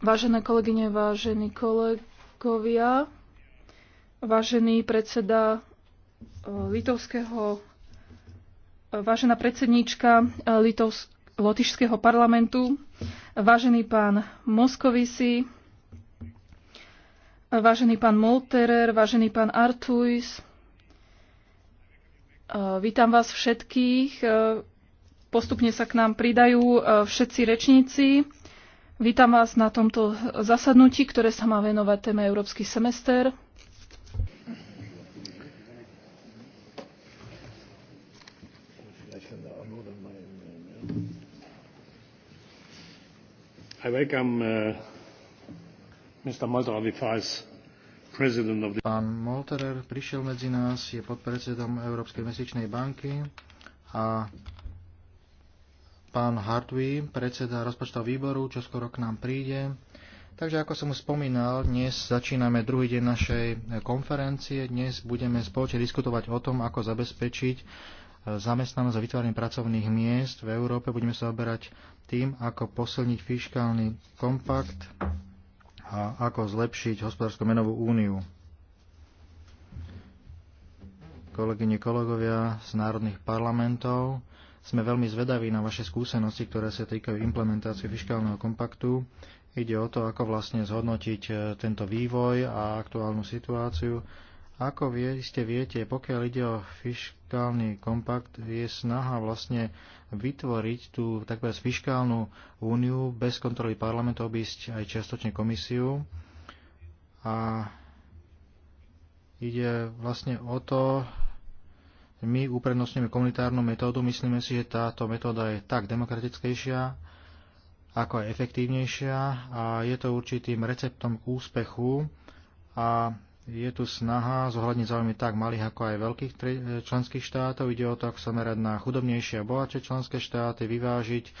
Vážené kolegyne, vážení kolegovia, vážený predseda eh, litovského, eh, vážená predsedníčka eh, lotišského parlamentu, vážený pán Moskovisi, vážený pán Molterer, vážený pán Artuis, Eh, vítam vás všetkých. Eh, postupne sa k nám pridajú eh, všetci rečníci. Vítam vás na tomto zasadnutí, ktoré sa má venovať téme Európsky semester. I welcome uh, Mr. Pán Molterer prišiel medzi nás, je podpredsedom Európskej mesičnej banky a pán Hartwey, predseda rozpočtov výboru, čo skoro k nám príde. Takže ako som už spomínal, dnes začíname druhý deň našej konferencie. Dnes budeme spoločne diskutovať o tom, ako zabezpečiť e, zamestnanosť a vytváranie pracovných miest v Európe. Budeme sa oberať tým, ako posilniť fiskálny kompakt a ako zlepšiť hospodárskú menovú úniu. Kolegyne, kolegovia z národných parlamentov, sme veľmi zvedaví na vaše skúsenosti, ktoré sa týkajú implementácie fiskálneho kompaktu. Ide o to, ako vlastne zhodnotiť eh, tento vývoj a aktuálnu situáciu ako vie, ste viete, pokiaľ ide o fiskálny kompakt, je snaha vlastne vytvoriť tú takú fiskálnu úniu bez kontroly parlamentu, obísť aj čiastočne komisiu. A ide vlastne o to, my uprednostňujeme komunitárnu metódu, myslíme si, že táto metóda je tak demokratickejšia, ako aj efektívnejšia a je to určitým receptom k úspechu a je tu snaha zohľadniť záujmy tak malých ako aj veľkých členských štátov. Ide o to, ako sa merať na chudobnejšie a bohatšie členské štáty, vyvážiť e,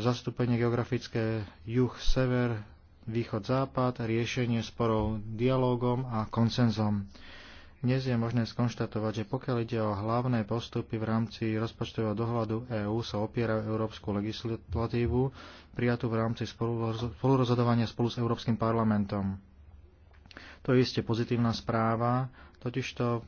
zastúpenie geografické juh, sever, východ, západ, riešenie sporov dialógom a koncenzom. Dnes je možné skonštatovať, že pokiaľ ide o hlavné postupy v rámci rozpočtového dohľadu EÚ, sa opiera európsku legislatívu prijatú v rámci spolurozhodovania spolu s Európskym parlamentom. To je iste pozitívna správa, totižto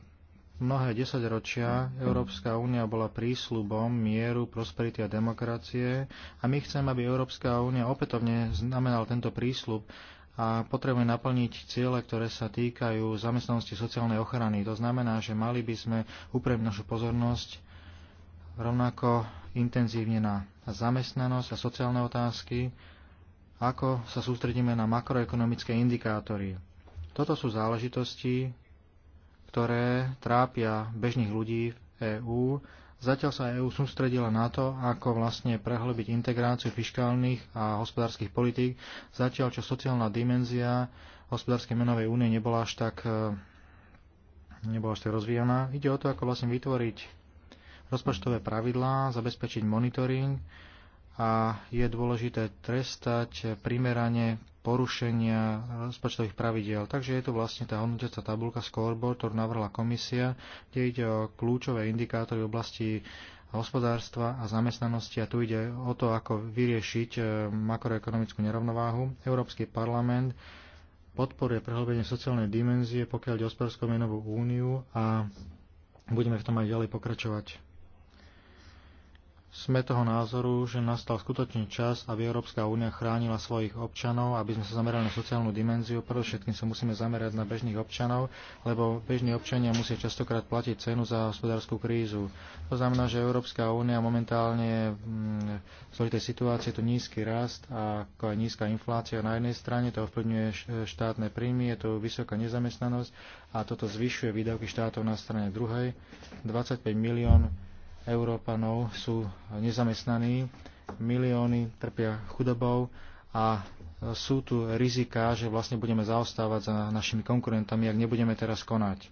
mnohé desaťročia Európska únia bola prísľubom mieru, prosperity a demokracie a my chceme, aby Európska únia opätovne znamenala tento prísľub a potrebujeme naplniť ciele, ktoré sa týkajú zamestnanosti sociálnej ochrany. To znamená, že mali by sme upraviť našu pozornosť rovnako intenzívne na zamestnanosť a sociálne otázky, ako sa sústredíme na makroekonomické indikátory. Toto sú záležitosti, ktoré trápia bežných ľudí v EÚ. Zatiaľ sa EÚ sústredila na to, ako vlastne prehlbiť integráciu fiskálnych a hospodárskych politík, zatiaľ čo sociálna dimenzia hospodárskej menovej únie nebola až tak e, nebola až tak rozvíjana. Ide o to, ako vlastne vytvoriť rozpočtové pravidlá, zabezpečiť monitoring a je dôležité trestať primerane porušenia rozpočtových pravidel. Takže je to vlastne tá hodnotiaca tabulka scoreboard, ktorú navrhla komisia, kde ide o kľúčové indikátory v oblasti hospodárstva a zamestnanosti a tu ide o to, ako vyriešiť e, makroekonomickú nerovnováhu. Európsky parlament podporuje prehlbenie sociálnej dimenzie, pokiaľ ide o menovú úniu a budeme v tom aj ďalej pokračovať sme toho názoru, že nastal skutočný čas, aby Európska únia chránila svojich občanov, aby sme sa zamerali na sociálnu dimenziu. Predovšetkým sa musíme zamerať na bežných občanov, lebo bežní občania musia častokrát platiť cenu za hospodárskú krízu. To znamená, že Európska únia momentálne je mm, v zložitej situácii, tu nízky rast a ako aj nízka inflácia na jednej strane, to ovplyvňuje štátne príjmy, je tu vysoká nezamestnanosť a toto zvyšuje výdavky štátov na strane druhej. 25 milión Európanov sú nezamestnaní, milióny trpia chudobou a sú tu rizika, že vlastne budeme zaostávať za našimi konkurentami, ak nebudeme teraz konať.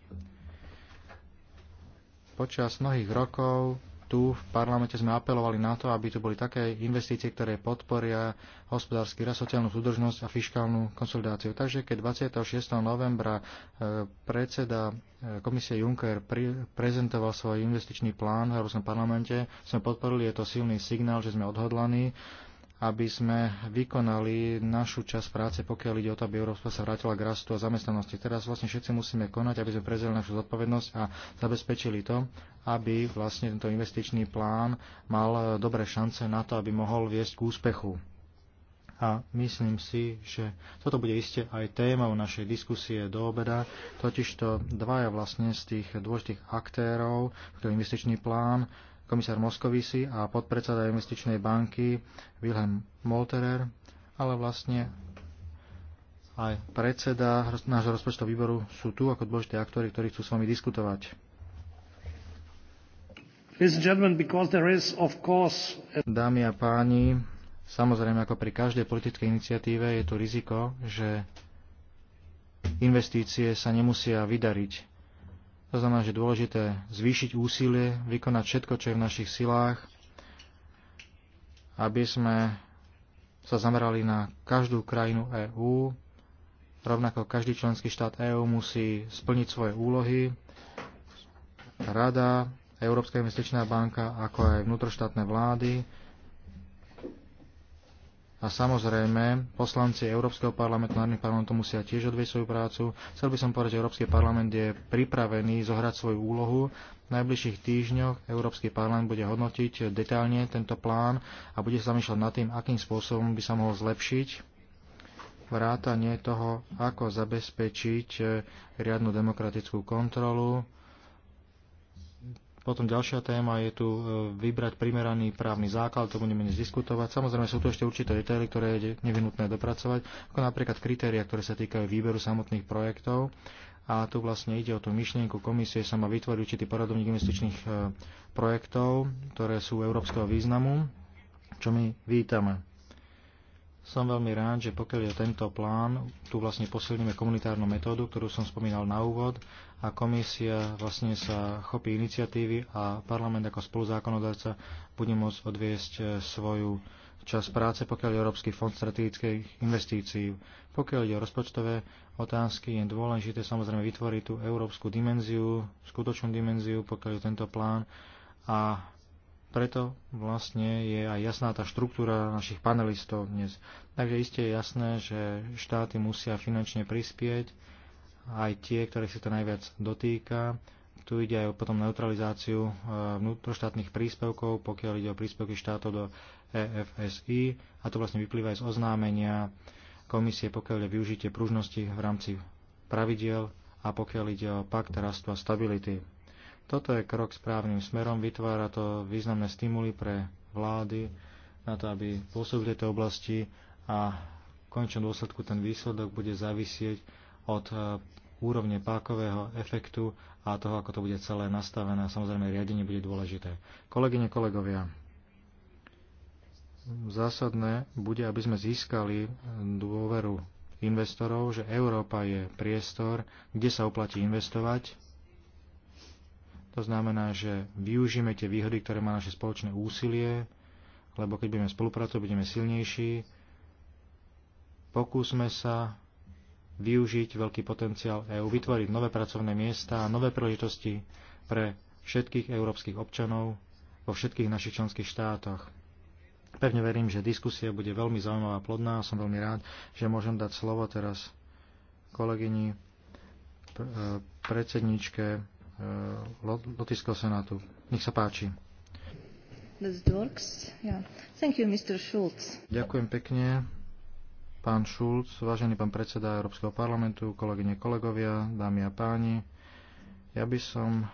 Počas mnohých rokov tu v parlamente sme apelovali na to, aby tu boli také investície, ktoré podporia hospodársky rast, sociálnu súdržnosť a fiskálnu konsolidáciu. Takže keď 26. novembra e, predseda e, komisie Juncker prezentoval svoj investičný plán v Európskom parlamente, sme podporili, je to silný signál, že sme odhodlaní aby sme vykonali našu časť práce, pokiaľ ide o to, aby Európa sa vrátila k rastu a zamestnanosti. Teraz vlastne všetci musíme konať, aby sme prezeli našu zodpovednosť a zabezpečili to, aby vlastne tento investičný plán mal dobré šance na to, aby mohol viesť k úspechu. A myslím si, že toto bude iste aj témou našej diskusie do obeda, totižto dvaja vlastne z tých dôležitých aktérov, ktorý investičný plán, komisár Moskovisi a podpredseda investičnej banky Wilhelm Molterer, ale vlastne aj predseda nášho rozpočtového výboru sú tu ako dôležité aktory, ktorí chcú s vami diskutovať. Dámy a páni, samozrejme ako pri každej politickej iniciatíve je tu riziko, že investície sa nemusia vydariť. To znamená, že je dôležité zvýšiť úsilie, vykonať všetko, čo je v našich silách, aby sme sa zamerali na každú krajinu EÚ. Rovnako každý členský štát EÚ musí splniť svoje úlohy. Rada, Európska investičná banka, ako aj vnútroštátne vlády a samozrejme, poslanci Európskeho parlamentu, národných parlamentov musia tiež odvieť svoju prácu. Chcel by som povedať, že Európsky parlament je pripravený zohrať svoju úlohu. V najbližších týždňoch Európsky parlament bude hodnotiť detálne tento plán a bude sa zamýšľať nad tým, akým spôsobom by sa mohol zlepšiť vrátanie toho, ako zabezpečiť riadnu demokratickú kontrolu, potom ďalšia téma je tu e, vybrať primeraný právny základ, to budeme dnes diskutovať. Samozrejme sú tu ešte určité detaily, ktoré je nevinutné dopracovať, ako napríklad kritéria, ktoré sa týkajú výberu samotných projektov. A tu vlastne ide o tú myšlienku komisie, sa má vytvoriť určitý poradovník investičných e, projektov, ktoré sú európskeho významu, čo my vítame. Som veľmi rád, že pokiaľ je tento plán, tu vlastne posilníme komunitárnu metódu, ktorú som spomínal na úvod, a komisia vlastne sa chopí iniciatívy a parlament ako spoluzákonodárca bude môcť odviesť e, svoju čas práce, pokiaľ je Európsky fond strategických investícií. Pokiaľ ide o rozpočtové otázky, je dôležité samozrejme vytvoriť tú európsku dimenziu, skutočnú dimenziu, pokiaľ je tento plán a preto vlastne je aj jasná tá štruktúra našich panelistov dnes. Takže isté je jasné, že štáty musia finančne prispieť aj tie, ktoré sa to najviac dotýka. Tu ide aj o potom neutralizáciu e, vnútroštátnych príspevkov, pokiaľ ide o príspevky štátov do EFSI a to vlastne vyplýva aj z oznámenia komisie, pokiaľ ide využitie pružnosti v rámci pravidiel a pokiaľ ide o pakt rastu a stability. Toto je krok správnym smerom, vytvára to významné stimuly pre vlády na to, aby pôsobili tejto oblasti a v končnom dôsledku ten výsledok bude závisieť od e, úrovne pákového efektu a toho, ako to bude celé nastavené. Samozrejme, riadenie bude dôležité. Kolegyne, kolegovia, zásadné bude, aby sme získali e, dôveru investorov, že Európa je priestor, kde sa oplatí investovať. To znamená, že využijeme tie výhody, ktoré má naše spoločné úsilie, lebo keď budeme spolupracovať, budeme silnejší. Pokúsme sa využiť veľký potenciál EÚ, vytvoriť nové pracovné miesta a nové príležitosti pre všetkých európskych občanov vo všetkých našich členských štátoch. Pevne verím, že diskusia bude veľmi zaujímavá a plodná a som veľmi rád, že môžem dať slovo teraz kolegyni e, predsedničke e, Lotyského senátu. Nech sa páči. Yeah. You, Ďakujem pekne, Pán Šulc, vážený pán predseda Európskeho parlamentu, kolegyne, kolegovia, dámy a páni, ja by som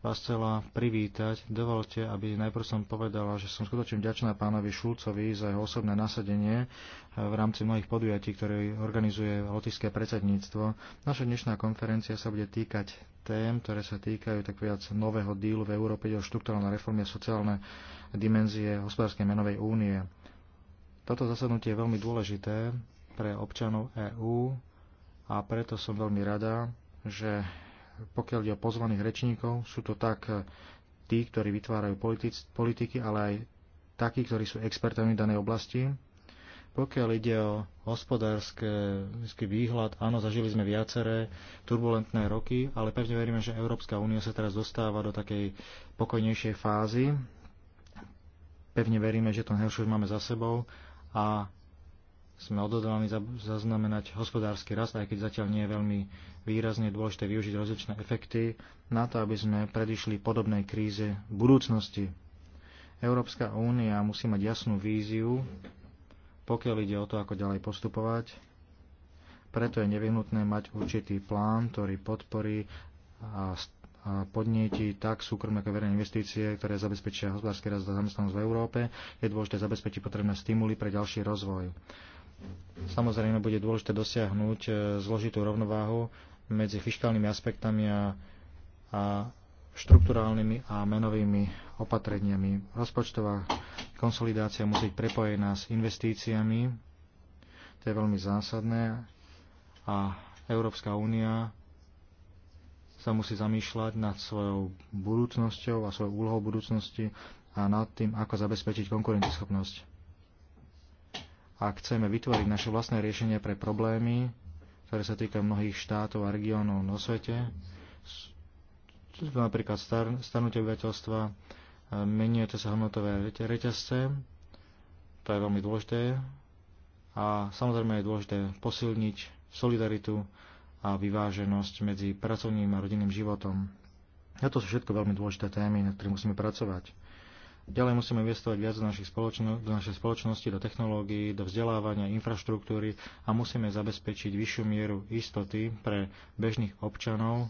vás chcela privítať. Dovolte, aby najprv som povedala, že som skutočne vďačná pánovi Šulcovi za jeho osobné nasadenie v rámci mnohých podujatí, ktoré organizuje lotišské predsedníctvo. Naša dnešná konferencia sa bude týkať tém, ktoré sa týkajú tak viac nového dílu v Európe, o štruktúralné reformy a sociálne dimenzie hospodárskej menovej únie. Toto zasadnutie je veľmi dôležité pre občanov EÚ a preto som veľmi rada, že pokiaľ ide o pozvaných rečníkov, sú to tak eh, tí, ktorí vytvárajú politic, politiky, ale aj takí, ktorí sú expertami v danej oblasti. Pokiaľ ide o hospodársky výhľad, áno, zažili sme viaceré turbulentné roky, ale pevne veríme, že Európska únia sa teraz dostáva do takej pokojnejšej fázy. Pevne veríme, že to najhoršie už máme za sebou a sme odhodlaní zaznamenať hospodársky rast, aj keď zatiaľ nie je veľmi výrazne dôležité využiť rozličné efekty na to, aby sme predišli podobnej kríze v budúcnosti. Európska únia musí mať jasnú víziu, pokiaľ ide o to, ako ďalej postupovať. Preto je nevyhnutné mať určitý plán, ktorý podporí a podnieti tak súkromné ako verejné investície, ktoré zabezpečia hospodársky rast a zamestnanosť v Európe. Je dôležité zabezpečiť potrebné stimuly pre ďalší rozvoj. Samozrejme bude dôležité dosiahnuť e, zložitú rovnováhu medzi fiskálnymi aspektami a, a štruktúrálnymi a menovými opatreniami. Rozpočtová konsolidácia musí byť prepojená s investíciami, to je veľmi zásadné, a Európska únia sa musí zamýšľať nad svojou budúcnosťou a svojou úlohou budúcnosti a nad tým, ako zabezpečiť konkurenceschopnosť. Ak chceme vytvoriť naše vlastné riešenie pre problémy, ktoré sa týkajú mnohých štátov a regiónov na svete, napríklad star- starnutie obyvateľstva, e, meniete sa hodnotové reťazce, to je veľmi dôležité, a samozrejme je dôležité posilniť solidaritu a vyváženosť medzi pracovným a rodinným životom. A to sú všetko veľmi dôležité témy, na ktorých musíme pracovať. Ďalej musíme investovať viac do, našich spoločno- do našej spoločnosti, do technológií, do vzdelávania, infraštruktúry a musíme zabezpečiť vyššiu mieru istoty pre bežných občanov,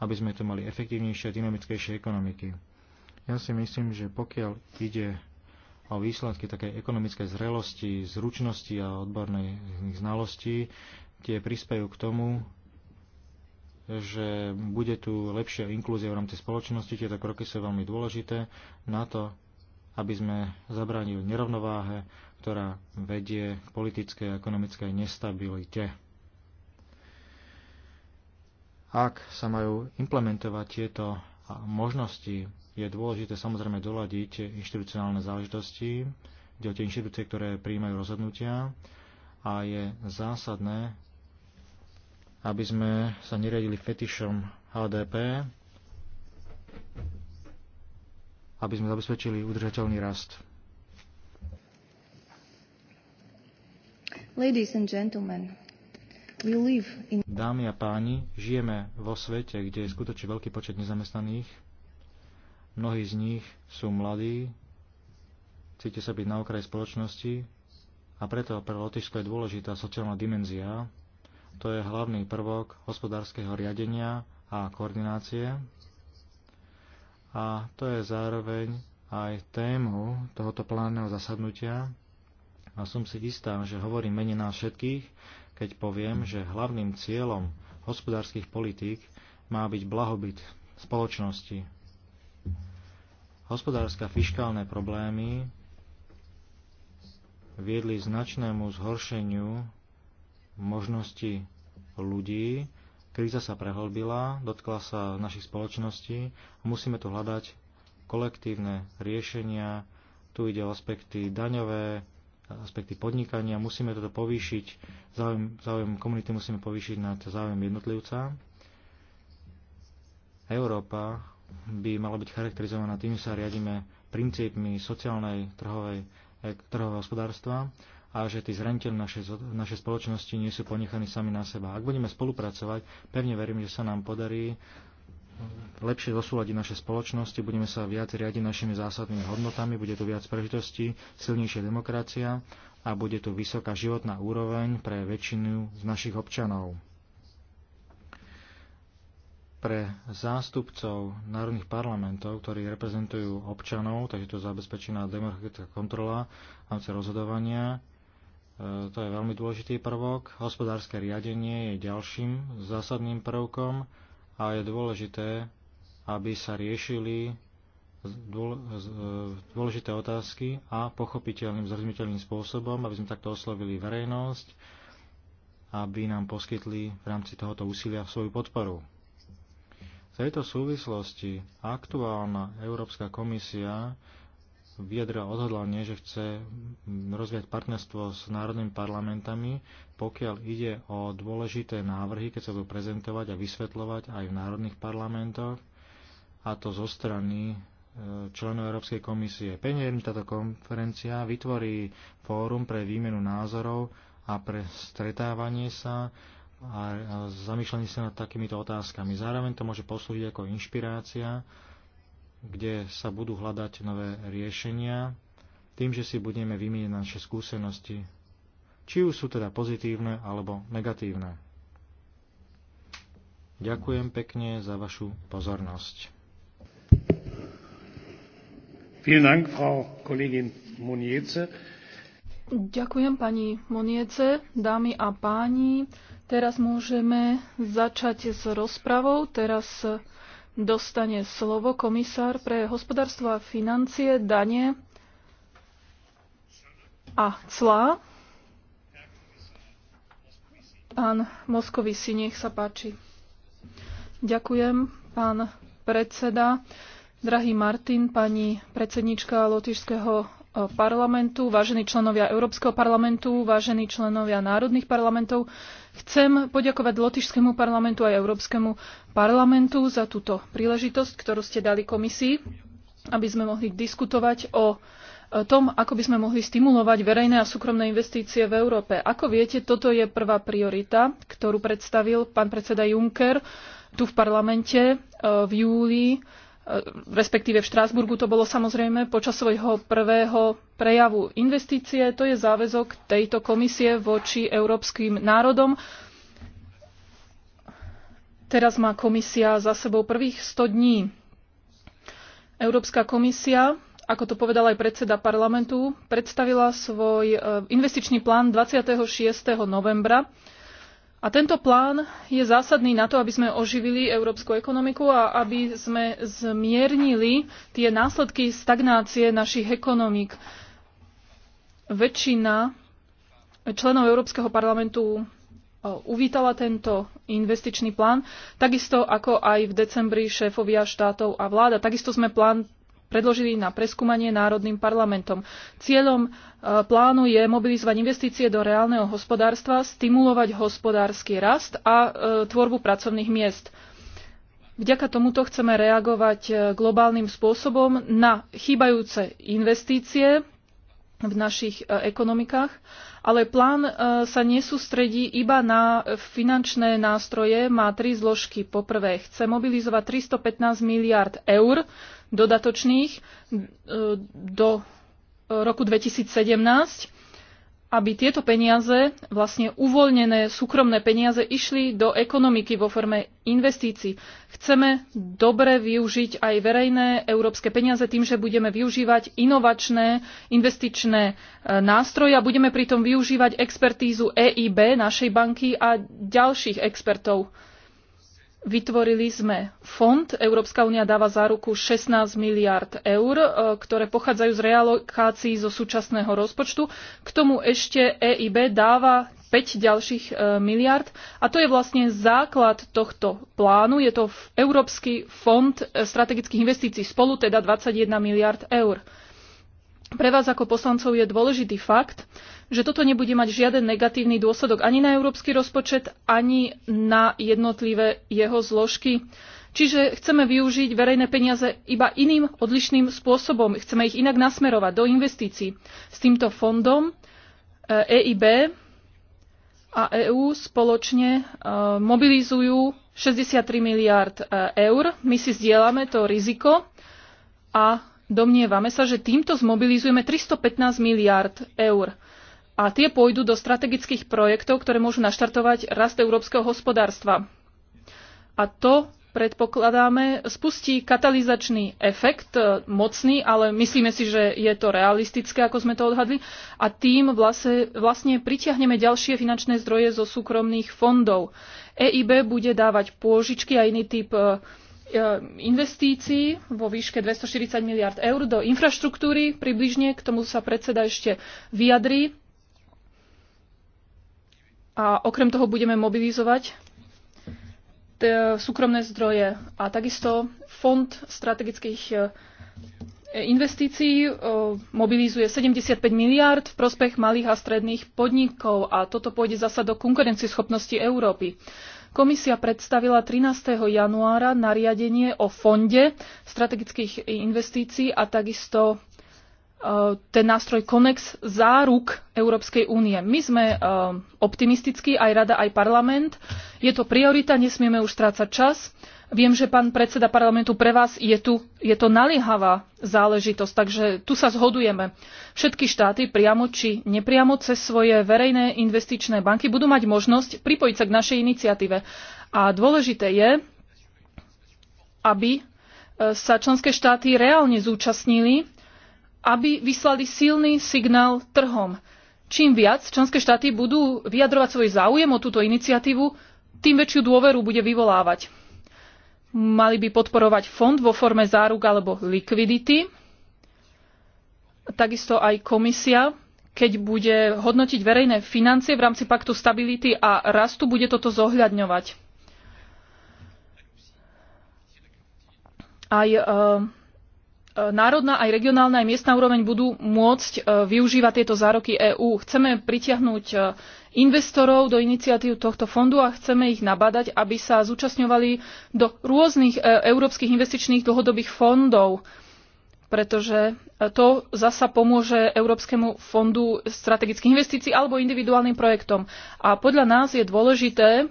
aby sme tu mali efektívnejšie a dynamickejšie ekonomiky. Ja si myslím, že pokiaľ ide o výsledky takej ekonomickej zrelosti, zručnosti a odborných znalostí, tie prispejú k tomu, že bude tu lepšia inklúzia v rámci spoločnosti. Tieto kroky sú veľmi dôležité na to, aby sme zabránili nerovnováhe, ktorá vedie k politickej a ekonomickej nestabilite. Ak sa majú implementovať tieto možnosti, je dôležité samozrejme doladiť inštitucionálne záležitosti, kde o tie inštitúcie, ktoré príjmajú rozhodnutia a je zásadné aby sme sa neriadili fetišom HDP, aby sme zabezpečili udržateľný rast. Ladies and gentlemen, we live in... Dámy a páni, žijeme vo svete, kde je skutočne veľký počet nezamestnaných. Mnohí z nich sú mladí, cítia sa byť na okraji spoločnosti a preto pre Lotyšsko je dôležitá sociálna dimenzia to je hlavný prvok hospodárskeho riadenia a koordinácie. A to je zároveň aj tému tohoto plánneho zasadnutia. A som si istá, že hovorím mene nás všetkých, keď poviem, že hlavným cieľom hospodárskych politík má byť blahobyt spoločnosti. Hospodárske a fiškálne problémy viedli značnému zhoršeniu možnosti ľudí. Kríza sa prehlbila, dotkla sa našich spoločností musíme tu hľadať kolektívne riešenia. Tu ide o aspekty daňové, aspekty podnikania. Musíme toto povýšiť, záujem, záujem komunity musíme povýšiť nad záujem jednotlivca. Európa by mala byť charakterizovaná tým, že sa riadime princípmi sociálnej trhovej, e, trhového hospodárstva a že tí zraniteľní naše, naše spoločnosti nie sú ponechaní sami na seba. Ak budeme spolupracovať, pevne verím, že sa nám podarí lepšie zosúľadiť naše spoločnosti, budeme sa viac riadiť našimi zásadnými hodnotami, bude tu viac prežitostí, silnejšia demokracia a bude tu vysoká životná úroveň pre väčšinu z našich občanov. Pre zástupcov národných parlamentov, ktorí reprezentujú občanov, takže to zabezpečená demokratická kontrola v rámci rozhodovania, E, to je veľmi dôležitý prvok. Hospodárske riadenie je ďalším zásadným prvkom a je dôležité, aby sa riešili e, dôležité otázky a pochopiteľným, zrozumiteľným spôsobom, aby sme takto oslovili verejnosť, aby nám poskytli v rámci tohoto úsilia svoju podporu. V tejto súvislosti aktuálna Európska komisia vyjadrila odhodlanie, že chce rozviať partnerstvo s národnými parlamentami, pokiaľ ide o dôležité návrhy, keď sa budú prezentovať a vysvetľovať aj v národných parlamentoch, a to zo strany e, členov Európskej komisie. Penierne táto konferencia vytvorí fórum pre výmenu názorov a pre stretávanie sa a zamýšľanie sa nad takýmito otázkami. Zároveň to môže poslúžiť ako inšpirácia kde sa budú hľadať nové riešenia tým, že si budeme vymieňať naše skúsenosti, či už sú teda pozitívne alebo negatívne. Ďakujem pekne za vašu pozornosť. Ďakujem pani Moniece, dámy a páni. Teraz môžeme začať s rozpravou. Teraz dostane slovo komisár pre hospodárstvo a financie, dane a clá. Pán Moskovici, nech sa páči. Ďakujem, pán predseda. Drahý Martin, pani predsednička Lotyšského parlamentu, vážení členovia Európskeho parlamentu, vážení členovia národných parlamentov. Chcem poďakovať Lotyšskému parlamentu aj Európskemu parlamentu za túto príležitosť, ktorú ste dali komisii, aby sme mohli diskutovať o e, tom, ako by sme mohli stimulovať verejné a súkromné investície v Európe. Ako viete, toto je prvá priorita, ktorú predstavil pán predseda Juncker tu v parlamente e, v júli respektíve v Štrásburgu to bolo samozrejme počas svojho prvého prejavu investície. To je záväzok tejto komisie voči európskym národom. Teraz má komisia za sebou prvých 100 dní. Európska komisia, ako to povedal aj predseda parlamentu, predstavila svoj eh, investičný plán 26. novembra a tento plán je zásadný na to, aby sme oživili európsku ekonomiku a aby sme zmiernili tie následky stagnácie našich ekonomík. Väčšina členov Európskeho parlamentu uvítala tento investičný plán, takisto ako aj v decembri šéfovia štátov a vláda. Takisto sme plán predložili na preskúmanie národným parlamentom. Cieľom e, plánu je mobilizovať investície do reálneho hospodárstva, stimulovať hospodársky rast a e, tvorbu pracovných miest. Vďaka tomuto chceme reagovať e, globálnym spôsobom na chýbajúce investície v našich ekonomikách, ale plán sa nesústredí iba na finančné nástroje, má tri zložky. Poprvé, chce mobilizovať 315 miliard eur dodatočných e, do e, roku 2017, aby tieto peniaze, vlastne uvoľnené súkromné peniaze, išli do ekonomiky vo forme investícií. Chceme dobre využiť aj verejné európske peniaze tým, že budeme využívať inovačné investičné e, nástroje a budeme pritom využívať expertízu EIB, našej banky a ďalších expertov Vytvorili sme fond, Európska únia dáva záruku 16 miliard eur, e, ktoré pochádzajú z realokácií zo súčasného rozpočtu. K tomu ešte EIB dáva 5 ďalších e, miliard a to je vlastne základ tohto plánu. Je to Európsky fond e, strategických investícií spolu, teda 21 miliard eur. Pre vás ako poslancov je dôležitý fakt, že toto nebude mať žiaden negatívny dôsledok ani na európsky rozpočet, ani na jednotlivé jeho zložky. Čiže chceme využiť verejné peniaze iba iným odlišným spôsobom. Chceme ich inak nasmerovať do investícií. S týmto fondom EIB eh, e a EÚ spoločne eh, mobilizujú 63 miliard eh, eur. My si zdieľame to riziko a Domnievame sa, že týmto zmobilizujeme 315 miliárd eur a tie pôjdu do strategických projektov, ktoré môžu naštartovať rast európskeho hospodárstva. A to, predpokladáme, spustí katalizačný efekt, e, mocný, ale myslíme si, že je to realistické, ako sme to odhadli, a tým vlastne, vlastne pritiahneme ďalšie finančné zdroje zo súkromných fondov. EIB bude dávať pôžičky a iný typ uh, E, investícií vo výške 240 miliard eur do infraštruktúry približne. K tomu sa predseda ešte vyjadrí. A okrem toho budeme mobilizovať e, súkromné zdroje a takisto Fond strategických e, investícií mobilizuje 75 miliárd v prospech malých a stredných podnikov a toto pôjde zasa do konkurencieschopnosti Európy. Komisia predstavila 13. januára nariadenie o fonde strategických investícií a takisto e, ten nástroj Konex záruk Európskej únie. My sme e, optimistickí, aj rada, aj parlament. Je to priorita, nesmieme už strácať čas. Viem, že pán predseda parlamentu, pre vás je, tu, je to naliehavá záležitosť, takže tu sa zhodujeme. Všetky štáty priamo či nepriamo cez svoje verejné investičné banky budú mať možnosť pripojiť sa k našej iniciatíve. A dôležité je, aby e, sa členské štáty reálne zúčastnili, aby vyslali silný signál trhom. Čím viac členské štáty budú vyjadrovať svoj záujem o túto iniciatívu, tým väčšiu dôveru bude vyvolávať. Mali by podporovať fond vo forme záruk alebo likvidity. Takisto aj komisia, keď bude hodnotiť verejné financie v rámci paktu stability a rastu, bude toto zohľadňovať. Aj e, e, národná, aj regionálna, aj miestna úroveň budú môcť e, využívať tieto zároky EÚ. Chceme pritiahnuť investorov do iniciatív tohto fondu a chceme ich nabadať, aby sa zúčastňovali do rôznych e, európskych investičných dlhodobých fondov pretože e, to zasa pomôže Európskemu fondu strategických investícií alebo individuálnym projektom. A podľa nás je dôležité,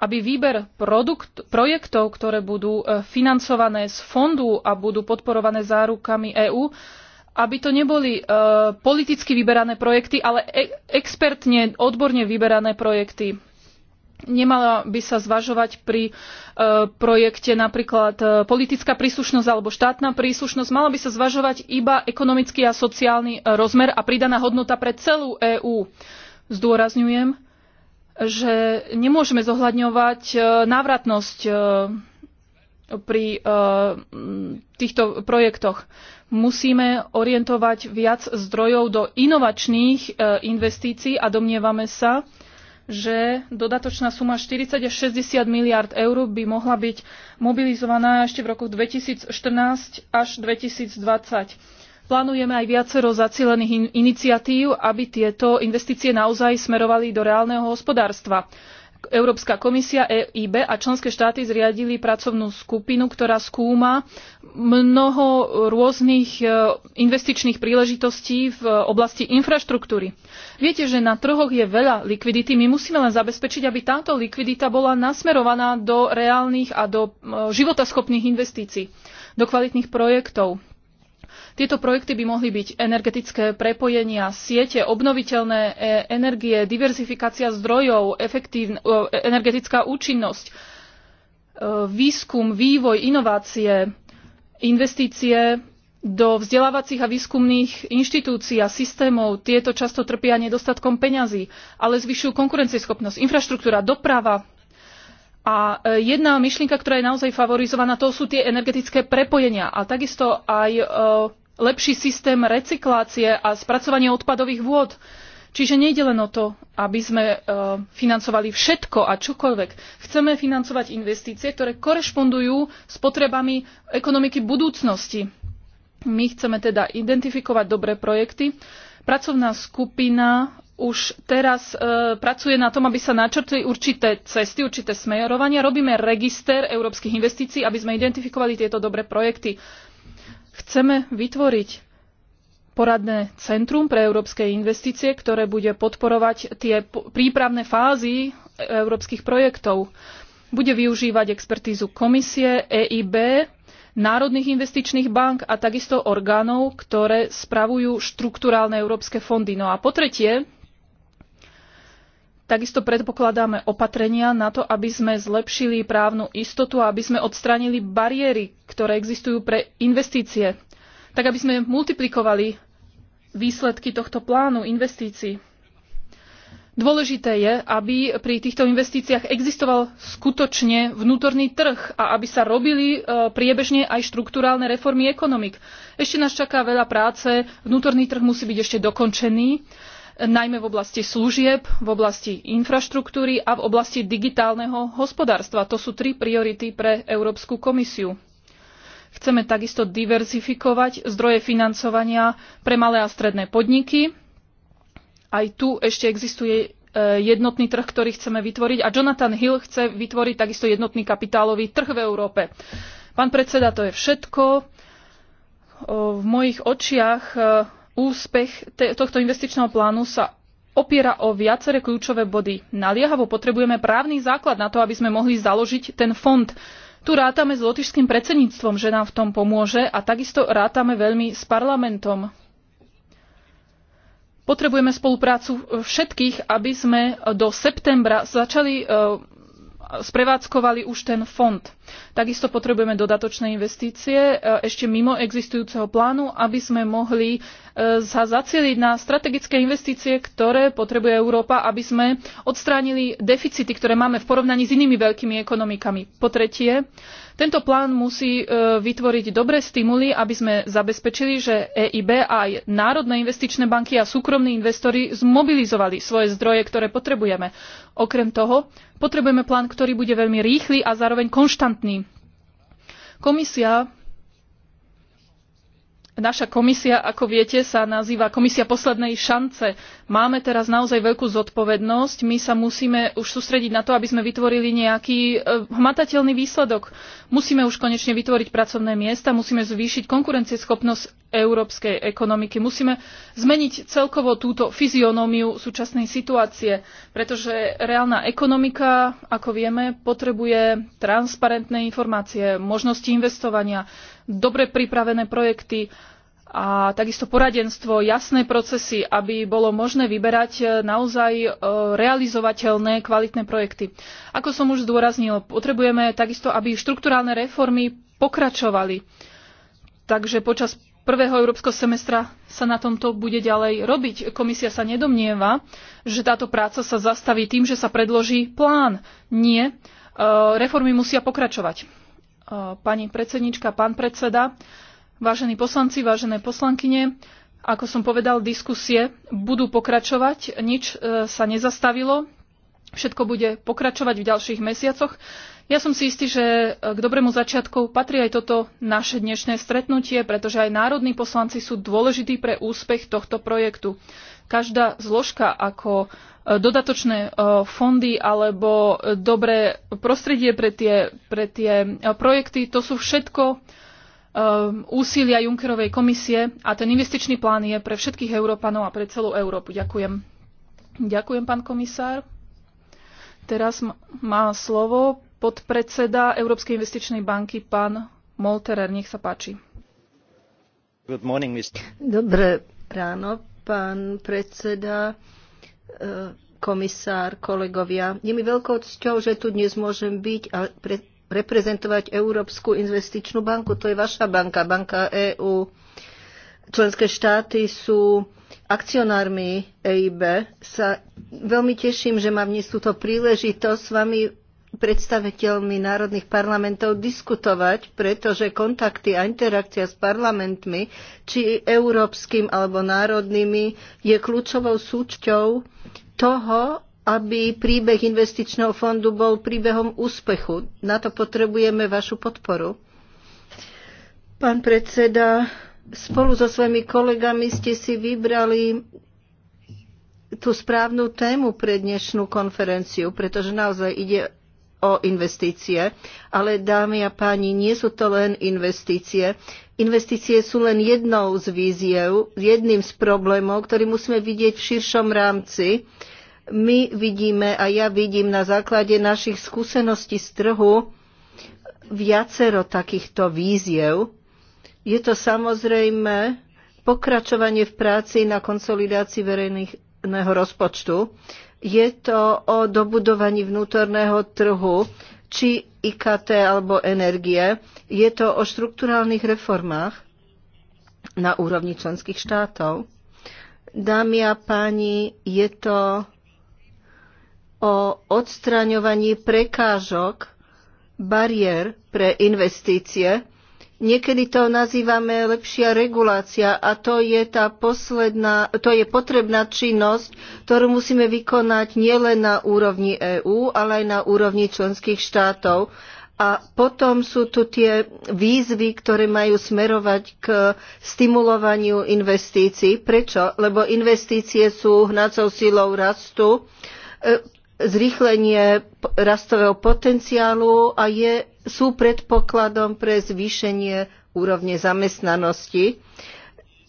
aby výber produkt, projektov, ktoré budú e, financované z fondu a budú podporované zárukami EÚ, aby to neboli uh, politicky vyberané projekty, ale e- expertne, odborne vyberané projekty. Nemala by sa zvažovať pri e, projekte napríklad e, politická príslušnosť alebo štátna príslušnosť. Mala by sa zvažovať iba ekonomický a sociálny rozmer a pridaná hodnota pre celú EÚ. Zdôrazňujem, že nemôžeme zohľadňovať návratnosť pri týchto projektoch musíme orientovať viac zdrojov do inovačných e, investícií a domnievame sa, že dodatočná suma 40 až 60 miliard eur by mohla byť mobilizovaná ešte v roku 2014 až 2020. Plánujeme aj viacero zacielených iniciatív, aby tieto investície naozaj smerovali do reálneho hospodárstva. Európska komisia, EIB a členské štáty zriadili pracovnú skupinu, ktorá skúma mnoho rôznych e, investičných príležitostí v oblasti infraštruktúry. Viete, že na trhoch je veľa likvidity. My musíme len zabezpečiť, aby táto likvidita bola nasmerovaná do reálnych a do e, životaschopných investícií, do kvalitných projektov. Tieto projekty by mohli byť energetické prepojenia, siete, obnoviteľné e, energie, diverzifikácia zdrojov, e, energetická účinnosť, e, výskum, vývoj, inovácie, investície do vzdelávacích a výskumných inštitúcií a systémov. Tieto často trpia nedostatkom peňazí, ale zvyšujú konkurencieschopnosť, infraštruktúra, doprava. A jedna myšlienka, ktorá je naozaj favorizovaná, to sú tie energetické prepojenia a takisto aj lepší systém recyklácie a spracovania odpadových vôd. Čiže nejde len o to, aby sme e, financovali všetko a čokoľvek. Chceme financovať investície, ktoré korešpondujú s potrebami ekonomiky budúcnosti. My chceme teda identifikovať dobré projekty. Pracovná skupina už teraz e, pracuje na tom, aby sa načrtli určité cesty, určité smerovania. Robíme register európskych investícií, aby sme identifikovali tieto dobré projekty. Chceme vytvoriť poradné centrum pre európske investície, ktoré bude podporovať tie prípravné fázy európskych projektov. Bude využívať expertízu komisie, EIB, národných investičných bank a takisto orgánov, ktoré spravujú štruktúrálne európske fondy. No a po tretie, Takisto predpokladáme opatrenia na to, aby sme zlepšili právnu istotu a aby sme odstránili bariéry, ktoré existujú pre investície, tak aby sme multiplikovali výsledky tohto plánu investícií. Dôležité je, aby pri týchto investíciách existoval skutočne vnútorný trh a aby sa robili e, priebežne aj štruktúrálne reformy ekonomik. Ešte nás čaká veľa práce, vnútorný trh musí byť ešte dokončený najmä v oblasti služieb, v oblasti infraštruktúry a v oblasti digitálneho hospodárstva. To sú tri priority pre Európsku komisiu. Chceme takisto diverzifikovať zdroje financovania pre malé a stredné podniky. Aj tu ešte existuje e, jednotný trh, ktorý chceme vytvoriť a Jonathan Hill chce vytvoriť takisto jednotný kapitálový trh v Európe. Pán predseda, to je všetko. V mojich očiach e, Úspech tohto investičného plánu sa opiera o viaceré kľúčové body. Naliehavo potrebujeme právny základ na to, aby sme mohli založiť ten fond. Tu rátame s lotišským predsedníctvom, že nám v tom pomôže a takisto rátame veľmi s parlamentom. Potrebujeme spoluprácu všetkých, aby sme do septembra začali e, sprevádzkovali už ten fond. Takisto potrebujeme dodatočné investície e, ešte mimo existujúceho plánu, aby sme mohli e, sa zacieliť na strategické investície, ktoré potrebuje Európa, aby sme odstránili deficity, ktoré máme v porovnaní s inými veľkými ekonomikami. Po tretie, tento plán musí e, vytvoriť dobré stimuly, aby sme zabezpečili, že EIB a aj národné investičné banky a súkromní investori zmobilizovali svoje zdroje, ktoré potrebujeme. Okrem toho, Potrebujeme plán, ktorý bude veľmi rýchly a zároveň konštantný. Komisia Naša komisia, ako viete, sa nazýva Komisia poslednej šance. Máme teraz naozaj veľkú zodpovednosť. My sa musíme už sústrediť na to, aby sme vytvorili nejaký eh, hmatateľný výsledok. Musíme už konečne vytvoriť pracovné miesta, musíme zvýšiť konkurencieschopnosť európskej ekonomiky, musíme zmeniť celkovo túto fyzionómiu súčasnej situácie, pretože reálna ekonomika, ako vieme, potrebuje transparentné informácie, možnosti investovania, dobre pripravené projekty, a takisto poradenstvo, jasné procesy, aby bolo možné vyberať e, naozaj e, realizovateľné kvalitné projekty. Ako som už zdôraznil, potrebujeme takisto, aby štrukturálne reformy pokračovali. Takže počas prvého európskeho semestra sa na tomto bude ďalej robiť. Komisia sa nedomnieva, že táto práca sa zastaví tým, že sa predloží plán. Nie, e, reformy musia pokračovať. Pani predsednička, pán predseda, Vážení poslanci, vážené poslankyne, ako som povedal, diskusie budú pokračovať, nič e, sa nezastavilo, všetko bude pokračovať v ďalších mesiacoch. Ja som si istý, že e, k dobrému začiatku patrí aj toto naše dnešné stretnutie, pretože aj národní poslanci sú dôležití pre úspech tohto projektu. Každá zložka ako e, dodatočné fondy alebo dobré prostredie pre tie, pre tie projekty, to sú všetko Um, úsilia Junckerovej komisie a ten investičný plán je pre všetkých Európanov a pre celú Európu. Ďakujem. Ďakujem, pán komisár. Teraz má slovo podpredseda Európskej investičnej banky, pán Molterer. Nech sa páči. Good morning, Mr. Dobré ráno, pán predseda, e, komisár, kolegovia. Je mi veľkou cťou, že tu dnes môžem byť a reprezentovať Európsku investičnú banku. To je vaša banka, banka EÚ. Členské štáty sú akcionármi EIB. Sa veľmi teším, že mám dnes túto príležitosť s vami predstaviteľmi národných parlamentov diskutovať, pretože kontakty a interakcia s parlamentmi, či európskym alebo národnými, je kľúčovou súčťou toho, aby príbeh investičného fondu bol príbehom úspechu. Na to potrebujeme vašu podporu. Pán predseda, spolu so svojimi kolegami ste si vybrali tú správnu tému pre dnešnú konferenciu, pretože naozaj ide o investície. Ale dámy a páni, nie sú to len investície. Investície sú len jednou z víziev, jedným z problémov, ktorý musíme vidieť v širšom rámci my vidíme a ja vidím na základe našich skúseností z trhu viacero takýchto víziev. Je to samozrejme pokračovanie v práci na konsolidácii verejného rozpočtu. Je to o dobudovaní vnútorného trhu, či IKT alebo energie. Je to o štruktúrálnych reformách na úrovni členských štátov. Dámy a páni, je to o odstraňovaní prekážok, bariér pre investície. Niekedy to nazývame lepšia regulácia a to je tá posledná, to je potrebná činnosť, ktorú musíme vykonať nielen na úrovni EÚ, ale aj na úrovni členských štátov. A potom sú tu tie výzvy, ktoré majú smerovať k stimulovaniu investícií. Prečo? Lebo investície sú hnacou silou rastu e, zrýchlenie rastového potenciálu a je, sú predpokladom pre zvýšenie úrovne zamestnanosti.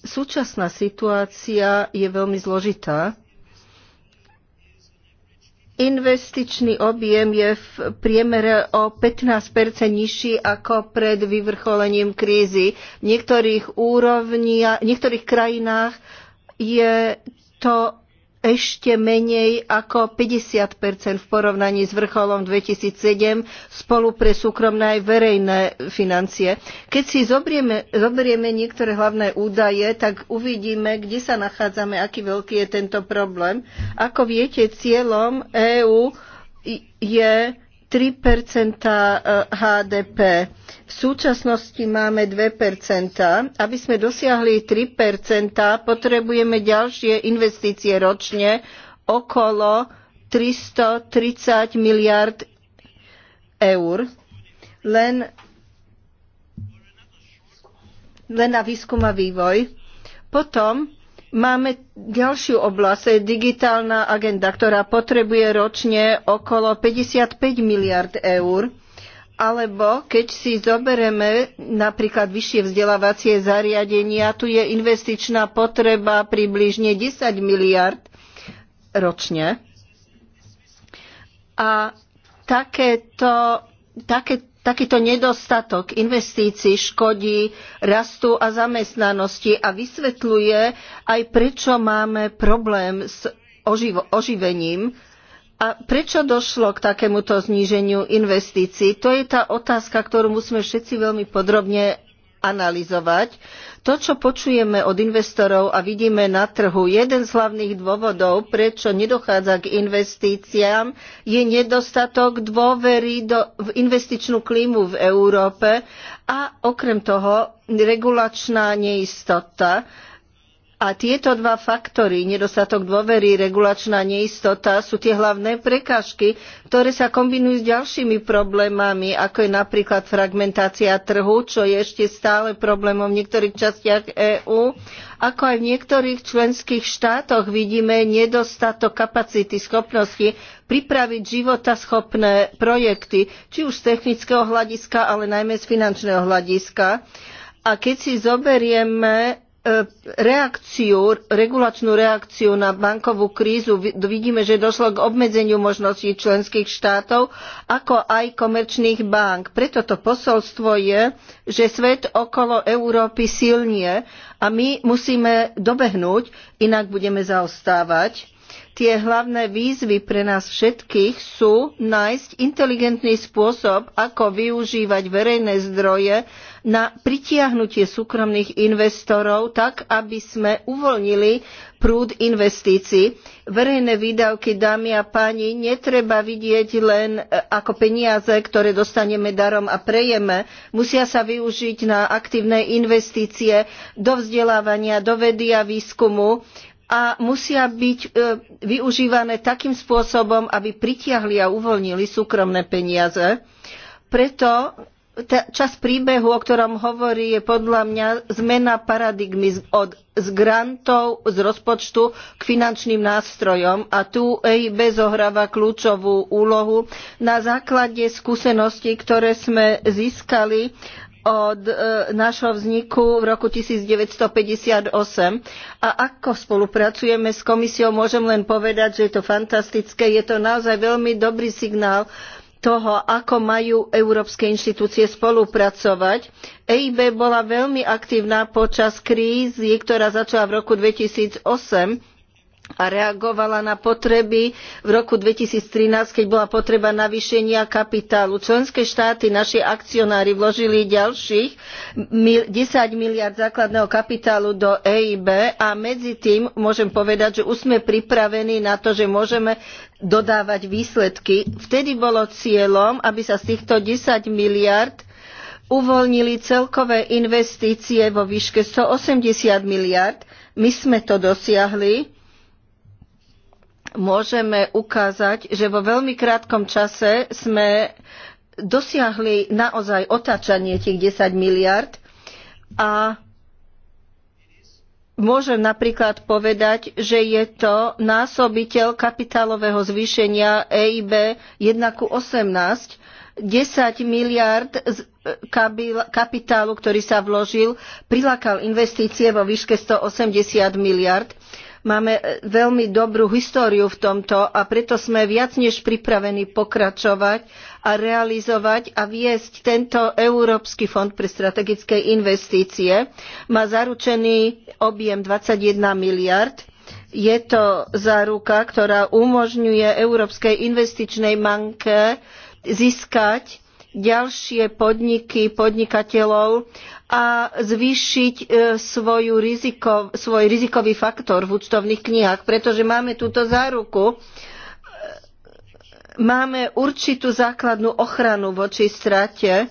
Súčasná situácia je veľmi zložitá. Investičný objem je v priemere o 15 nižší ako pred vyvrcholením krízy. V niektorých, úrovni, v niektorých krajinách je to ešte menej ako 50 v porovnaní s vrcholom 2007 spolu pre súkromné aj verejné financie. Keď si zobrieme, zoberieme niektoré hlavné údaje, tak uvidíme, kde sa nachádzame, aký veľký je tento problém. Ako viete, cieľom EÚ je 3 eh, HDP. V súčasnosti máme 2 Aby sme dosiahli 3 potrebujeme ďalšie investície ročne okolo 330 miliard eur. Len, len na výskum a vývoj. Potom Máme ďalšiu oblasť, je digitálna agenda, ktorá potrebuje ročne okolo 55 miliard eur. Alebo keď si zobereme napríklad vyššie vzdelávacie zariadenia, tu je investičná potreba približne 10 miliard ročne. A takéto, také Takýto nedostatok investícií škodí rastu a zamestnanosti a vysvetľuje aj prečo máme problém s oživ- oživením a prečo došlo k takémuto zníženiu investícií? To je tá otázka, ktorú musíme všetci veľmi podrobne analyzovať. To, čo počujeme od investorov a vidíme na trhu, jeden z hlavných dôvodov, prečo nedochádza k investíciám, je nedostatok dôvery do, v investičnú klímu v Európe a okrem toho regulačná neistota. A tieto dva faktory, nedostatok dôvery, regulačná neistota, sú tie hlavné prekážky, ktoré sa kombinujú s ďalšími problémami, ako je napríklad fragmentácia trhu, čo je ešte stále problémom v niektorých častiach EÚ, ako aj v niektorých členských štátoch vidíme nedostatok kapacity, schopnosti pripraviť životaschopné projekty, či už z technického hľadiska, ale najmä z finančného hľadiska. A keď si zoberieme E, reakciu, regulačnú reakciu na bankovú krízu vidíme, že došlo k obmedzeniu možností členských štátov, ako aj komerčných bank. Preto to posolstvo je, že svet okolo Európy silnie a my musíme dobehnúť, inak budeme zaostávať Tie hlavné výzvy pre nás všetkých sú nájsť inteligentný spôsob, ako využívať verejné zdroje na pritiahnutie súkromných investorov tak, aby sme uvoľnili prúd investícií. Verejné výdavky, dámy a páni, netreba vidieť len e, ako peniaze, ktoré dostaneme darom a prejeme. Musia sa využiť na aktívne investície do vzdelávania, do vedy a výskumu a musia byť e, využívané takým spôsobom, aby pritiahli a uvoľnili súkromné peniaze. Preto časť príbehu, o ktorom hovorí, je podľa mňa zmena paradigmy od, z grantov, z rozpočtu k finančným nástrojom a tu EIB zohráva kľúčovú úlohu na základe skúseností, ktoré sme získali od e, nášho vzniku v roku 1958. A ako spolupracujeme s komisiou, môžem len povedať, že je to fantastické. Je to naozaj veľmi dobrý signál toho, ako majú európske inštitúcie spolupracovať. EIB bola veľmi aktívna počas krízy, ktorá začala v roku 2008 a reagovala na potreby v roku 2013, keď bola potreba navýšenia kapitálu. Členské štáty, naši akcionári vložili ďalších 10 miliard základného kapitálu do EIB a medzi tým môžem povedať, že už sme pripravení na to, že môžeme dodávať výsledky. Vtedy bolo cieľom, aby sa z týchto 10 miliard uvoľnili celkové investície vo výške 180 miliard. My sme to dosiahli môžeme ukázať, že vo veľmi krátkom čase sme dosiahli naozaj otáčanie tých 10 miliard a môžem napríklad povedať, že je to násobiteľ kapitálového zvýšenia EIB 1 ku 18, 10 miliard z kapitálu, ktorý sa vložil, prilákal investície vo výške 180 miliard Máme e, veľmi dobrú históriu v tomto a preto sme viac než pripravení pokračovať a realizovať a viesť tento Európsky fond pre strategické investície. Má zaručený objem 21 miliard je to záruka, ktorá umožňuje Európskej investičnej banke získať ďalšie podniky, podnikateľov a zvýšiť e, svoju riziko, svoj rizikový faktor v účtovných knihách, pretože máme túto záruku. Máme určitú základnú ochranu voči strate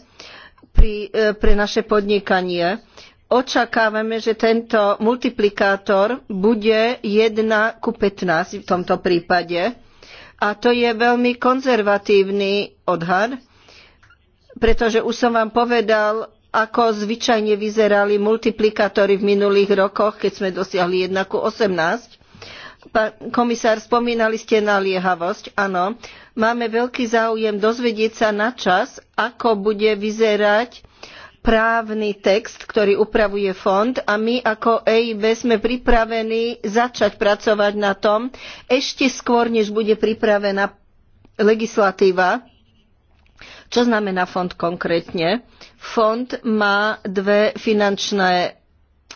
pri, e, pre naše podnikanie. Očakávame, že tento multiplikátor bude 1 ku 15 v tomto prípade. A to je veľmi konzervatívny odhad, pretože už som vám povedal, ako zvyčajne vyzerali multiplikátory v minulých rokoch, keď sme dosiahli 1 ku 18. Pán komisár, spomínali ste naliehavosť. Áno, máme veľký záujem dozvedieť sa na čas, ako bude vyzerať právny text, ktorý upravuje fond a my ako EIB sme pripravení začať pracovať na tom ešte skôr, než bude pripravená legislatíva čo znamená fond konkrétne? Fond má dve finančné,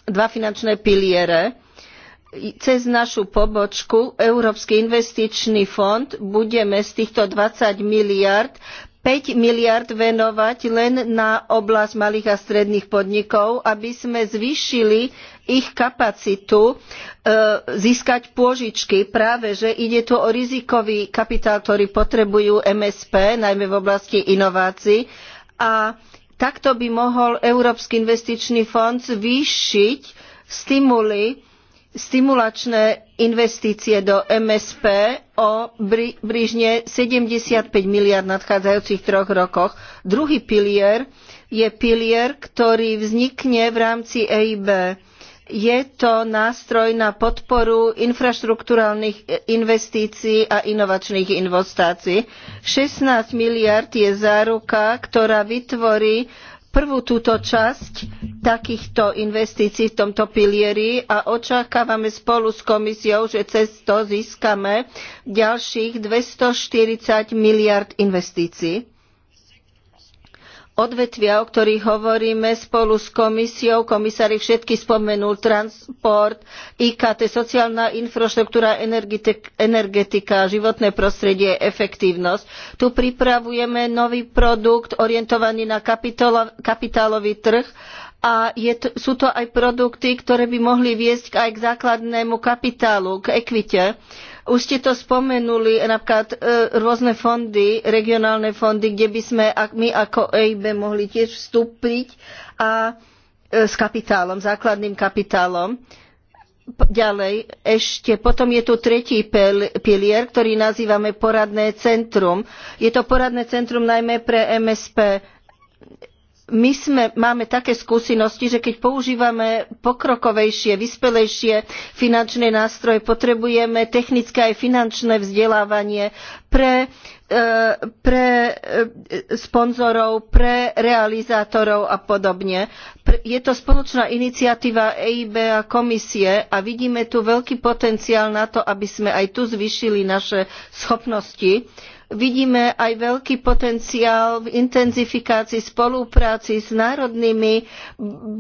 dva finančné piliere. Cez našu pobočku Európsky investičný fond budeme z týchto 20 miliard 5 miliard venovať len na oblasť malých a stredných podnikov, aby sme zvýšili ich kapacitu e, získať pôžičky. Práve, že ide tu o rizikový kapitál, ktorý potrebujú MSP, najmä v oblasti inovácií. A takto by mohol Európsky investičný fond zvýšiť stimuly, stimulačné investície do MSP o približne 75 miliard v nadchádzajúcich troch rokoch. Druhý pilier je pilier, ktorý vznikne v rámci EIB je to nástroj na podporu infraštrukturálnych e, investícií a inovačných investácií. 16 miliard je záruka, ktorá vytvorí prvú túto časť takýchto investícií v tomto pilieri a očakávame spolu s komisiou, že cez to získame ďalších 240 miliard investícií odvetvia, o ktorých hovoríme spolu s komisiou, komisári všetky spomenul, transport, IKT, sociálna infraštruktúra, energetika, životné prostredie, efektívnosť. Tu pripravujeme nový produkt orientovaný na kapitolo, kapitálový trh a sú to aj produkty, ktoré by mohli viesť aj k základnému kapitálu, k ekvite už ste to spomenuli, napríklad e, rôzne fondy, regionálne fondy, kde by sme my ako EIB mohli tiež vstúpiť a e, s kapitálom, základným kapitálom. Ďalej, ešte potom je tu tretí pilier, ktorý nazývame poradné centrum. Je to poradné centrum najmä pre MSP my sme, máme také skúsenosti, že keď používame pokrokovejšie, vyspelejšie finančné nástroje, potrebujeme technické aj finančné vzdelávanie pre, e, pre e, sponzorov, pre realizátorov a podobne. Je to spoločná iniciatíva EIB a komisie a vidíme tu veľký potenciál na to, aby sme aj tu zvýšili naše schopnosti vidíme aj veľký potenciál v intenzifikácii spolupráci s národnými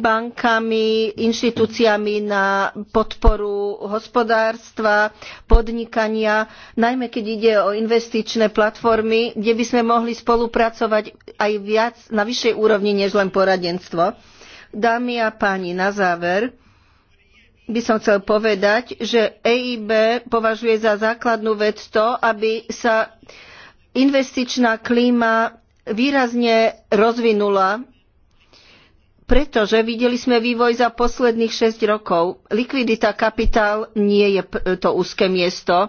bankami, inštitúciami na podporu hospodárstva, podnikania, najmä keď ide o investičné platformy, kde by sme mohli spolupracovať aj viac na vyššej úrovni než len poradenstvo. Dámy a páni, na záver by som chcel povedať, že EIB považuje za základnú vec to, aby sa investičná klíma výrazne rozvinula, pretože videli sme vývoj za posledných 6 rokov. Likvidita kapitál nie je to úzke miesto. E,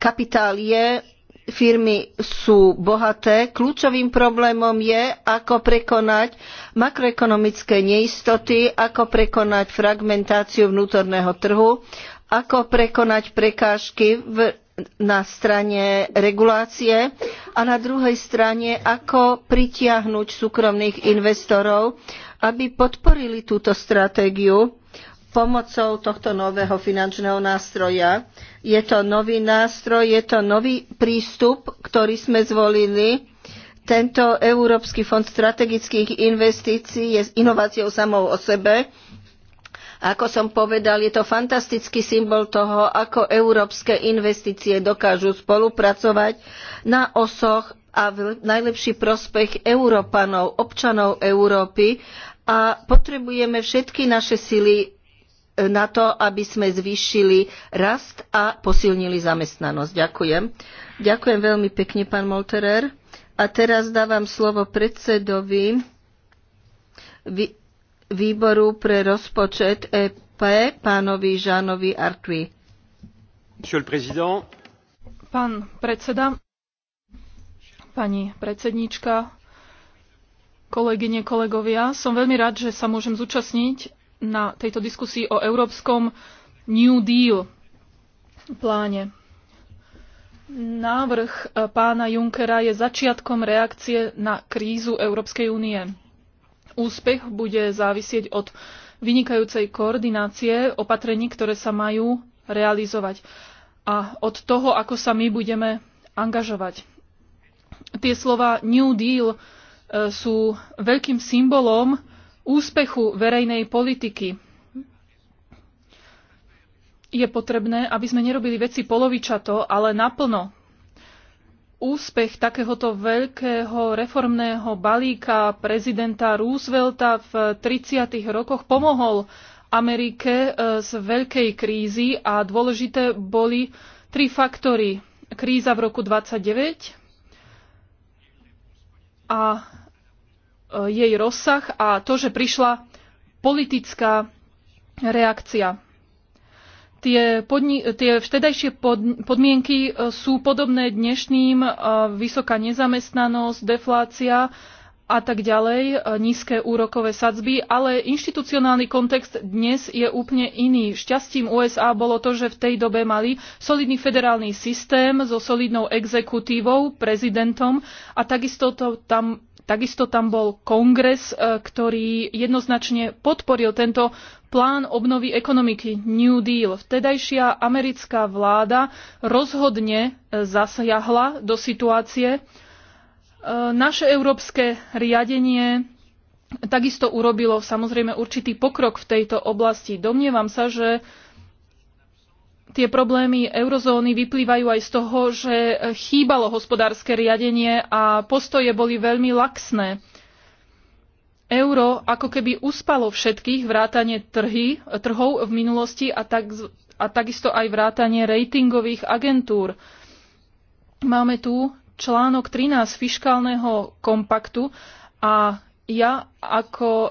kapitál je, firmy sú bohaté. Kľúčovým problémom je, ako prekonať makroekonomické neistoty, ako prekonať fragmentáciu vnútorného trhu, ako prekonať prekážky v na strane regulácie a na druhej strane, ako pritiahnuť súkromných investorov, aby podporili túto stratégiu pomocou tohto nového finančného nástroja. Je to nový nástroj, je to nový prístup, ktorý sme zvolili. Tento Európsky fond strategických investícií je inováciou samou o sebe ako som povedal, je to fantastický symbol toho, ako európske investície dokážu spolupracovať na osoch a v najlepší prospech Európanov, občanov Európy a potrebujeme všetky naše sily e, na to, aby sme zvýšili rast a posilnili zamestnanosť. Ďakujem. Ďakujem veľmi pekne, pán Molterer. A teraz dávam slovo predsedovi výboru pre rozpočet EP pánovi Žánovi Artui. Pán predseda, pani predsedníčka, kolegyne, kolegovia, som veľmi rád, že sa môžem zúčastniť na tejto diskusii o európskom New Deal pláne. Návrh pána Junckera je začiatkom reakcie na krízu Európskej únie úspech bude závisieť od vynikajúcej koordinácie opatrení, ktoré sa majú realizovať a od toho, ako sa my budeme angažovať. Tie slova New Deal e, sú veľkým symbolom úspechu verejnej politiky. Je potrebné, aby sme nerobili veci polovičato, ale naplno úspech takéhoto veľkého reformného balíka prezidenta Roosevelta v 30. rokoch pomohol Amerike e, z veľkej krízy a dôležité boli tri faktory. Kríza v roku 29 a e, jej rozsah a to, že prišla politická reakcia. Tie, podni- tie vtedajšie pod- podmienky e, sú podobné dnešným, e, vysoká nezamestnanosť, deflácia a tak ďalej, e, nízke úrokové sadzby, ale inštitucionálny kontext dnes je úplne iný. Šťastím USA bolo to, že v tej dobe mali solidný federálny systém so solidnou exekutívou, prezidentom a takisto to tam Takisto tam bol kongres, e, ktorý jednoznačne podporil tento plán obnovy ekonomiky New Deal. Vtedajšia americká vláda rozhodne e, zasiahla do situácie. E, naše európske riadenie takisto urobilo samozrejme určitý pokrok v tejto oblasti. Domnievam sa, že tie problémy eurozóny vyplývajú aj z toho, že chýbalo hospodárske riadenie a postoje boli veľmi laxné. Euro ako keby uspalo všetkých vrátanie trhy, trhov v minulosti a, tak, a takisto aj vrátanie ratingových agentúr. Máme tu článok 13 fiškálneho kompaktu a ja ako e,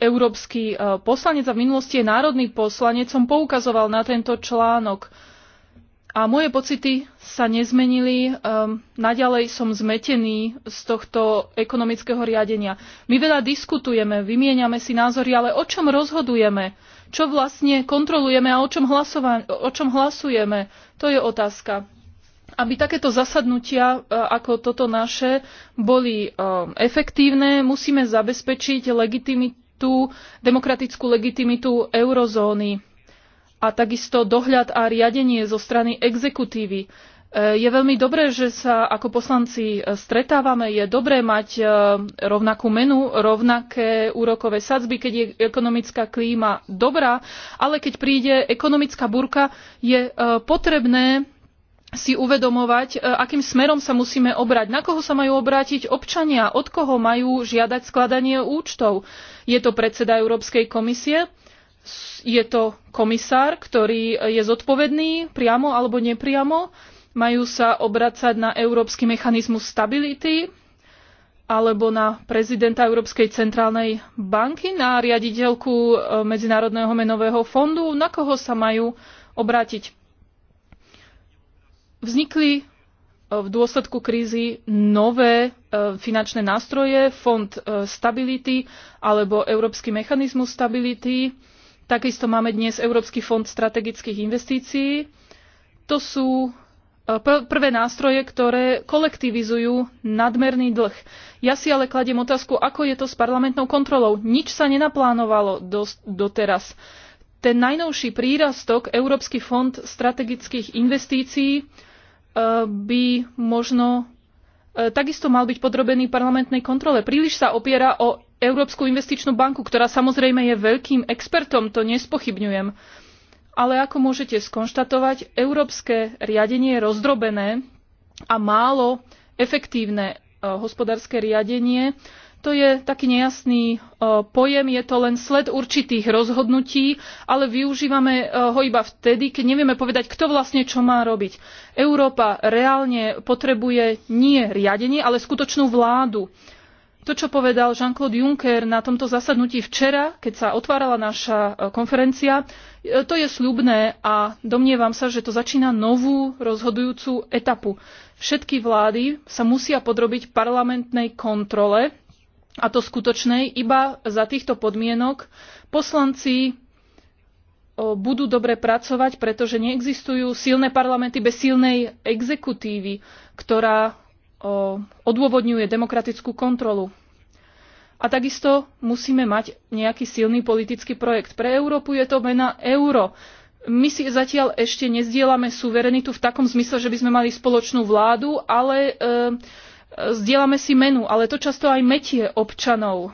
európsky e, poslanec a v minulosti je národný poslanec, som poukazoval na tento článok. A moje pocity sa nezmenili. Um, naďalej som zmetený z tohto ekonomického riadenia. My veľa diskutujeme, vymieňame si názory, ale o čom rozhodujeme? Čo vlastne kontrolujeme a o čom, o čom hlasujeme? To je otázka. Aby takéto zasadnutia e, ako toto naše boli efektívne, musíme zabezpečiť legitimitu tú demokratickú legitimitu eurozóny a takisto dohľad a riadenie zo strany exekutívy. E, je veľmi dobré, že sa ako poslanci e, stretávame. Je dobré mať e, rovnakú menu, rovnaké úrokové sadzby, keď je ekonomická klíma dobrá, ale keď príde ekonomická burka, je potrebné si uvedomovať, e, akým smerom sa musíme obrať, na koho sa majú obrátiť občania, od koho majú žiadať skladanie účtov. Je to predseda Európskej komisie, je to komisár, ktorý je zodpovedný priamo alebo nepriamo, majú sa obracať na Európsky mechanizmus stability alebo na prezidenta Európskej centrálnej banky, na riaditeľku e, Medzinárodného menového fondu, na koho sa majú obrátiť. Vznikli e, v dôsledku krízy nové e, finančné nástroje, fond e, stability alebo Európsky mechanizmus stability. Takisto máme dnes Európsky fond strategických investícií. To sú prvé nástroje, ktoré kolektivizujú nadmerný dlh. Ja si ale kladiem otázku, ako je to s parlamentnou kontrolou. Nič sa nenaplánovalo doteraz. Ten najnovší prírastok Európsky fond strategických investícií by možno e, takisto mal byť podrobený parlamentnej kontrole. Príliš sa opiera o Európsku investičnú banku, ktorá samozrejme je veľkým expertom, to nespochybňujem. Ale ako môžete skonštatovať, európske riadenie je rozdrobené a málo efektívne e, hospodárske riadenie to je taký nejasný e, pojem, je to len sled určitých rozhodnutí, ale využívame e, ho iba vtedy, keď nevieme povedať, kto vlastne čo má robiť. Európa reálne potrebuje nie riadenie, ale skutočnú vládu. To, čo povedal Jean-Claude Juncker na tomto zasadnutí včera, keď sa otvárala naša e, konferencia, to je sľubné a domnievam sa, že to začína novú rozhodujúcu etapu. Všetky vlády sa musia podrobiť parlamentnej kontrole, a to skutočnej, iba za týchto podmienok poslanci budú dobre pracovať, pretože neexistujú silné parlamenty bez silnej exekutívy, ktorá odôvodňuje demokratickú kontrolu. A takisto musíme mať nejaký silný politický projekt. Pre Európu je to mena euro. My si zatiaľ ešte nezdielame suverenitu v takom zmysle, že by sme mali spoločnú vládu, ale e, Zdieľame si menu, ale to často aj metie občanov.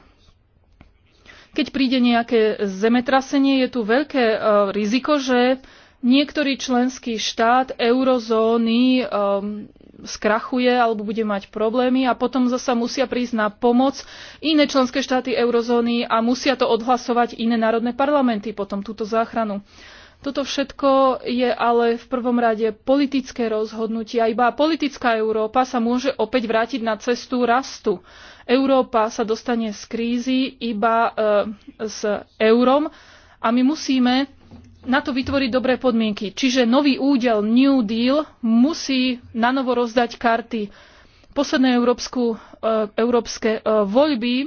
Keď príde nejaké zemetrasenie, je tu veľké e, riziko, že niektorý členský štát eurozóny um, skrachuje alebo bude mať problémy a potom zasa musia prísť na pomoc iné členské štáty eurozóny a musia to odhlasovať iné národné parlamenty potom túto záchranu. Toto všetko je ale v prvom rade politické rozhodnutie a iba politická Európa sa môže opäť vrátiť na cestu rastu. Európa sa dostane z krízy iba e, s eurom a my musíme na to vytvoriť dobré podmienky. Čiže nový údel New Deal musí nanovo rozdať karty. Posledné európsku, e, európske e, voľby e,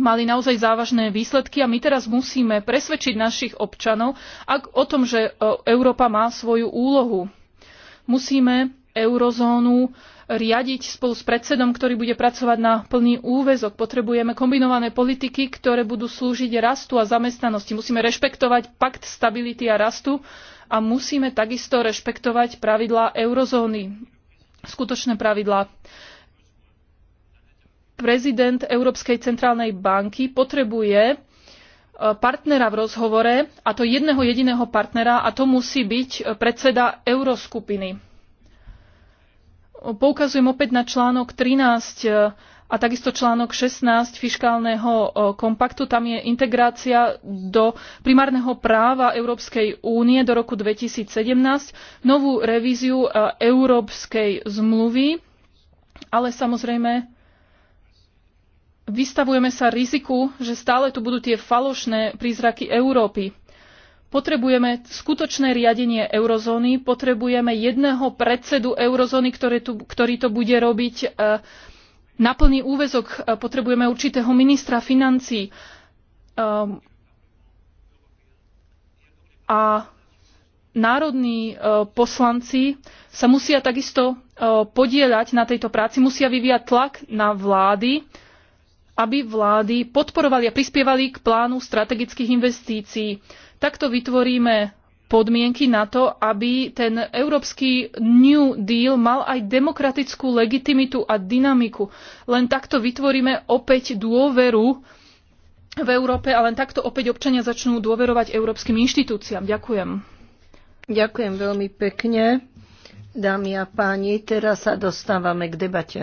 mali naozaj závažné výsledky a my teraz musíme presvedčiť našich občanov o tom, že e, Európa má svoju úlohu. Musíme eurozónu e, riadiť spolu s predsedom, ktorý bude pracovať na plný úväzok. Potrebujeme kombinované politiky, ktoré budú slúžiť rastu a zamestnanosti. Musíme rešpektovať pakt stability a rastu a musíme takisto rešpektovať pravidlá eurozóny, skutočné pravidlá prezident Európskej centrálnej banky potrebuje e, partnera v rozhovore, a to jedného jediného partnera, a to musí byť e, predseda euroskupiny. Poukazujem opäť na článok 13 e, a takisto článok 16 fiskálneho kompaktu. Tam je integrácia do primárneho práva Európskej únie do roku 2017, novú revíziu Európskej zmluvy, ale samozrejme vystavujeme sa riziku, že stále tu budú tie falošné prízraky Európy. Potrebujeme skutočné riadenie eurozóny, potrebujeme jedného predsedu eurozóny, tu, ktorý to bude robiť e, na plný úvezok, e, potrebujeme určitého ministra financí. Ehm, a národní e, poslanci sa musia takisto podieľať na tejto práci, musia vyvíjať tlak na vlády, aby vlády podporovali a prispievali k plánu strategických investícií. Takto vytvoríme podmienky na to, aby ten európsky New Deal mal aj demokratickú legitimitu a dynamiku. Len takto vytvoríme opäť dôveru v Európe a len takto opäť občania začnú dôverovať európskym inštitúciám. Ďakujem. Ďakujem veľmi pekne. Dámy a páni, teraz sa dostávame k debate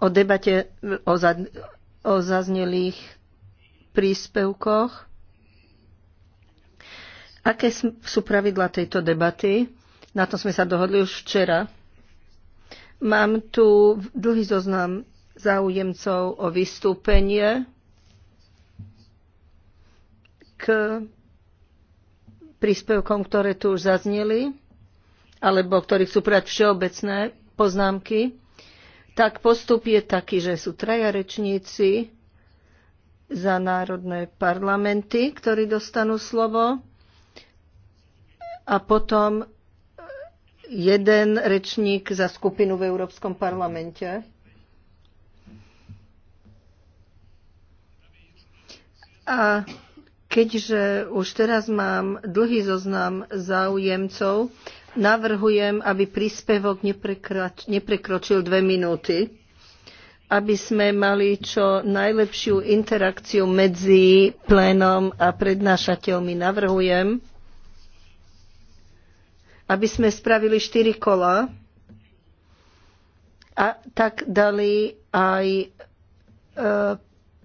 o debate o, za, o zaznelých príspevkoch. Aké sú pravidla tejto debaty? Na to sme sa dohodli už včera. Mám tu dlhý zoznam záujemcov o vystúpenie k príspevkom, ktoré tu už zazneli, alebo ktorí chcú prať všeobecné poznámky tak postup je taký, že sú traja rečníci za národné parlamenty, ktorí dostanú slovo a potom jeden rečník za skupinu v Európskom parlamente. A keďže už teraz mám dlhý zoznam záujemcov, Navrhujem, aby príspevok neprekročil dve minúty, aby sme mali čo najlepšiu interakciu medzi plénom a prednášateľmi. Navrhujem, aby sme spravili štyri kola a tak dali aj e,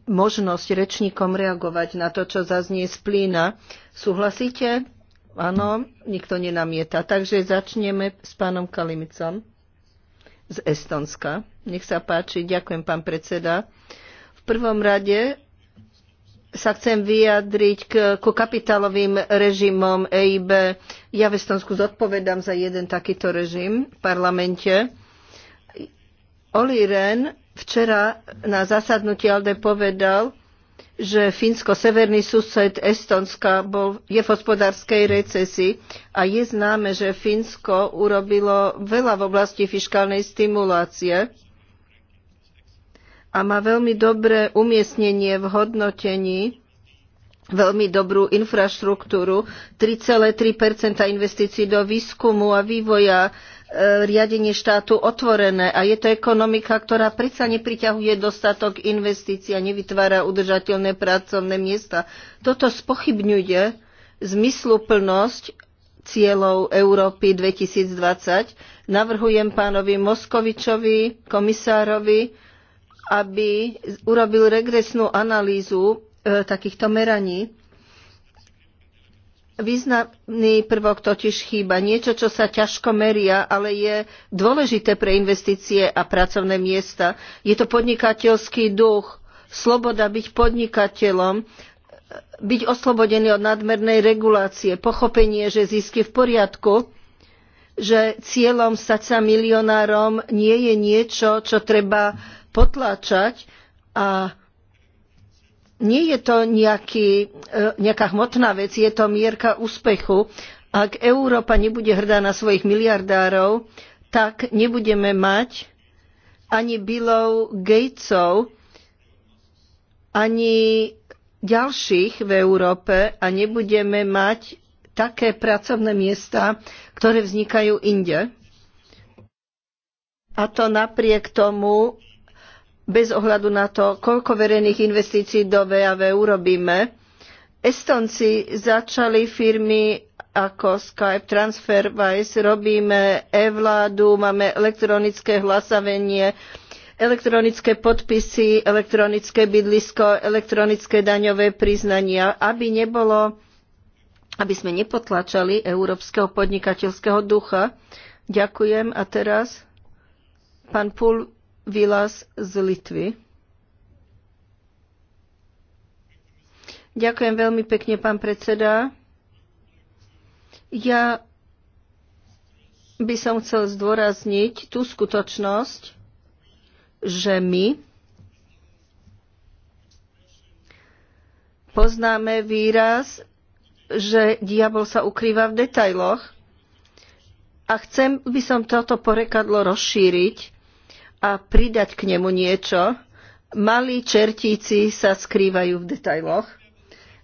možnosť rečníkom reagovať na to, čo zaznie z plína. Súhlasíte? Áno, nikto nenamieta. Takže začneme s pánom Kalimicom z Estonska. Nech sa páči, ďakujem pán predseda. V prvom rade sa chcem vyjadriť k, ku kapitálovým režimom EIB. Ja v Estonsku zodpovedám za jeden takýto režim v parlamente. Oli Ren včera na zasadnutí Alde povedal, že Fínsko, severný sused Estonska, bol, je v hospodárskej recesii a je známe, že Fínsko urobilo veľa v oblasti fiskálnej stimulácie a má veľmi dobré umiestnenie v hodnotení, veľmi dobrú infraštruktúru, 3,3 investícií do výskumu a vývoja, E, riadenie štátu otvorené a je to ekonomika, ktorá predsa nepriťahuje dostatok investícií a nevytvára udržateľné pracovné miesta. Toto spochybňuje zmysluplnosť cieľov Európy 2020. Navrhujem pánovi Moskovičovi, komisárovi, aby urobil regresnú analýzu e, takýchto meraní Významný prvok totiž chýba. Niečo, čo sa ťažko meria, ale je dôležité pre investície a pracovné miesta. Je to podnikateľský duch, sloboda byť podnikateľom, byť oslobodený od nadmernej regulácie, pochopenie, že zisky v poriadku, že cieľom stať sa milionárom nie je niečo, čo treba potláčať a nie je to nejaký, e, nejaká hmotná vec, je to mierka úspechu. Ak Európa nebude hrdá na svojich miliardárov, tak nebudeme mať ani Billov Gatesov, ani ďalších v Európe a nebudeme mať také pracovné miesta, ktoré vznikajú inde. A to napriek tomu, bez ohľadu na to, koľko verejných investícií do VAV urobíme. Estonci začali firmy ako Skype, TransferWise, robíme e-vládu, máme elektronické hlasavenie, elektronické podpisy, elektronické bydlisko, elektronické daňové priznania, aby nebolo aby sme nepotlačali európskeho podnikateľského ducha. Ďakujem a teraz pán Pul Vilas z Litvy. Ďakujem veľmi pekne, pán predseda. Ja by som chcel zdôrazniť tú skutočnosť, že my poznáme výraz, že diabol sa ukrýva v detailoch. A chcem by som toto porekadlo rozšíriť a pridať k nemu niečo. Malí čertíci sa skrývajú v detailoch.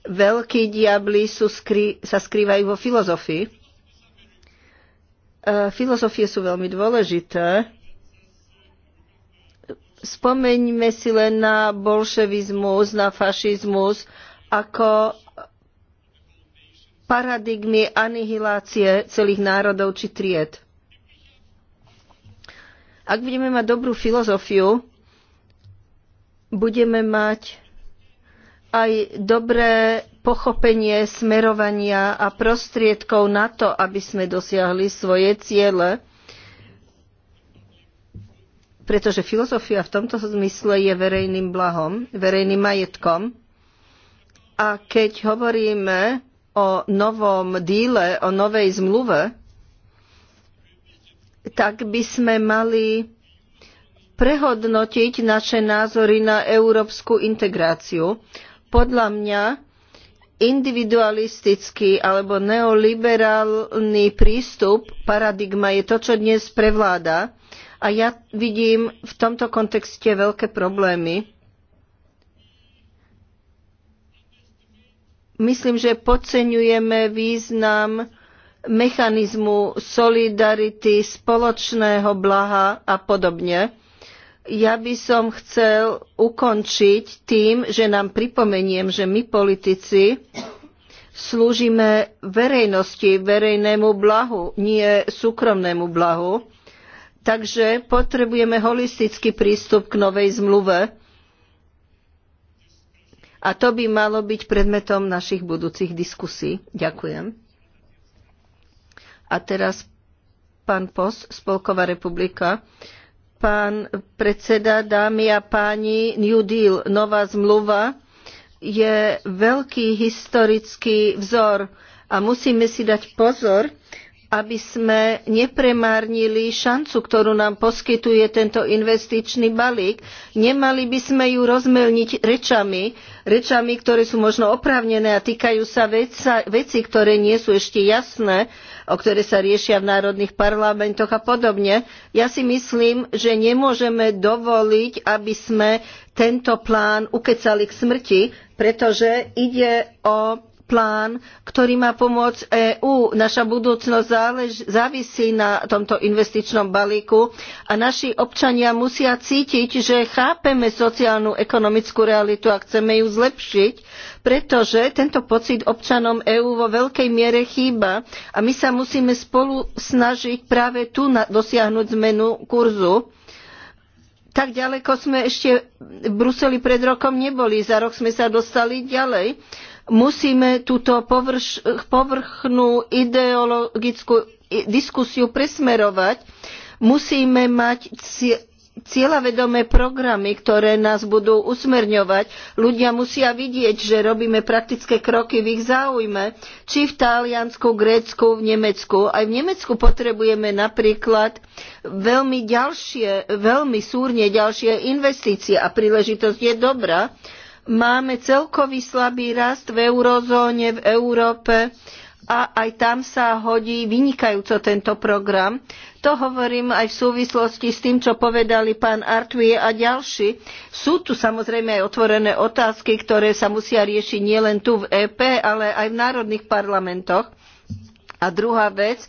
Veľkí diabli sú skry, sa skrývajú vo filozofii. E, filozofie sú veľmi dôležité. Spomeňme si len na bolševizmus, na fašizmus ako paradigmy anihilácie celých národov či tried. Ak budeme mať dobrú filozofiu, budeme mať aj dobré pochopenie smerovania a prostriedkov na to, aby sme dosiahli svoje ciele, pretože filozofia v tomto zmysle je verejným blahom, verejným majetkom. A keď hovoríme o novom díle, o novej zmluve, tak by sme mali prehodnotiť naše názory na európsku integráciu. Podľa mňa individualistický alebo neoliberálny prístup, paradigma je to, čo dnes prevláda. A ja vidím v tomto kontexte veľké problémy. Myslím, že podceňujeme význam mechanizmu solidarity, spoločného blaha a podobne. Ja by som chcel ukončiť tým, že nám pripomeniem, že my politici slúžime verejnosti, verejnému blahu, nie súkromnému blahu. Takže potrebujeme holistický prístup k novej zmluve a to by malo byť predmetom našich budúcich diskusí. Ďakujem. A teraz pán Pos, Spolková republika. Pán predseda, dámy a páni, New Deal, nová zmluva, je veľký historický vzor a musíme si dať pozor, aby sme nepremárnili šancu, ktorú nám poskytuje tento investičný balík. Nemali by sme ju rozmelniť rečami, rečami, ktoré sú možno oprávnené a týkajú sa veci, ktoré nie sú ešte jasné, o ktoré sa riešia v národných parlamentoch a podobne. Ja si myslím, že nemôžeme dovoliť, aby sme tento plán ukecali k smrti, pretože ide o plán, ktorý má pomôcť EÚ. Naša budúcnosť zálež, závisí na tomto investičnom balíku a naši občania musia cítiť, že chápeme sociálnu ekonomickú realitu a chceme ju zlepšiť, pretože tento pocit občanom EÚ vo veľkej miere chýba a my sa musíme spolu snažiť práve tu dosiahnuť zmenu kurzu. Tak ďaleko sme ešte v Bruseli pred rokom neboli, za rok sme sa dostali ďalej Musíme túto površ, povrchnú ideologickú diskusiu presmerovať. Musíme mať cieľavedomé programy, ktoré nás budú usmerňovať. Ľudia musia vidieť, že robíme praktické kroky v ich záujme, či v Taliansku, Grécku, v Nemecku. Aj v Nemecku potrebujeme napríklad veľmi ďalšie, veľmi súrne ďalšie investície a príležitosť je dobrá. Máme celkový slabý rast v eurozóne, v Európe a aj tam sa hodí vynikajúco tento program. To hovorím aj v súvislosti s tým, čo povedali pán Artvie a ďalší. Sú tu samozrejme aj otvorené otázky, ktoré sa musia riešiť nielen tu v EP, ale aj v národných parlamentoch. A druhá vec,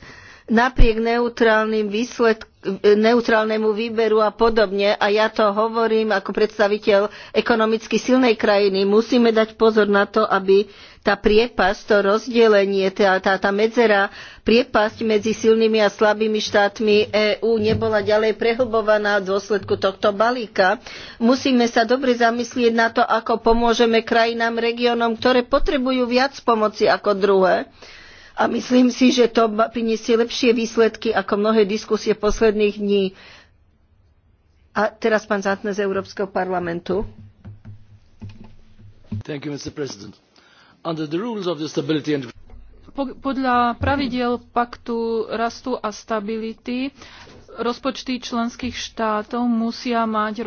napriek neutrálnym výsledkom, neutrálnemu výberu a podobne. A ja to hovorím ako predstaviteľ ekonomicky silnej krajiny. Musíme dať pozor na to, aby tá priepasť, to rozdelenie, tá, tá, tá medzera, priepasť medzi silnými a slabými štátmi EÚ nebola ďalej prehlbovaná v dôsledku tohto balíka. Musíme sa dobre zamyslieť na to, ako pomôžeme krajinám, regiónom, ktoré potrebujú viac pomoci ako druhé a myslím si, že to priniesie lepšie výsledky ako mnohé diskusie posledných dní. A teraz pán Zátne z Európskeho parlamentu. You, and... podľa pravidel paktu rastu a stability rozpočty členských štátov musia mať e,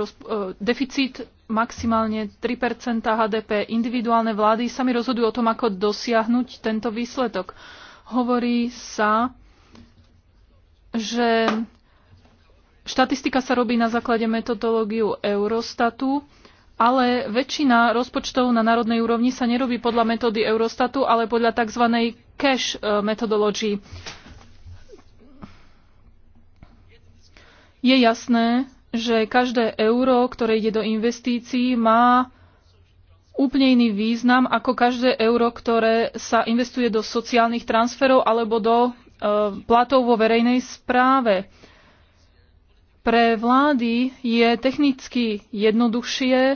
deficit maximálne 3 HDP. Individuálne vlády sami rozhodujú o tom, ako dosiahnuť tento výsledok. Hovorí sa, že štatistika sa robí na základe metodológiu Eurostatu, ale väčšina rozpočtov na národnej úrovni sa nerobí podľa metódy Eurostatu, ale podľa tzv. cash e, metodológii Je jasné, že každé euro, ktoré ide do investícií, má úplne iný význam ako každé euro, ktoré sa investuje do sociálnych transferov alebo do e, platov vo verejnej správe. Pre vlády je technicky jednoduchšie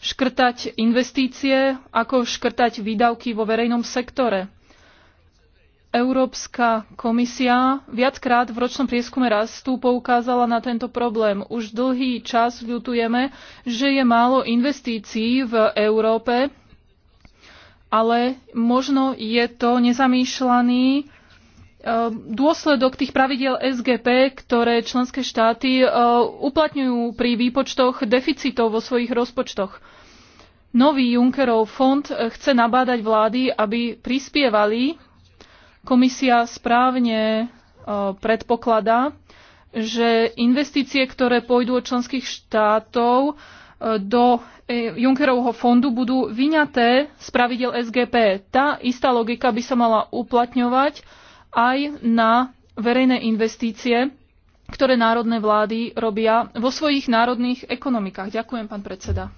škrtať investície, ako škrtať výdavky vo verejnom sektore. Európska komisia viackrát v ročnom prieskume rastu poukázala na tento problém. Už dlhý čas ľutujeme, že je málo investícií v Európe, ale možno je to nezamýšľaný eh, dôsledok tých pravidiel SGP, ktoré členské štáty eh, uplatňujú pri výpočtoch deficitov vo svojich rozpočtoch. Nový Junckerov fond eh, chce nabádať vlády, aby prispievali Komisia správne e, predpokladá, že investície, ktoré pôjdu od členských štátov e, do e, Junckerovho fondu, budú vyňaté z pravidel SGP. Tá istá logika by sa mala uplatňovať aj na verejné investície, ktoré národné vlády robia vo svojich národných ekonomikách. Ďakujem, pán predseda.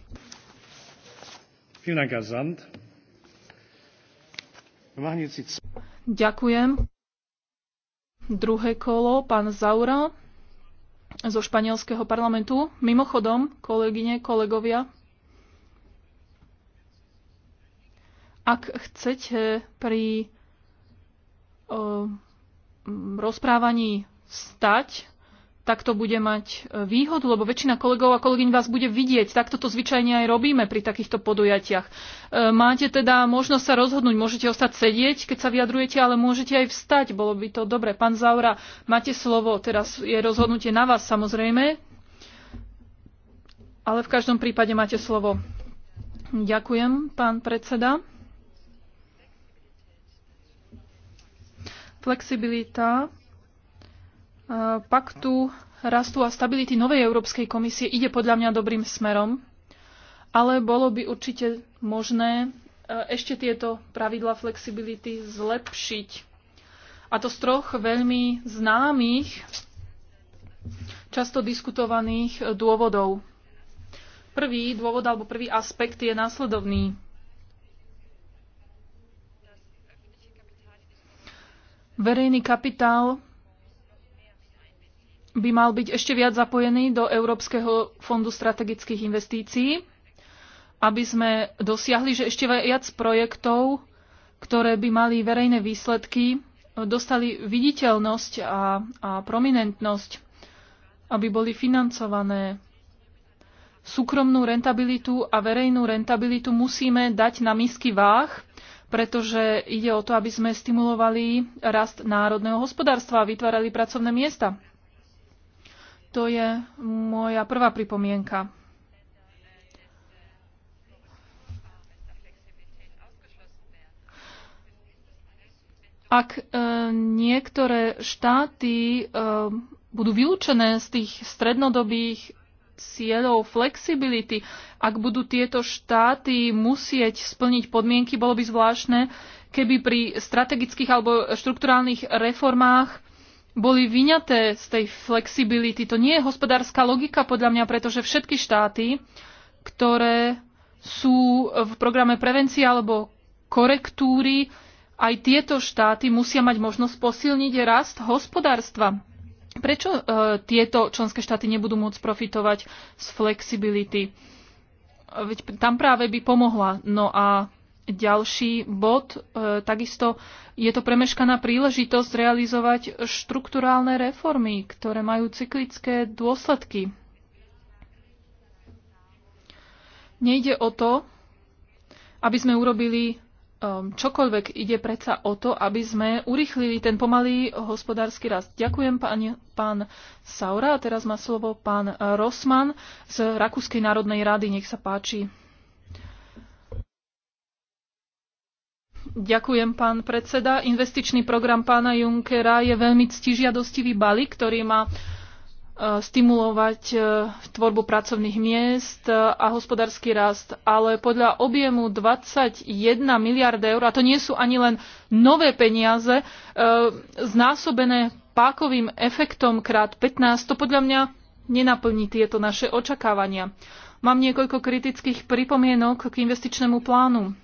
Vielen Dank, Herr Sand. Ďakujem. Druhé kolo, pán Zaura zo španielského parlamentu. Mimochodom, kolegyne, kolegovia, ak chcete pri o, eh, rozprávaní stať, takto bude mať e, výhodu, lebo väčšina kolegov a kolegyň vás bude vidieť. Takto to zvyčajne aj robíme pri takýchto podujatiach. E, máte teda možnosť sa rozhodnúť, môžete ostať sedieť, keď sa vyjadrujete, ale môžete aj vstať. Bolo by to dobre. Pán Zaura, máte slovo, teraz je rozhodnutie na vás samozrejme, ale v každom prípade máte slovo. Ďakujem, pán predseda. Flexibilita E, paktu rastu a stability novej Európskej komisie ide podľa mňa dobrým smerom, ale bolo by určite možné e, ešte tieto pravidla flexibility zlepšiť. A to z troch veľmi známych, často diskutovaných e, dôvodov. Prvý dôvod alebo prvý aspekt je následovný. Verejný kapitál by mal byť ešte viac zapojený do Európskeho fondu strategických investícií, aby sme dosiahli, že ešte viac projektov, ktoré by mali verejné výsledky, dostali viditeľnosť a, a prominentnosť, aby boli financované. Súkromnú rentabilitu a verejnú rentabilitu musíme dať na misky váh, pretože ide o to, aby sme stimulovali rast národného hospodárstva a vytvárali pracovné miesta. To je moja prvá pripomienka. Ak e, niektoré štáty e, budú vylúčené z tých strednodobých cieľov flexibility, ak budú tieto štáty musieť splniť podmienky, bolo by zvláštne, keby pri strategických alebo štrukturálnych reformách boli vyňaté z tej flexibility. To nie je hospodárska logika podľa mňa, pretože všetky štáty, ktoré sú v programe prevencie alebo korektúry, aj tieto štáty musia mať možnosť posilniť rast hospodárstva. Prečo e, tieto členské štáty nebudú môcť profitovať z flexibility? Veď tam práve by pomohla. No a ďalší bod, e, takisto je to premeškaná príležitosť realizovať štrukturálne reformy, ktoré majú cyklické dôsledky. Nejde o to, aby sme urobili e, čokoľvek, ide predsa o to, aby sme urychlili ten pomalý hospodársky rast. Ďakujem pán, pán Saura a teraz má slovo pán Rosman z Rakúskej národnej rady. Nech sa páči. Ďakujem, pán predseda. Investičný program pána Junckera je veľmi ctižiadostivý balík, ktorý má e, stimulovať e, tvorbu pracovných miest e, a hospodársky rast. Ale podľa objemu 21 miliard eur, a to nie sú ani len nové peniaze, znásobené pákovým efektom krát 15, to podľa mňa nenaplní tieto naše očakávania. Mám niekoľko kritických pripomienok k investičnému plánu.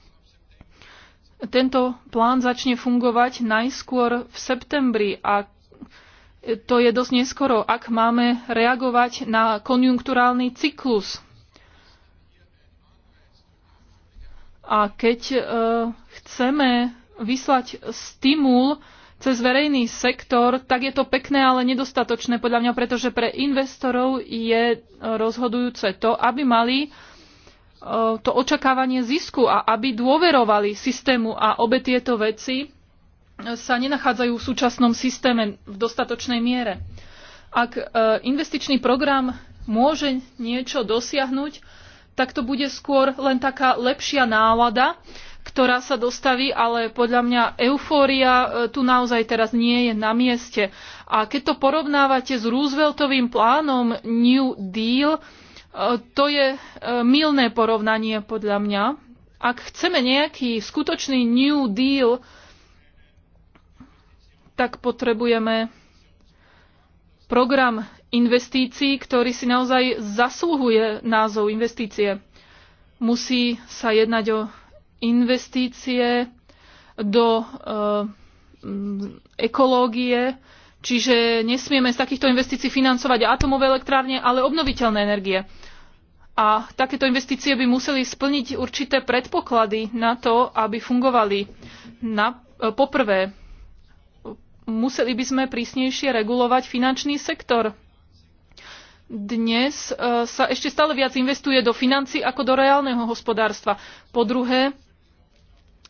Tento plán začne fungovať najskôr v septembri a to je dosť neskoro, ak máme reagovať na konjunkturálny cyklus. A keď e, chceme vyslať stimul cez verejný sektor, tak je to pekné, ale nedostatočné podľa mňa, pretože pre investorov je rozhodujúce to, aby mali E, to očakávanie zisku a aby dôverovali systému a obe tieto veci sa nenachádzajú v súčasnom systéme v dostatočnej miere. Ak e, investičný program môže niečo dosiahnuť, tak to bude skôr len taká lepšia nálada, ktorá sa dostaví, ale podľa mňa eufória e, tu naozaj teraz nie je na mieste. A keď to porovnávate s Rooseveltovým plánom New Deal, E, to je e, milné porovnanie podľa mňa. Ak chceme nejaký skutočný New Deal, tak potrebujeme program investícií, ktorý si naozaj zasluhuje názov investície. Musí sa jednať o investície do e, ekológie, Čiže nesmieme z takýchto investícií financovať atomové elektrárne, ale obnoviteľné energie. A takéto investície by museli splniť určité predpoklady na to, aby fungovali. Na, e, poprvé, museli by sme prísnejšie regulovať finančný sektor. Dnes e, sa ešte stále viac investuje do financií ako do reálneho hospodárstva. Po druhé,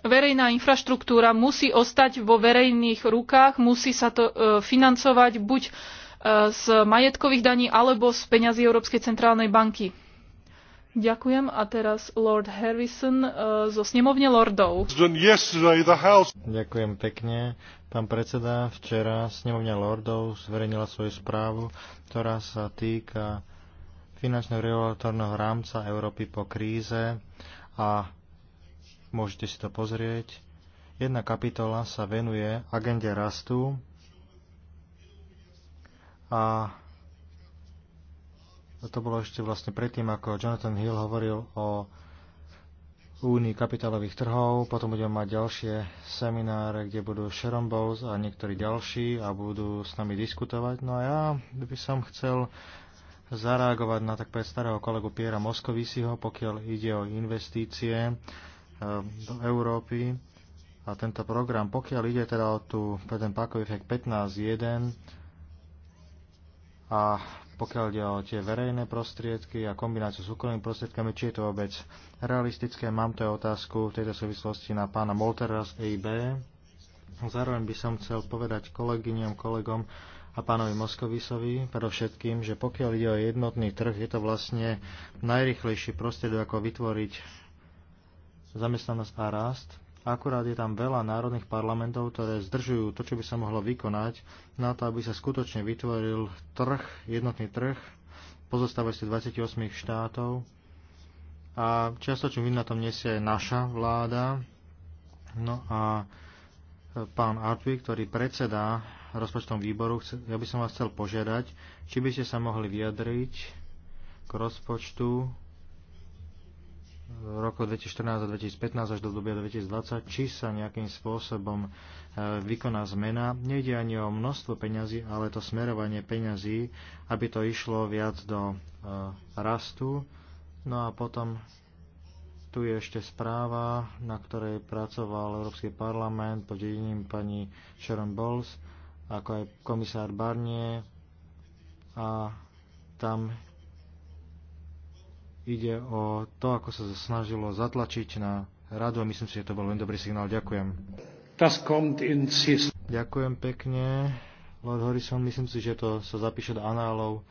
verejná infraštruktúra musí ostať vo verejných rukách, musí sa to e, financovať buď e, z majetkových daní alebo z peňazí Európskej centrálnej banky. Ďakujem. A teraz Lord Harrison e, zo snemovne Lordov. Ďakujem pekne. Pán predseda, včera snemovňa Lordov zverejnila svoju správu, ktorá sa týka finančného regulatorného rámca Európy po kríze a môžete si to pozrieť. Jedna kapitola sa venuje agende rastu a to bolo ešte vlastne predtým, ako Jonathan Hill hovoril o únii kapitálových trhov. Potom budeme mať ďalšie semináre, kde budú Sharon Bowles a niektorí ďalší a budú s nami diskutovať. No a ja by som chcel zareagovať na tak starého kolegu Piera Moskovisiho, pokiaľ ide o investície Ehm, do Európy. A tento program, pokiaľ ide teda o tú, ten pakový efekt 15.1 a pokiaľ ide o tie verejné prostriedky a kombináciu s úkolnými prostriedkami, či je to vôbec realistické. Mám tu otázku v tejto súvislosti na pána Moltera z EIB. Zároveň by som chcel povedať kolegyňom, kolegom a pánovi Moskovisovi predovšetkým, že pokiaľ ide o jednotný trh, je to vlastne najrychlejší prostriedok, ako vytvoriť zamestnanosť a rast. Akurát je tam veľa národných parlamentov, ktoré zdržujú to, čo by sa mohlo vykonať na to, aby sa skutočne vytvoril trh, jednotný trh, pozostávajúci 28 štátov. A čiastočnú vinu na tom nesie aj naša vláda. No a e, pán Artvi, ktorý predsedá rozpočtom výboru, ja by som vás chcel požiadať, či by ste sa mohli vyjadriť k rozpočtu roku 2014 a 2015 až do dobia 2020, či sa nejakým spôsobom e, vykoná zmena. Nejde ani o množstvo peňazí, ale to smerovanie peňazí, aby to išlo viac do e, rastu. No a potom tu je ešte správa, na ktorej pracoval Európsky parlament pod dedením pani Sharon Bowles, ako aj komisár Barnier. A tam ide o to, ako sa snažilo zatlačiť na radu a myslím si, že to bol veľmi dobrý signál. Ďakujem. Ďakujem pekne, Lord Horison. Myslím si, že to sa zapíše do análov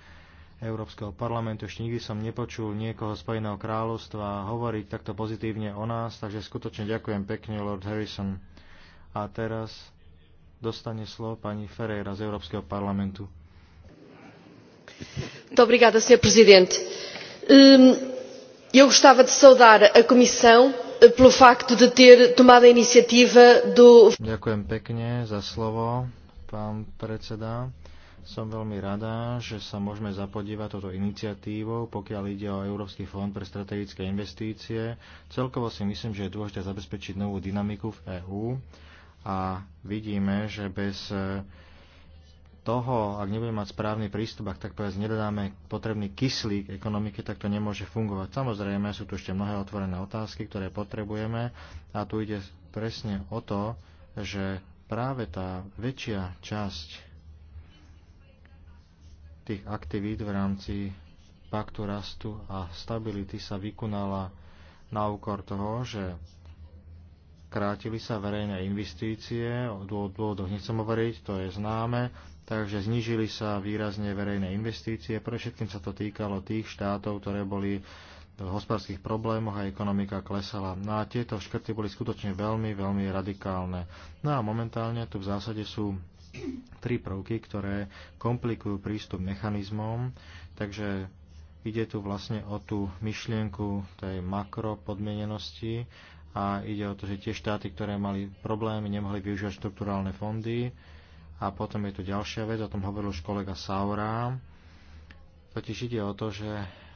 Európskeho parlamentu. Ešte nikdy som nepočul niekoho z Spojeného kráľovstva hovoriť takto pozitívne o nás, takže skutočne ďakujem pekne, Lord Harrison. A teraz dostane slovo pani Ferreira z Európskeho parlamentu. Dobrý Sr. prezident eu gostava de saudar a Comissão eh, pelo facto de ter tomado a iniciativa do... Ďakujem pekne za slovo, pán predseda. Som veľmi rada, že sa môžeme zapodívať toto iniciatívou, pokiaľ ide o Európsky fond pre strategické investície. Celkovo si myslím, že je dôležité zabezpečiť novú dynamiku v EÚ a vidíme, že bez eh, toho, ak nebudeme mať správny prístup, ak tak povedať, nedodáme potrebný kyslík ekonomiky, tak to nemôže fungovať. Samozrejme, sú tu ešte mnohé otvorené otázky, ktoré potrebujeme a tu ide presne o to, že práve tá väčšia časť tých aktivít v rámci paktu rastu a stability sa vykonala na úkor toho, že krátili sa verejné investície, o dôvodoch nechcem hovoriť, to je známe, takže znížili sa výrazne verejné investície. Pre všetkým sa to týkalo tých štátov, ktoré boli v hospodárských problémoch a ekonomika klesala. No a tieto škrty boli skutočne veľmi, veľmi radikálne. No a momentálne tu v zásade sú tri prvky, ktoré komplikujú prístup mechanizmom, takže ide tu vlastne o tú myšlienku tej makropodmienenosti a ide o to, že tie štáty, ktoré mali problémy, nemohli využívať štrukturálne fondy, a potom je tu ďalšia vec, o tom hovoril už kolega Saura. Totiž ide o to, že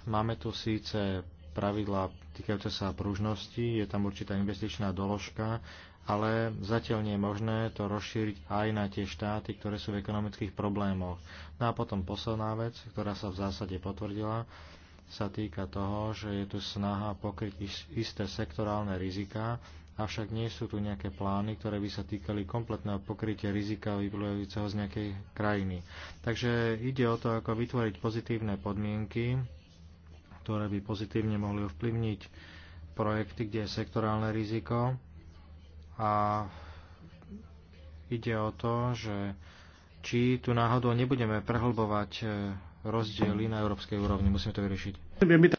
máme tu síce pravidlá týkajúce sa pružnosti, je tam určitá investičná doložka, ale zatiaľ nie je možné to rozšíriť aj na tie štáty, ktoré sú v ekonomických problémoch. No a potom posledná vec, ktorá sa v zásade potvrdila, sa týka toho, že je tu snaha pokryť isté sektorálne rizika, avšak nie sú tu nejaké plány, ktoré by sa týkali kompletného pokrytia rizika vyplývajúceho z nejakej krajiny. Takže ide o to, ako vytvoriť pozitívne podmienky, ktoré by pozitívne mohli ovplyvniť projekty, kde je sektorálne riziko a ide o to, že či tu náhodou nebudeme prehlbovať eh, rozdiely na európskej úrovni. Musíme to vyriešiť.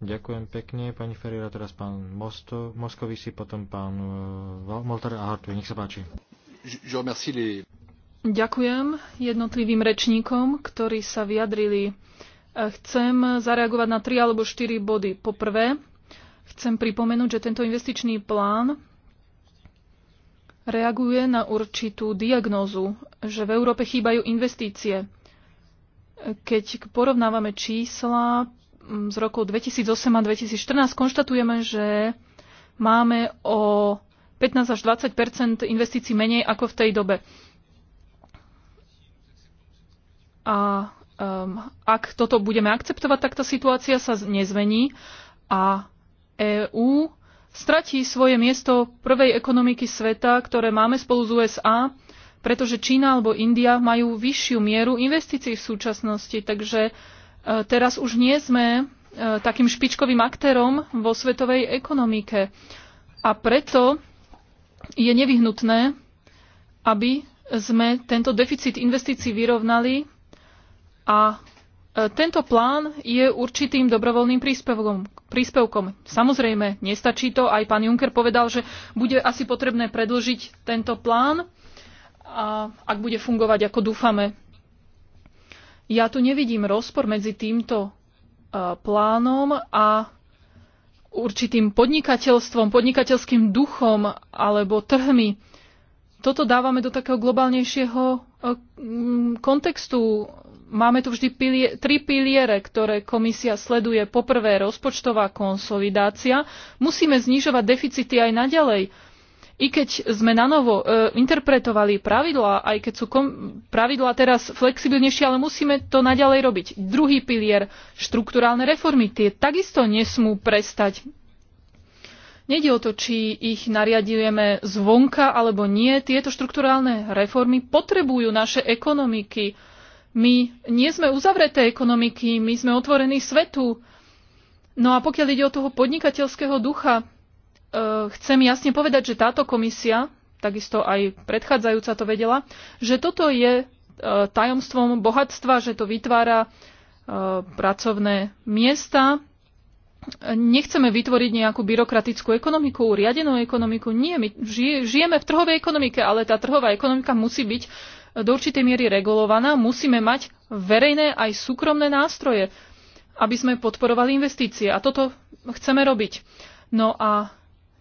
Ďakujem pekne, pani Ferreira, teraz pán Mosto, Moskovici, potom pán uh, Molter a Hartu. Nech sa páči. Ďakujem jednotlivým rečníkom, ktorí sa vyjadrili. E, chcem zareagovať na tri alebo štyri body. Poprvé, chcem pripomenúť, že tento investičný plán reaguje na určitú diagnózu, že v Európe chýbajú investície. E, keď porovnávame čísla Mm, z roku 2008 a 2014 konštatujeme, že máme o 15 až 20 investícií menej ako v tej dobe. A um, ak toto budeme akceptovať, tak tá situácia sa nezmení a EÚ stratí svoje miesto prvej ekonomiky sveta, ktoré máme spolu s USA, pretože Čína alebo India majú vyššiu mieru investícií v súčasnosti. Takže uh, E, teraz už nie sme e, takým špičkovým aktérom vo svetovej ekonomike. A preto je nevyhnutné, aby sme tento deficit investícií vyrovnali a e, tento plán je určitým dobrovoľným príspevkom. príspevkom. Samozrejme, nestačí to. Aj pán Juncker povedal, že bude asi potrebné predlžiť tento plán, a ak bude fungovať, ako dúfame. Ja tu nevidím rozpor medzi týmto e, plánom a určitým podnikateľstvom, podnikateľským duchom alebo trhmi. Toto dávame do takého globálnejšieho e, kontextu. Máme tu vždy pilie, tri piliere, ktoré komisia sleduje. Poprvé rozpočtová konsolidácia. Musíme znižovať deficity aj naďalej i keď sme na novo e, interpretovali pravidlá, aj keď sú kom- pravidlá teraz flexibilnejšie, ale musíme to naďalej robiť. Druhý pilier, štruktúrálne reformy, tie takisto nesmú prestať. Nede o to, či ich nariadujeme zvonka alebo nie. Tieto štrukturálne reformy potrebujú naše ekonomiky. My nie sme uzavreté ekonomiky, my sme otvorení svetu. No a pokiaľ ide o toho podnikateľského ducha, Eh, chcem jasne povedať, že táto komisia, takisto aj predchádzajúca to vedela, že toto je eh, tajomstvom bohatstva, že to vytvára eh, pracovné miesta. Nechceme vytvoriť nejakú byrokratickú ekonomiku, riadenú ekonomiku. Nie, my žijeme v trhovej ekonomike, ale tá trhová ekonomika musí byť do určitej miery regulovaná. Musíme mať verejné aj súkromné nástroje, aby sme podporovali investície. A toto chceme robiť. No a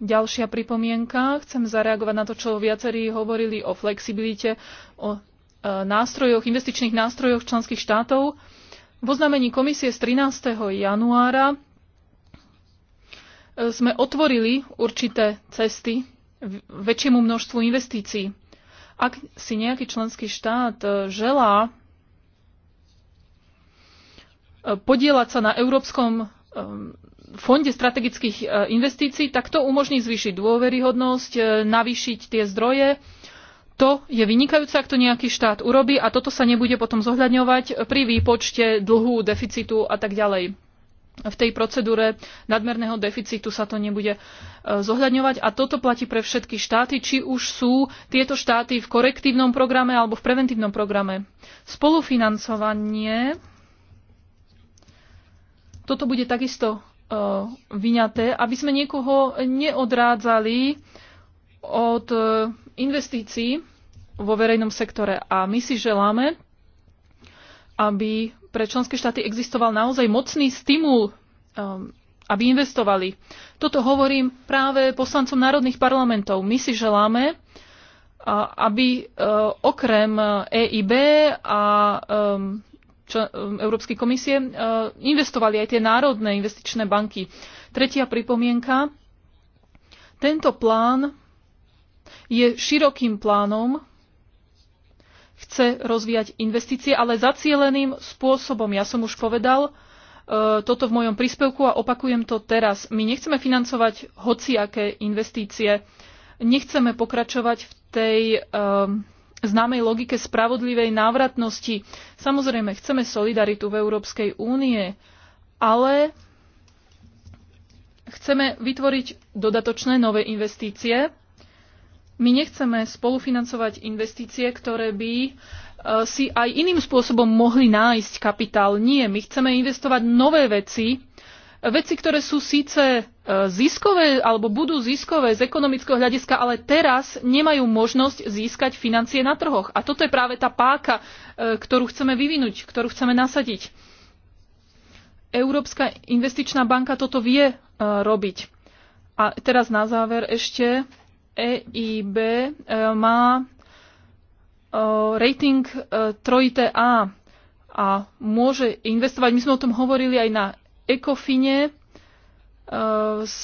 Ďalšia pripomienka. Chcem zareagovať na to, čo viacerí hovorili o flexibilite, o e, nástrojoch, investičných nástrojoch členských štátov. V oznámení komisie z 13. januára e, sme otvorili určité cesty väčšiemu množstvu investícií. Ak si nejaký členský štát e, želá podielať sa na európskom fonde strategických e, investícií, tak to umožní zvýšiť dôveryhodnosť, e, navýšiť tie zdroje. To je vynikajúce, ak to nejaký štát urobí a toto sa nebude potom zohľadňovať pri výpočte dlhu, deficitu a tak ďalej v tej procedúre nadmerného deficitu sa to nebude e, zohľadňovať. A toto platí pre všetky štáty, či už sú tieto štáty v korektívnom programe alebo v preventívnom programe. Spolufinancovanie. Toto bude takisto E, vyňaté, aby sme niekoho neodrádzali od e, investícií vo verejnom sektore. A my si želáme, aby pre členské štáty existoval naozaj mocný stimul, e, aby investovali. Toto hovorím práve poslancom národných parlamentov. My si želáme, aby okrem EIB a čo, um, Európskej komisie, uh, investovali aj tie národné investičné banky. Tretia pripomienka. Tento plán je širokým plánom, chce rozvíjať investície, ale zacieleným spôsobom. Ja som už povedal, uh, toto v mojom príspevku a opakujem to teraz. My nechceme financovať hociaké investície, nechceme pokračovať v tej E, známej logike spravodlivej návratnosti. Samozrejme, chceme solidaritu v Európskej únie, ale chceme vytvoriť dodatočné nové investície. My nechceme spolufinancovať investície, ktoré by e, si aj iným spôsobom mohli nájsť kapitál. Nie, my chceme investovať nové veci, veci, ktoré sú síce e, ziskové alebo budú ziskové z ekonomického hľadiska, ale teraz nemajú možnosť získať financie na trhoch. A toto je práve tá páka, e, ktorú chceme vyvinúť, ktorú chceme nasadiť. Európska investičná banka toto vie e, robiť. A teraz na záver ešte EIB má rating trojité A a môže investovať. My sme o tom hovorili aj na ekofine e, s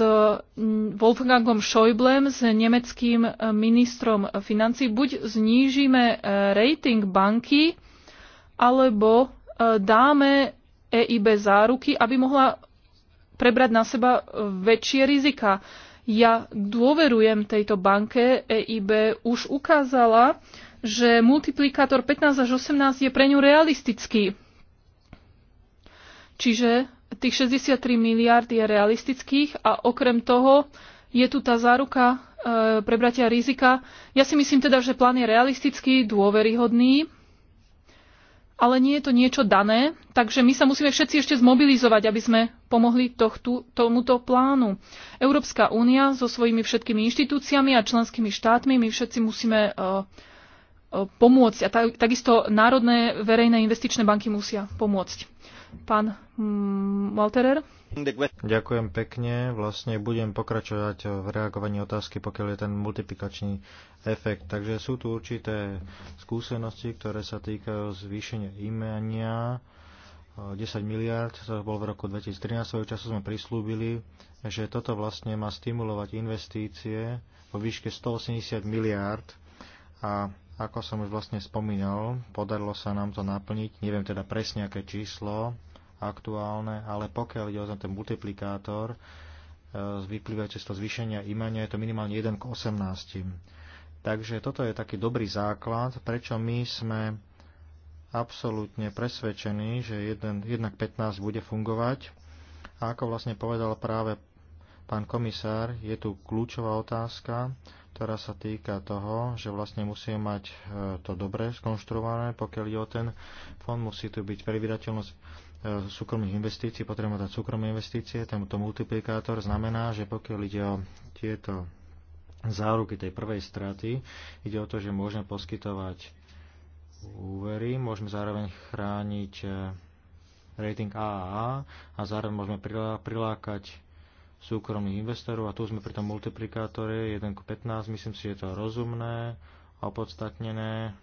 Wolfgangom Schäublem, s nemeckým ministrom financí. Buď znížime e, rating banky, alebo e, dáme EIB záruky, aby mohla prebrať na seba väčšie rizika. Ja dôverujem tejto banke. EIB už ukázala, že multiplikátor 15 až 18 je pre ňu realistický. Čiže tých 63 miliard je realistických a okrem toho je tu tá záruka e, prebratia rizika. Ja si myslím teda, že plán je realistický, dôveryhodný, ale nie je to niečo dané, takže my sa musíme všetci ešte zmobilizovať, aby sme pomohli tohtu, tomuto plánu. Európska únia so svojimi všetkými inštitúciami a členskými štátmi, my všetci musíme uh, uh, pomôcť a takisto národné verejné investičné banky musia pomôcť. Pán Walterer. Ďakujem pekne. Vlastne budem pokračovať v reagovaní otázky, pokiaľ je ten multiplikačný efekt. Takže sú tu určité skúsenosti, ktoré sa týkajú zvýšenia imenia. 10 miliard, to bol v roku 2013, svojho času sme prislúbili, že toto vlastne má stimulovať investície vo výške 180 miliard a ako som už vlastne spomínal, podarilo sa nám to naplniť, neviem teda presne aké číslo aktuálne, ale pokiaľ ide o ten multiplikátor, e, vyplývajúce z toho zvýšenia imania, je to minimálne 1 k 18. Takže toto je taký dobrý základ, prečo my sme absolútne presvedčení, že 1, 1 k 15 bude fungovať. A ako vlastne povedal práve Pán komisár, je tu kľúčová otázka, ktorá sa týka toho, že vlastne musí mať e, to dobre skonštruované, pokiaľ je o ten fond, musí tu byť predvydateľnosť e, súkromných investícií, potrebujeme dať súkromné investície, tento multiplikátor znamená, že pokiaľ ide o tieto záruky tej prvej straty, ide o to, že môžeme poskytovať úvery, môžeme zároveň chrániť e, rating AAA a zároveň môžeme prilákať súkromných investorov a tu sme pri tom multiplikátore 1 k 15, myslím si, že je to rozumné a opodstatnené,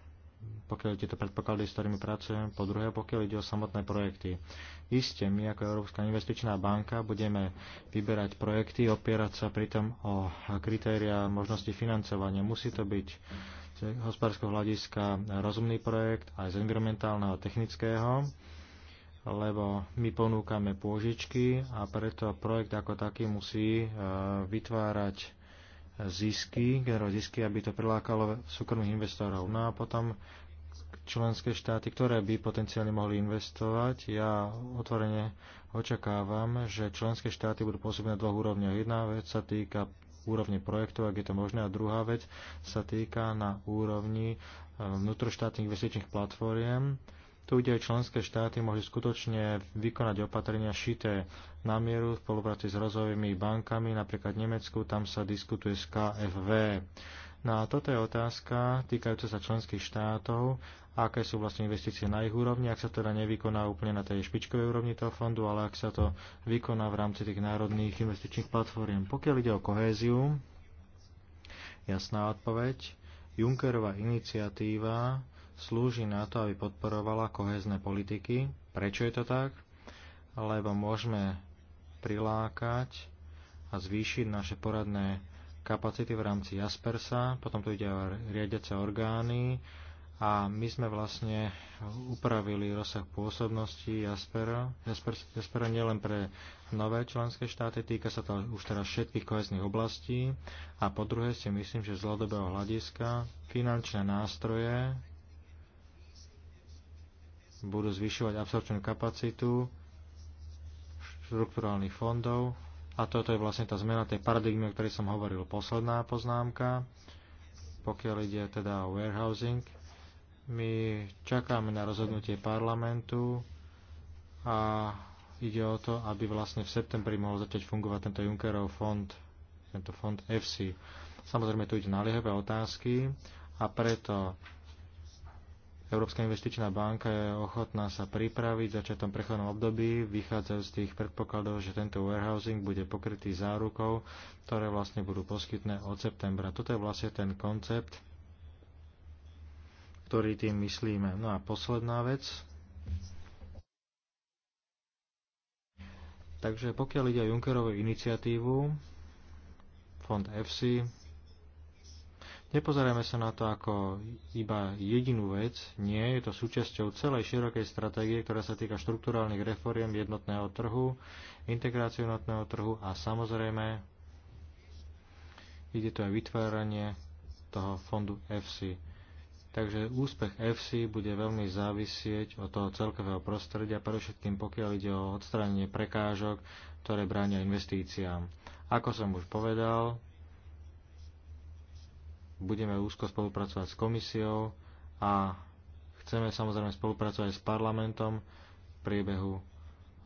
pokiaľ tieto predpoklady, s ktorými pracujem, po druhé, pokiaľ ide o samotné projekty. Isté, my ako Európska investičná banka budeme vyberať projekty, opierať sa pritom o kritéria možnosti financovania. Musí to byť z hospodárskeho hľadiska rozumný projekt, aj z environmentálneho a technického lebo my ponúkame pôžičky a preto projekt ako taký musí e, vytvárať zisky, generovať zisky, aby to prilákalo súkromných investorov. No a potom členské štáty, ktoré by potenciálne mohli investovať. Ja otvorene očakávam, že členské štáty budú pôsobiť na dvoch úrovniach. Jedna vec sa týka úrovne projektov, ak je to možné, a druhá vec sa týka na úrovni e, vnútroštátnych investičných platform, tu, kde členské štáty môžu skutočne vykonať opatrenia šité na mieru v spolupráci s rozvojovými bankami, napríklad v Nemecku, tam sa diskutuje s KFV. No a toto je otázka týkajúca sa členských štátov, aké sú vlastne investície na ich úrovni, ak sa teda nevykoná úplne na tej špičkovej úrovni toho fondu, ale ak sa to vykoná v rámci tých národných investičných platform. Pokiaľ ide o kohéziu, jasná odpoveď, Junckerová iniciatíva slúži na to, aby podporovala kohezné politiky. Prečo je to tak? Lebo môžeme prilákať a zvýšiť naše poradné kapacity v rámci Jaspersa, potom tu ide o riadiace orgány a my sme vlastne upravili rozsah pôsobnosti Jaspera, Jaspera, Jaspera nielen pre nové členské štáty, týka sa to už teraz všetkých kohezných oblastí a po druhé si myslím, že z dlhodobého hľadiska finančné nástroje budú zvyšovať absorpčnú kapacitu štruktúrálnych fondov. A toto je vlastne tá zmena tej paradigmy, o ktorej som hovoril. Posledná poznámka, pokiaľ ide teda o warehousing. My čakáme na rozhodnutie parlamentu a ide o to, aby vlastne v septembri mohol začať fungovať tento Junckerov fond, tento fond FC. Samozrejme, tu ide naliehavé otázky a preto Európska investičná banka je ochotná sa pripraviť začiatom prechodnom období, vychádzajú z tých predpokladov, že tento warehousing bude pokrytý zárukou, ktoré vlastne budú poskytné od septembra. Toto je vlastne ten koncept, ktorý tým myslíme. No a posledná vec. Takže pokiaľ ide o Junckerovú iniciatívu, fond EFSI, Nepozerajme sa na to ako iba jedinú vec, nie, je to súčasťou celej širokej stratégie, ktorá sa týka štruktúrálnych reforiem jednotného trhu, integrácie jednotného trhu a samozrejme ide to aj vytváranie toho fondu FC. Takže úspech FC bude veľmi závisieť od toho celkového prostredia, predovšetkým pokiaľ ide o odstránenie prekážok, ktoré bránia investíciám. Ako som už povedal, budeme úzko spolupracovať s komisiou a chceme samozrejme spolupracovať s parlamentom v priebehu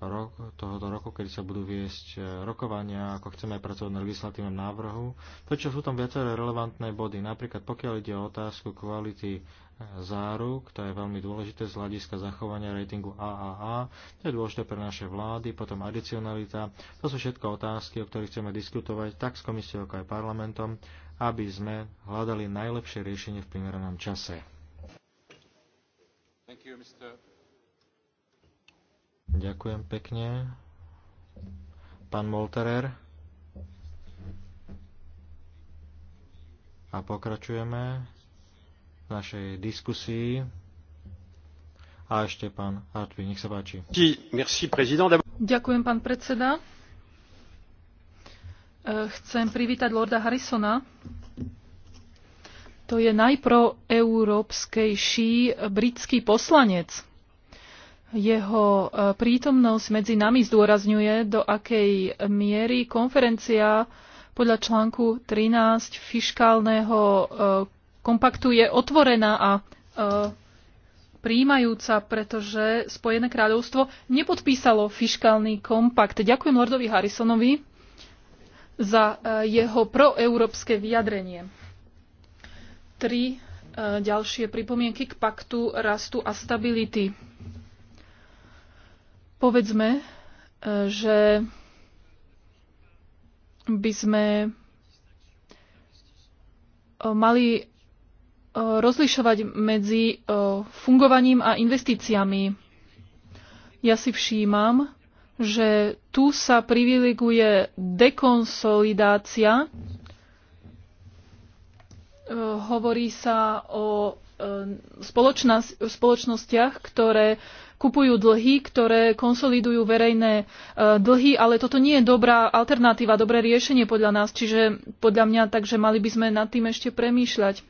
rok, tohoto roku, kedy sa budú viesť e, rokovania, ako chceme pracovať na legislatívnom návrhu. Prečo sú tam viaceré relevantné body? Napríklad pokiaľ ide o otázku kvality e, záruk, to je veľmi dôležité z hľadiska zachovania ratingu AAA, to je dôležité pre naše vlády, potom adicionalita, to sú všetko otázky, o ktorých chceme diskutovať tak s komisiou, ako aj parlamentom aby sme hľadali najlepšie riešenie v primeranom čase. You, Ďakujem pekne. Pán Molterer. A pokračujeme v našej diskusii. A ešte pán Hartwig, nech sa páči. Ďakujem, pán predseda. E, chcem privítať Lorda Harrisona. To je najproeurópskejší britský poslanec. Jeho e, prítomnosť medzi nami zdôrazňuje, do akej miery konferencia podľa článku 13 Fiskálneho e, kompaktu je otvorená a príjmajúca, pretože Spojené kráľovstvo nepodpísalo fiskálny kompakt. Ďakujem Lordovi Harrisonovi za e, jeho proeurópske vyjadrenie. Tri e, ďalšie pripomienky k paktu rastu a stability. Povedzme, e, že by sme mali rozlišovať medzi fungovaním a investíciami. Ja si všímam, že tu sa privileguje dekonsolidácia. E, hovorí sa o e, spoločnostiach, ktoré kupujú dlhy, ktoré konsolidujú verejné e, dlhy, ale toto nie je dobrá alternatíva, dobré riešenie podľa nás. Čiže podľa mňa, takže mali by sme nad tým ešte premýšľať.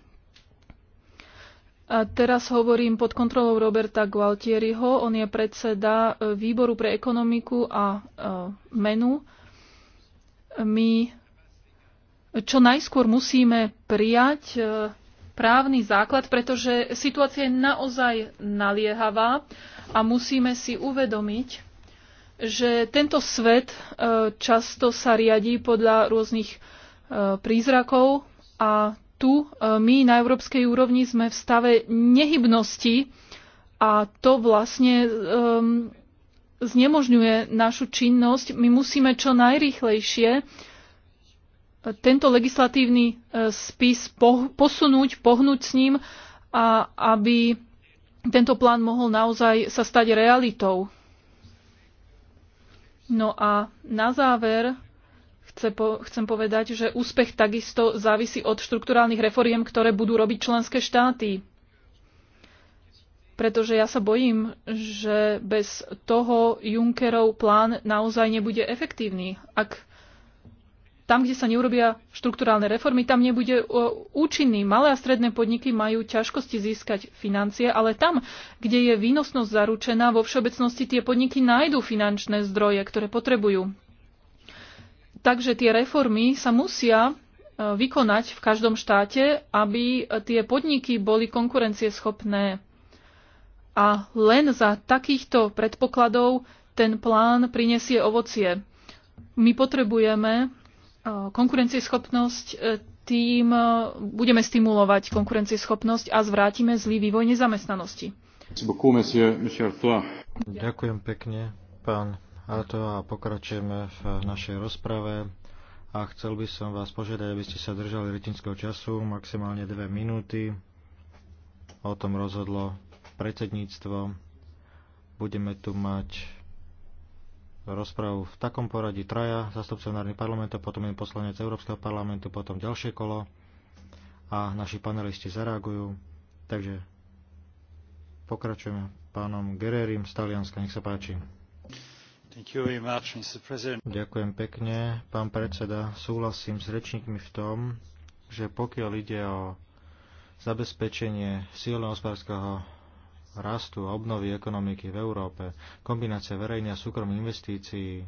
A teraz hovorím pod kontrolou Roberta Gualtieriho. On je predseda e, výboru pre ekonomiku a e, menu. My čo najskôr musíme prijať e, právny základ, pretože situácia je naozaj naliehavá a musíme si uvedomiť, že tento svet často sa riadí podľa rôznych prízrakov a tu e, my na európskej úrovni sme v stave nehybnosti a to vlastne um, znemožňuje našu činnosť. My musíme čo najrýchlejšie e, tento legislatívny e, spis posunúť, pohnúť s ním a aby tento plán mohol naozaj sa stať realitou. No a na záver chce po, chcem povedať, že úspech takisto závisí od štrukturálnych reforiem, ktoré budú robiť členské štáty. Pretože ja sa bojím, že bez toho Junckerov plán naozaj nebude efektívny. Ak tam, kde sa neurobia štrukturálne reformy, tam nebude účinný. Malé a stredné podniky majú ťažkosti získať financie, ale tam, kde je výnosnosť zaručená, vo všeobecnosti tie podniky nájdú finančné zdroje, ktoré potrebujú. Takže tie reformy sa musia e, vykonať v každom štáte, aby e, tie podniky boli konkurencieschopné. A len za takýchto predpokladov ten plán prinesie ovocie. My potrebujeme e, konkurencieschopnosť, tým budeme stimulovať konkurencieschopnosť a zvrátime zlý vývoj nezamestnanosti. Ďakujem pekne, pán to a pokračujeme v našej rozprave. A chcel by som vás požiadať, aby ste sa držali rytinského času, maximálne dve minúty. O tom rozhodlo predsedníctvo. Budeme tu mať rozpravu v takom poradí traja zastupcov národných parlamentov, potom je poslanec Európskeho parlamentu, potom ďalšie kolo a naši panelisti zareagujú. Takže pokračujeme pánom Gererim z Talianska. Nech sa páči. Ďakujem pekne, pán predseda. Súhlasím s rečníkmi v tom, že pokiaľ ide o zabezpečenie silného hospodárskeho rastu a obnovy ekonomiky v Európe, kombinácia verejných a súkromných investícií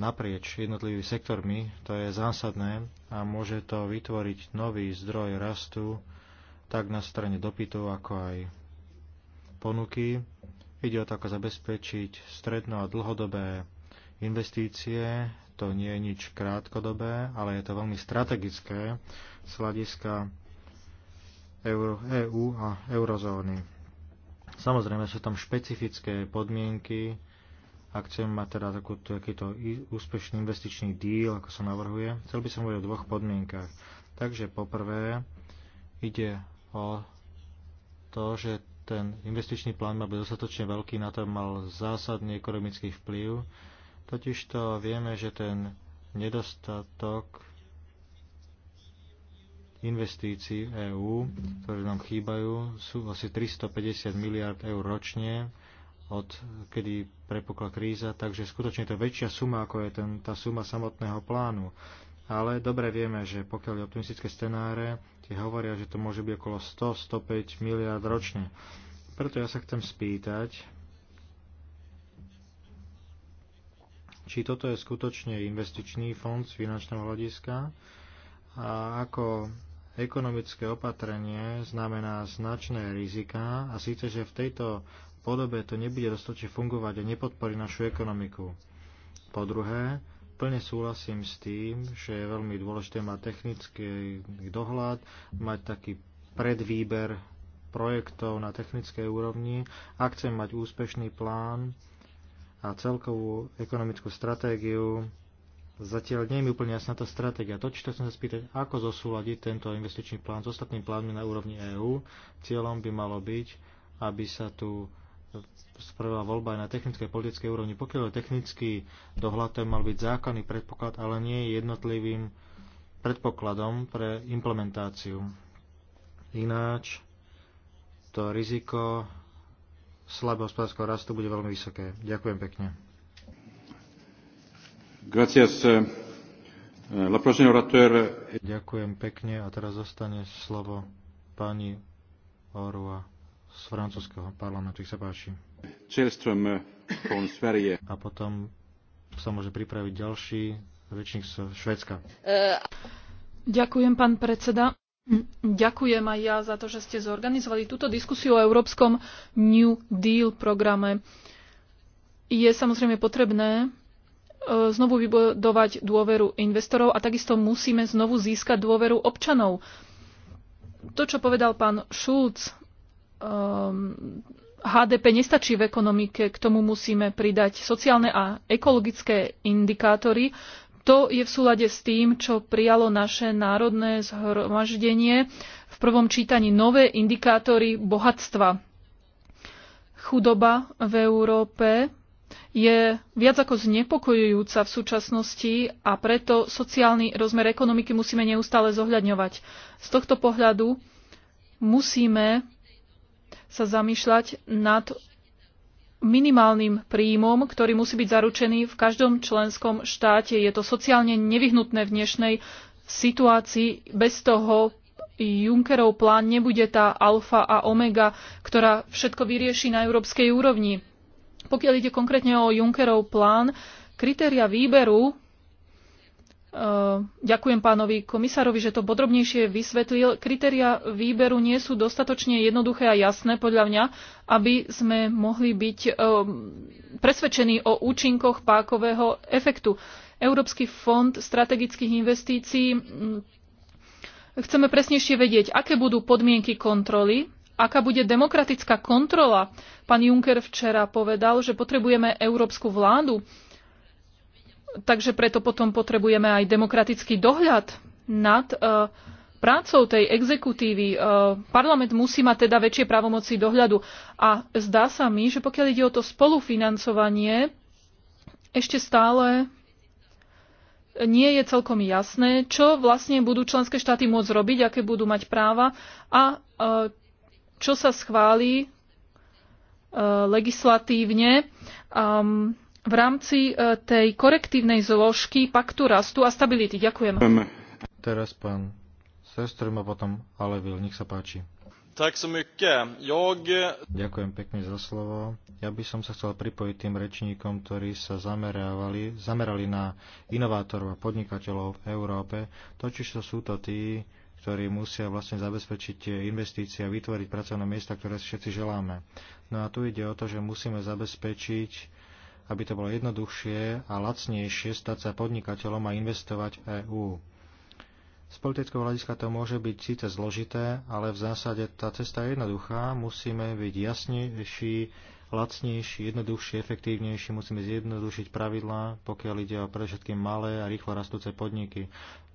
naprieč jednotlivými sektormi, to je zásadné a môže to vytvoriť nový zdroj rastu tak na strane dopytu, ako aj ponuky Ide o to, ako zabezpečiť stredno a dlhodobé investície. To nie je nič krátkodobé, ale je to veľmi strategické z hľadiska EU e a eurozóny. Samozrejme sú tam špecifické podmienky, ak chcem mať teda takúto, takýto úspešný investičný díl, ako sa navrhuje, chcel by som hovoriť o dvoch podmienkach. Takže poprvé ide o to, že ten investičný plán má byť dostatočne veľký na to, mal zásadný ekonomický vplyv. Totižto vieme, že ten nedostatok investícií EÚ, ktoré nám chýbajú, sú asi 350 miliard eur ročne, od kedy prepukla kríza, takže skutočne to je väčšia suma, ako je ten, tá suma samotného plánu ale dobre vieme, že pokiaľ je optimistické scenáre, tie hovoria, že to môže byť okolo 100-105 miliard ročne. Preto ja sa chcem spýtať, či toto je skutočne investičný fond z finančného hľadiska a ako ekonomické opatrenie znamená značné rizika a síce, že v tejto podobe to nebude dostatočne fungovať a nepodporí našu ekonomiku. Po druhé, plne súhlasím s tým, že je veľmi dôležité mať technický dohľad, mať taký predvýber projektov na technickej úrovni. Ak chcem mať úspešný plán a celkovú ekonomickú stratégiu, Zatiaľ nie je mi úplne jasná tá stratégia. To, čo chcem sa spýtať, ako zosúľadiť tento investičný plán s ostatnými plánmi na úrovni EÚ. Cieľom by malo byť, aby sa tu sprvá voľba aj na technickej politickej úrovni. Pokiaľ je technický dohľad, to mal byť zákonný predpoklad, ale nie je jednotlivým predpokladom pre implementáciu. Ináč to riziko slabého hospodárskeho rastu bude veľmi vysoké. Ďakujem pekne. Gracias. Eh, eh, la prochaine orateur... Ďakujem pekne a teraz zostane slovo pani Orua z francúzského parlamentu. Ich sa páči. Eh, von Sverige. A potom sa môže pripraviť ďalší rečník z Švedska. Eh, ďakujem, pán predseda. Ďakujem aj ja za to, že ste zorganizovali túto diskusiu o Európskom New Deal programe. Je samozrejme potrebné eh, znovu vybudovať dôveru investorov a takisto musíme znovu získať dôveru občanov. To, čo povedal pán Schulz, um, ehm, HDP nestačí v ekonomike, k tomu musíme pridať sociálne a ekologické indikátory. To je v súlade s tým, čo prijalo naše národné zhromaždenie v prvom čítaní nové indikátory bohatstva. Chudoba v Európe je viac ako znepokojujúca v súčasnosti a preto sociálny rozmer ekonomiky musíme neustále zohľadňovať. Z tohto pohľadu musíme sa zamýšľať nad minimálnym príjmom, ktorý musí byť zaručený v každom členskom štáte. Je to sociálne nevyhnutné v dnešnej situácii. Bez toho Junckerov plán nebude tá alfa a omega, ktorá všetko vyrieši na európskej úrovni. Pokiaľ ide konkrétne o Junckerov plán, kritéria výberu Eh, ďakujem pánovi komisárovi, že to podrobnejšie vysvetlil. Kritéria výberu nie sú dostatočne jednoduché a jasné, podľa mňa, aby sme mohli byť eh, presvedčení o účinkoch pákového efektu. Európsky fond strategických investícií hm, chceme presnejšie vedieť, aké budú podmienky kontroly, aká bude demokratická kontrola. Pán Juncker včera povedal, že potrebujeme európsku vládu takže preto potom potrebujeme aj demokratický dohľad nad e, prácou tej exekutívy. E, parlament musí mať teda väčšie právomoci dohľadu. A zdá sa mi, že pokiaľ ide o to spolufinancovanie, ešte stále nie je celkom jasné, čo vlastne budú členské štáty môcť robiť, aké budú mať práva a e, čo sa schváli legislatívne. Um, v rámci e, tej korektívnej zložky paktu rastu a stability. Ďakujem. Teraz pán Sestrem a potom Alevil. Nech sa páči. Tak som Jog... Ďakujem pekne za slovo. Ja by som sa chcel pripojiť tým rečníkom, ktorí sa zamerali, zamerali na inovátorov a podnikateľov v Európe. Totiž sú to tí, ktorí musia vlastne zabezpečiť tie investície a vytvoriť pracovné miesta, ktoré si všetci želáme. No a tu ide o to, že musíme zabezpečiť aby to bolo jednoduchšie a lacnejšie stať sa podnikateľom a investovať v EÚ. Z politického hľadiska to môže byť síce zložité, ale v zásade tá cesta je jednoduchá. Musíme byť jasnejší, lacnejší, jednoduchší, efektívnejší. Musíme zjednodušiť pravidlá, pokiaľ ide o predovšetkým malé a rýchlo rastúce podniky.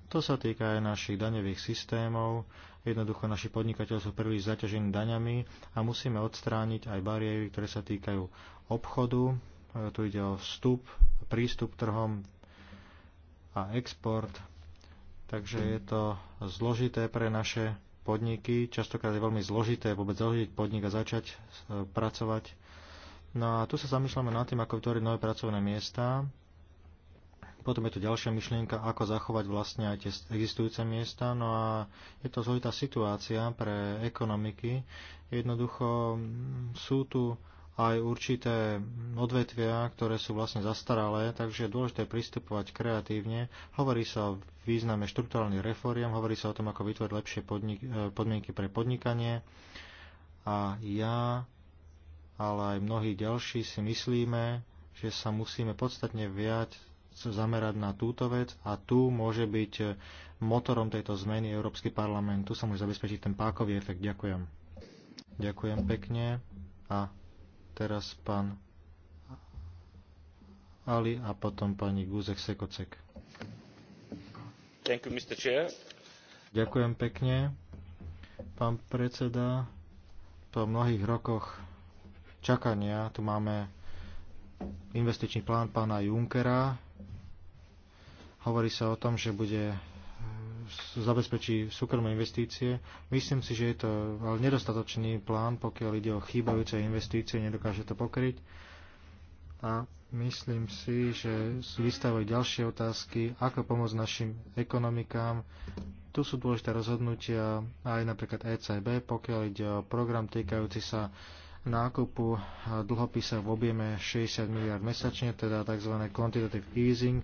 To sa týka aj našich daňových systémov. Jednoducho naši podnikateľ sú príliš zaťažení daňami a musíme odstrániť aj bariéry, ktoré sa týkajú obchodu, tu ide o vstup, prístup trhom a export. Takže je to zložité pre naše podniky. Častokrát je veľmi zložité vôbec zložiť podnik a začať e, pracovať. No a tu sa zamýšľame nad tým, ako vytvoriť nové pracovné miesta. Potom je tu ďalšia myšlienka, ako zachovať vlastne aj tie existujúce miesta. No a je to zložitá situácia pre ekonomiky. Jednoducho sú tu aj určité odvetvia, ktoré sú vlastne zastaralé, takže je dôležité pristupovať kreatívne. Hovorí sa o význame štruktúrálnych reforiem, hovorí sa o tom, ako vytvoriť lepšie e, podmienky pre podnikanie. A ja, ale aj mnohí ďalší si myslíme, že sa musíme podstatne viac zamerať na túto vec a tu môže byť motorom tejto zmeny Európsky parlament. Tu sa môže zabezpečiť ten pákový efekt. Ďakujem. Ďakujem pekne a teraz pán Ali a potom pani Guzek Sekocek. Thank you, Mr. Chair. Ďakujem pekne. Pán predseda, po mnohých rokoch čakania tu máme investičný plán pána Junkera. Hovorí sa o tom, že bude zabezpečí súkromné investície. Myslím si, že je to ale nedostatočný plán, pokiaľ ide o chýbajúce investície, nedokáže to pokryť. A myslím si, že sú vystávajú ďalšie otázky, ako pomôcť našim ekonomikám. Tu sú dôležité rozhodnutia aj napríklad ECB, pokiaľ ide o program týkajúci sa nákupu dlhopisov v objeme 60 miliard mesačne, teda tzv. quantitative easing,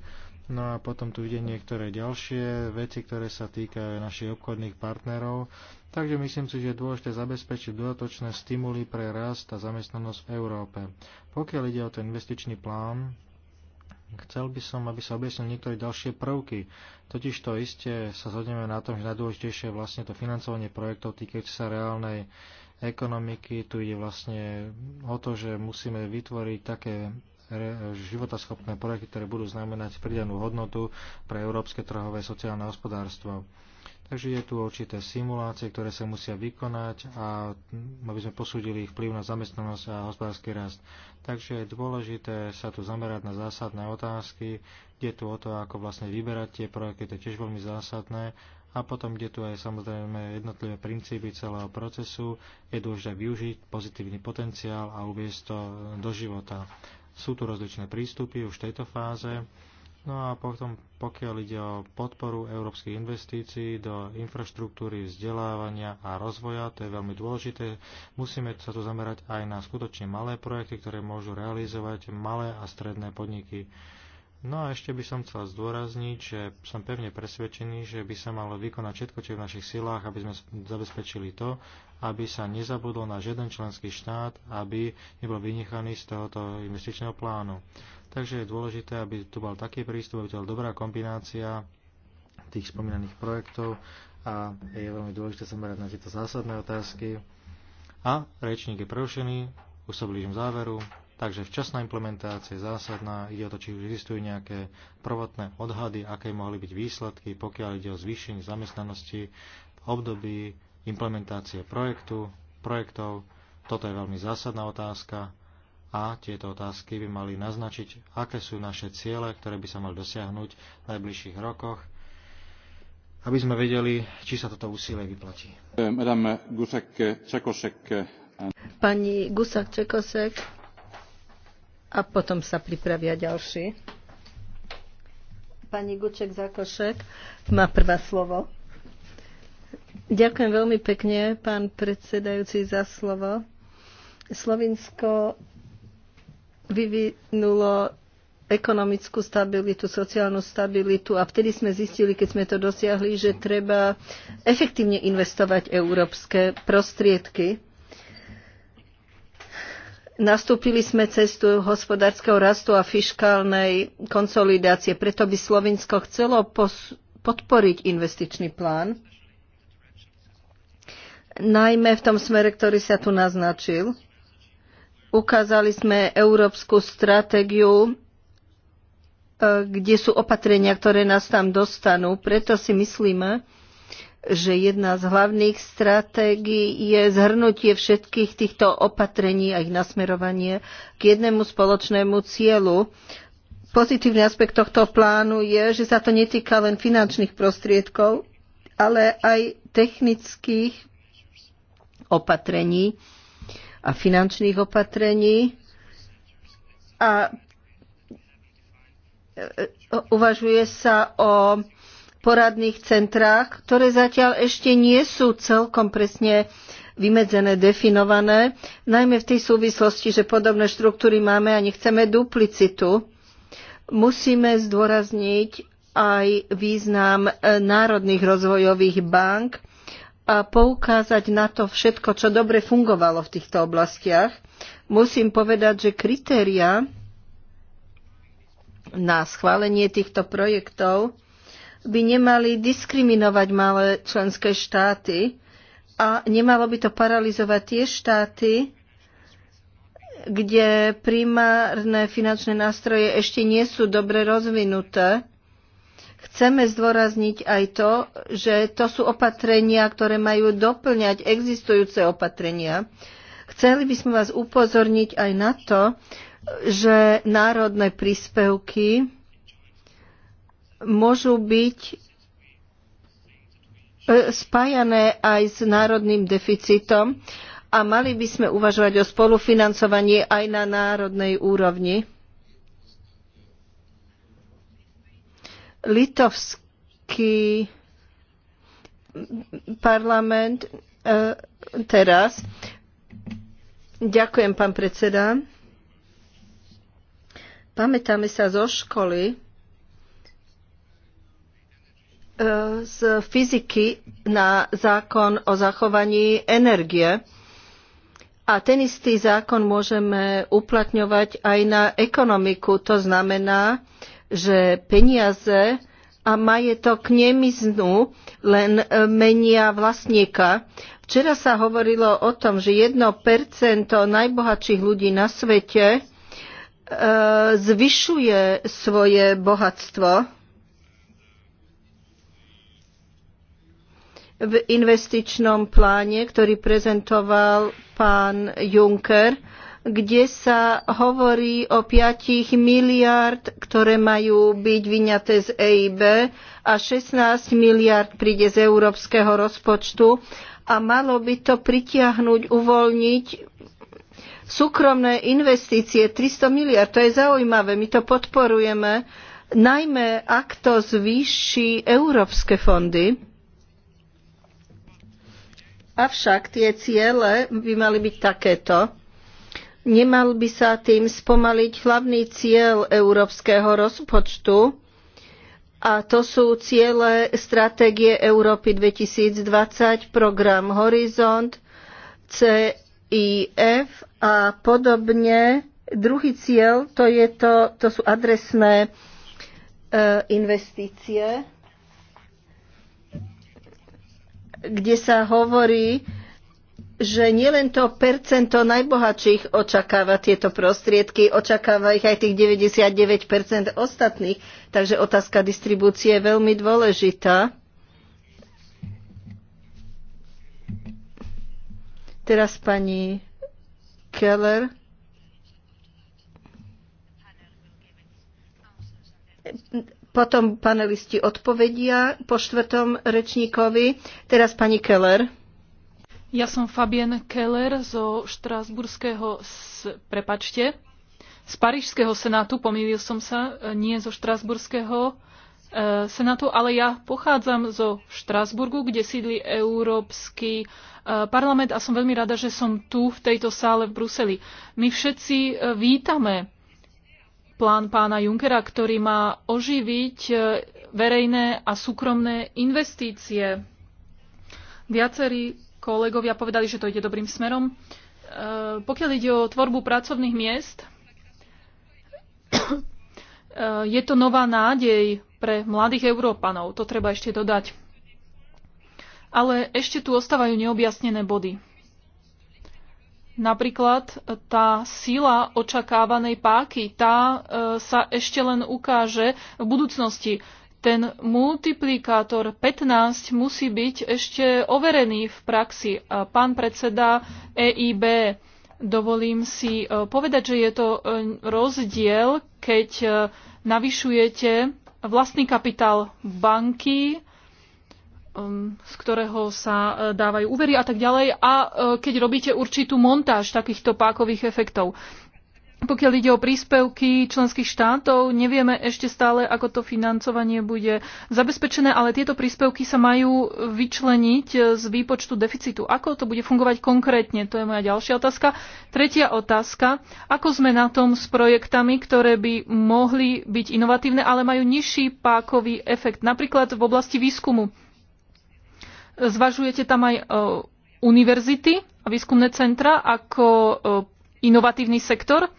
No a potom tu ide niektoré ďalšie veci, ktoré sa týkajú našich obchodných partnerov. Takže myslím si, že je dôležité zabezpečiť dodatočné stimuly pre rast a zamestnanosť v Európe. Pokiaľ ide o ten investičný plán, chcel by som, aby sa objasnili niektoré ďalšie prvky. Totiž to isté sa zhodneme na tom, že najdôležitejšie je vlastne to financovanie projektov týkajúce sa reálnej ekonomiky. Tu ide vlastne o to, že musíme vytvoriť také životaschopné projekty, ktoré budú znamenať pridanú hodnotu pre európske trhové sociálne hospodárstvo. Takže je tu určité simulácie, ktoré sa musia vykonať a aby sme posúdili ich vplyv na zamestnanosť a hospodársky rast. Takže je dôležité sa tu zamerať na zásadné otázky, kde tu o to, ako vlastne vyberať tie projekty, to je tiež veľmi zásadné. A potom je tu aj samozrejme jednotlivé princípy celého procesu, je dôležité využiť pozitívny potenciál a uviezť to do života. Sú tu rozličné prístupy už v tejto fáze. No a potom, pokiaľ ide o podporu európskych investícií do infraštruktúry vzdelávania a rozvoja, to je veľmi dôležité. Musíme sa tu zamerať aj na skutočne malé projekty, ktoré môžu realizovať malé a stredné podniky. No a ešte by som chcel zdôrazniť, že som pevne presvedčený, že by sa malo vykonať všetko, čo je v našich silách, aby sme zabezpečili to, aby sa nezabudlo na žiaden členský štát, aby nebol vynechaný z tohoto investičného plánu. Takže je dôležité, aby tu bol taký prístup, aby to bola dobrá kombinácia tých spomínaných projektov a je veľmi dôležité merať na tieto zásadné otázky. A rečník je prerušený, už sa blížim záveru. Takže včasná implementácia je zásadná, ide o to, či už existujú nejaké prvotné odhady, aké mohli byť výsledky, pokiaľ ide o zvýšenie zamestnanosti v období implementácie projektu, projektov. Toto je veľmi zásadná otázka a tieto otázky by mali naznačiť, aké sú naše ciele, ktoré by sa mali dosiahnuť v najbližších rokoch, aby sme vedeli, či sa toto úsilie vyplatí. Pani Gusak Čekosek a potom sa pripravia ďalší. Pani Guček Zakošek má prvá slovo. Ďakujem veľmi pekne, pán predsedajúci, za slovo. Slovinsko vyvinulo ekonomickú stabilitu, sociálnu stabilitu a vtedy sme zistili, keď sme to dosiahli, že treba efektívne investovať európske prostriedky Nastúpili sme cestu hospodárskeho rastu a fiškálnej konsolidácie, preto by Slovinsko chcelo podporiť investičný plán, najmä v tom smere, ktorý sa tu naznačil. Ukázali sme európsku stratégiu, e, kde sú opatrenia, ktoré nás tam dostanú. Preto si myslíme, že jedna z hlavných stratégií je zhrnutie všetkých týchto opatrení a ich nasmerovanie k jednému spoločnému cieľu. Pozitívny aspekt tohto plánu je, že sa to netýka len finančných prostriedkov, ale aj technických opatrení a finančných opatrení. A e, e, uvažuje sa o poradných centrách, ktoré zatiaľ ešte nie sú celkom presne vymedzené, definované, najmä v tej súvislosti, že podobné štruktúry máme a nechceme duplicitu. Musíme zdôrazniť aj význam e, národných rozvojových bank a poukázať na to všetko, čo dobre fungovalo v týchto oblastiach. Musím povedať, že kritéria na schválenie týchto projektov by nemali diskriminovať malé členské štáty a nemalo by to paralizovať tie štáty, kde primárne finančné nástroje ešte nie sú dobre rozvinuté. Chceme zdôrazniť aj to, že to sú opatrenia, ktoré majú doplňať existujúce opatrenia. Chceli by sme vás upozorniť aj na to, že národné príspevky môžu byť e, spájané aj s národným deficitom a mali by sme uvažovať o spolufinancovaní aj na národnej úrovni. Litovský parlament e, teraz. Ďakujem, pán predseda. Pamätáme sa zo školy, z fyziky na zákon o zachovaní energie. A ten istý zákon môžeme uplatňovať aj na ekonomiku. To znamená, že peniaze a majetok nemiznú, len e, menia vlastníka. Včera sa hovorilo o tom, že 1% najbohatších ľudí na svete e, zvyšuje svoje bohatstvo v investičnom pláne, ktorý prezentoval pán Juncker, kde sa hovorí o 5 miliard, ktoré majú byť vyňaté z EIB a 16 miliard príde z európskeho rozpočtu a malo by to pritiahnuť, uvoľniť súkromné investície 300 miliard. To je zaujímavé, my to podporujeme, najmä ak to zvýši európske fondy Avšak tie ciele by mali byť takéto. Nemal by sa tým spomaliť hlavný cieľ európskeho rozpočtu, a to sú ciele stratégie Európy 2020, program Horizont, CIF a podobne. Druhý cieľ to, je to, to sú adresné e, investície kde sa hovorí, že nielen to percento najbohatších očakáva tieto prostriedky, očakáva ich aj tých 99% ostatných. Takže otázka distribúcie je veľmi dôležitá. Teraz pani Keller potom panelisti odpovedia po štvrtom rečníkovi. Teraz pani Keller. Ja som Fabien Keller zo štrásburského, prepačte, z Parížského senátu, pomýlil som sa, e, nie zo štrásburského e, senátu, ale ja pochádzam zo Štrásburgu, kde sídli Európsky e, parlament a som veľmi rada, že som tu v tejto sále v Bruseli. My všetci e, vítame plán pána Junkera, ktorý má oživiť e, verejné a súkromné investície. Viacerí kolegovia povedali, že to ide dobrým smerom. E, pokiaľ ide o tvorbu pracovných miest, e, je to nová nádej pre mladých Európanov. To treba ešte dodať. Ale ešte tu ostávajú neobjasnené body. Napríklad e, tá sila očakávanej páky, tá e, sa ešte len ukáže v budúcnosti. Ten multiplikátor 15 musí byť ešte overený v praxi. Pán predseda EIB, dovolím si e, povedať, že je to rozdiel, keď navyšujete vlastný kapitál banky Um, z ktorého sa e, dávajú úvery a tak ďalej. A e, keď robíte určitú montáž takýchto pákových efektov. Pokiaľ ide o príspevky členských štátov, nevieme ešte stále, ako to financovanie bude zabezpečené, ale tieto príspevky sa majú vyčleniť e, z výpočtu deficitu. Ako to bude fungovať konkrétne? To je moja ďalšia otázka. Tretia otázka. Ako sme na tom s projektami, ktoré by mohli byť inovatívne, ale majú nižší pákový efekt? Napríklad v oblasti výskumu Zvažujete tam aj e, univerzity a výskumné centra ako e, inovatívny sektor?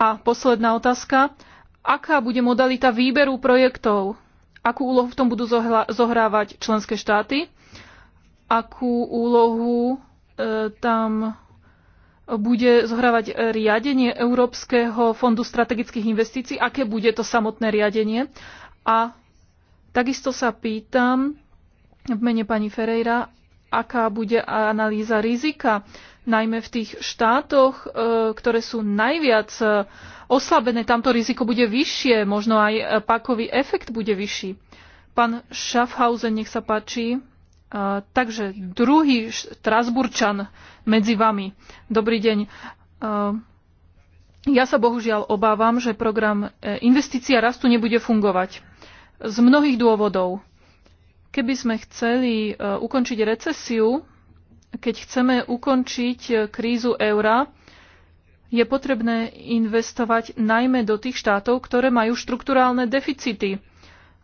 A posledná otázka. Aká bude modalita výberu projektov? Akú úlohu v tom budú zohrávať členské štáty? Akú úlohu e, tam bude zohrávať riadenie Európskeho fondu strategických investícií? Aké bude to samotné riadenie? A takisto sa pýtam, v mene pani Ferreira, aká bude analýza rizika, najmä v tých štátoch, e, ktoré sú najviac e, oslabené, tamto riziko bude vyššie, možno aj e, pakový efekt bude vyšší. Pán Schaffhausen, nech sa páči. Takže druhý Strasburčan medzi vami. Dobrý deň. Ja sa bohužiaľ obávam, že program investícia rastu nebude fungovať. Z mnohých dôvodov Keby sme chceli e, ukončiť recesiu, keď chceme ukončiť e, krízu eura, je potrebné investovať najmä do tých štátov, ktoré majú štrukturálne deficity.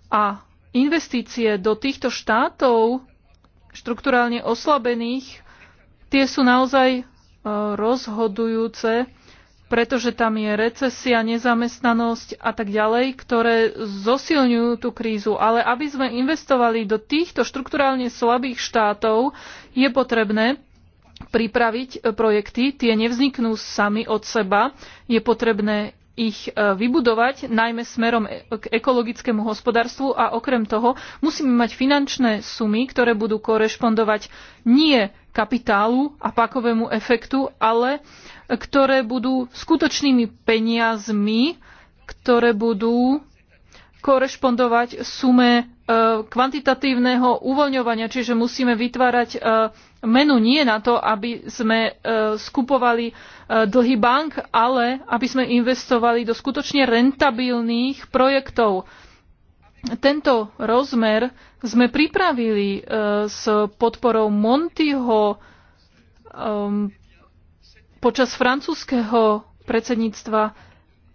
A investície do týchto štátov štrukturálne oslabených, tie sú naozaj e, rozhodujúce pretože tam je recesia, nezamestnanosť a tak ďalej, ktoré zosilňujú tú krízu. Ale aby sme investovali do týchto štrukturálne slabých štátov, je potrebné pripraviť e, projekty. Tie nevzniknú sami od seba. Je potrebné ich e, vybudovať, najmä smerom e, k ekologickému hospodárstvu a okrem toho musíme mať finančné sumy, ktoré budú korešpondovať nie kapitálu a pakovému efektu, ale e, ktoré budú skutočnými peniazmi, ktoré budú korešpondovať sume E, kvantitatívneho uvoľňovania, čiže musíme vytvárať e, menu nie na to, aby sme e, skupovali dlhy bank, ale aby sme investovali do skutočne rentabilných projektov. Tento rozmer sme pripravili s podporou Montyho počas francúzského predsedníctva,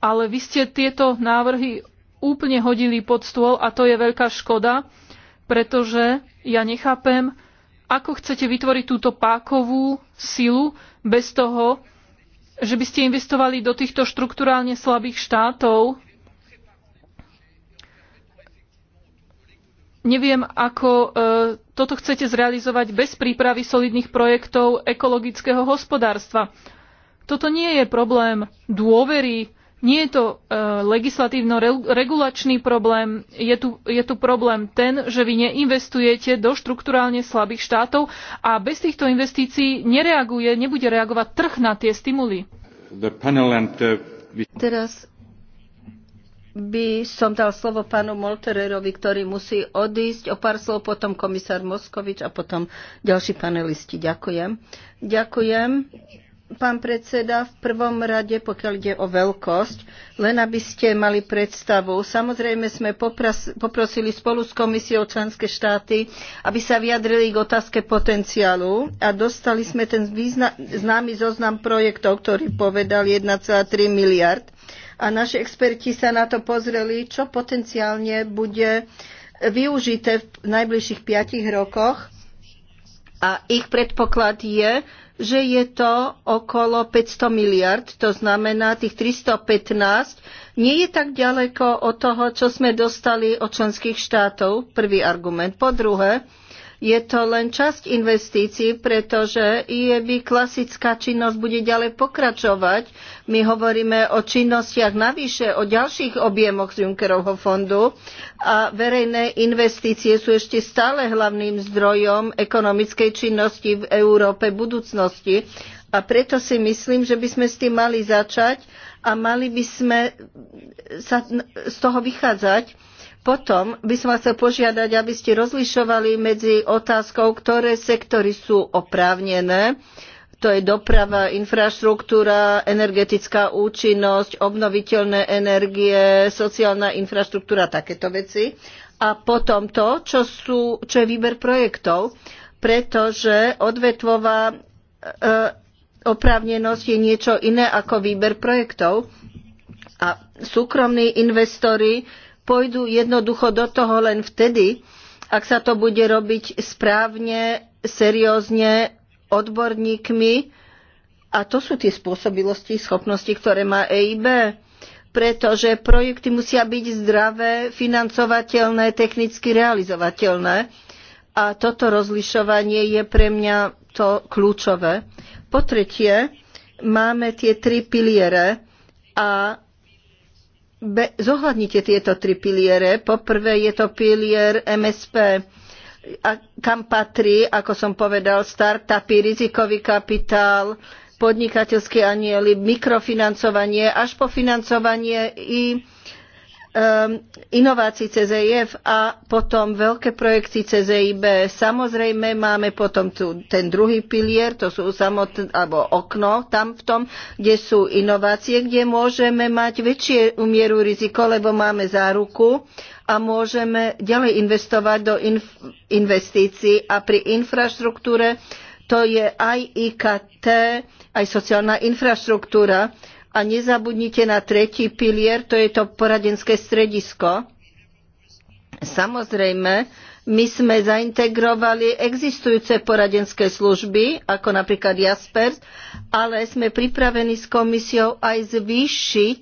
ale vy ste tieto návrhy úplne hodili pod stôl a to je veľká škoda, pretože ja nechápem, ako chcete vytvoriť túto pákovú silu bez toho, že by ste investovali do týchto štruktúrálne slabých štátov. Neviem, ako e, toto chcete zrealizovať bez prípravy solidných projektov ekologického hospodárstva. Toto nie je problém dôvery nie je to e, legislatívno-regulačný problém, je tu, je tu problém ten, že vy neinvestujete do štruktúrálne slabých štátov a bez týchto investícií nereaguje, nebude reagovať trh na tie stimuly. Uh, Teraz by som dal slovo pánu Moltererovi, ktorý musí odísť. O pár slov potom komisár Moskovič a potom ďalší panelisti. Ďakujem. Ďakujem pán predseda, v prvom rade, pokiaľ ide o veľkosť, len aby ste mali predstavu. Samozrejme sme popras, poprosili spolu s komisiou členské štáty, aby sa vyjadrili k otázke potenciálu a dostali sme ten význa, známy zoznam projektov, ktorý povedal 1,3 miliard. A naši experti sa na to pozreli, čo potenciálne bude využité v najbližších piatich rokoch a ich predpoklad je, že je to okolo 500 miliard, to znamená tých 315 nie je tak ďaleko od toho, čo sme dostali od členských štátov, prvý argument. Po druhé, je to len časť investícií, pretože IEB klasická činnosť bude ďalej pokračovať. My hovoríme o činnostiach navyše, o ďalších objemoch z Junckerovho fondu a verejné investície sú ešte stále hlavným zdrojom ekonomickej činnosti v Európe budúcnosti. A preto si myslím, že by sme s tým mali začať a mali by sme sa z toho vychádzať potom by som vás chcel požiadať, aby ste rozlišovali medzi otázkou, ktoré sektory sú oprávnené. To je doprava, infraštruktúra, energetická účinnosť, obnoviteľné energie, sociálna infraštruktúra, takéto veci. A potom to, čo, sú, čo je výber projektov, pretože odvetvová e, oprávnenosť je niečo iné ako výber projektov. A súkromní investori pôjdu jednoducho do toho len vtedy, ak sa to bude robiť správne, seriózne, odborníkmi. A to sú tie spôsobilosti, schopnosti, ktoré má EIB pretože projekty musia byť zdravé, financovateľné, technicky realizovateľné. A toto rozlišovanie je pre mňa to kľúčové. Po tretie, máme tie tri piliere a zohľadnite tieto tri piliere. Poprvé je to pilier MSP, kam patrí, ako som povedal, startupy, rizikový kapitál, podnikateľské aniely, mikrofinancovanie, až po financovanie i Ehm, inovácií cez EIF a potom veľké projekty cez EIB. Samozrejme máme potom tu ten druhý pilier, to sú samotné, alebo okno tam v tom, kde sú inovácie, kde môžeme mať väčšie umieru riziko, lebo máme záruku a môžeme ďalej investovať do inf- investícií a pri infraštruktúre to je aj IKT, aj sociálna infraštruktúra a nezabudnite na tretí pilier, to je to poradenské stredisko. Samozrejme, my sme zaintegrovali existujúce poradenské služby, ako napríklad Jaspers, ale sme pripravení s komisiou aj zvýšiť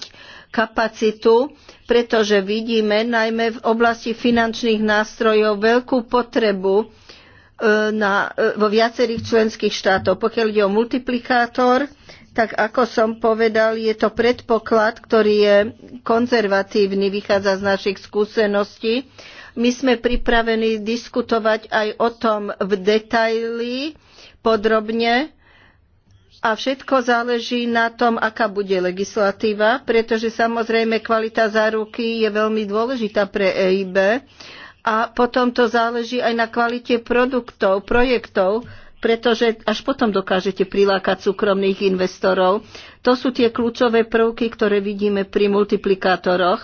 kapacitu, pretože vidíme najmä v oblasti finančných nástrojov veľkú potrebu e, na, e, vo viacerých členských štátoch. Pokiaľ ide o multiplikátor, tak ako som povedal, je to predpoklad, ktorý je konzervatívny, vychádza z našich skúseností. My sme pripravení diskutovať aj o tom v detaily, podrobne. A všetko záleží na tom, aká bude legislatíva, pretože samozrejme kvalita záruky je veľmi dôležitá pre EIB. A potom to záleží aj na kvalite produktov, projektov, pretože až potom dokážete prilákať súkromných investorov. To sú tie kľúčové prvky, ktoré vidíme pri multiplikátoroch.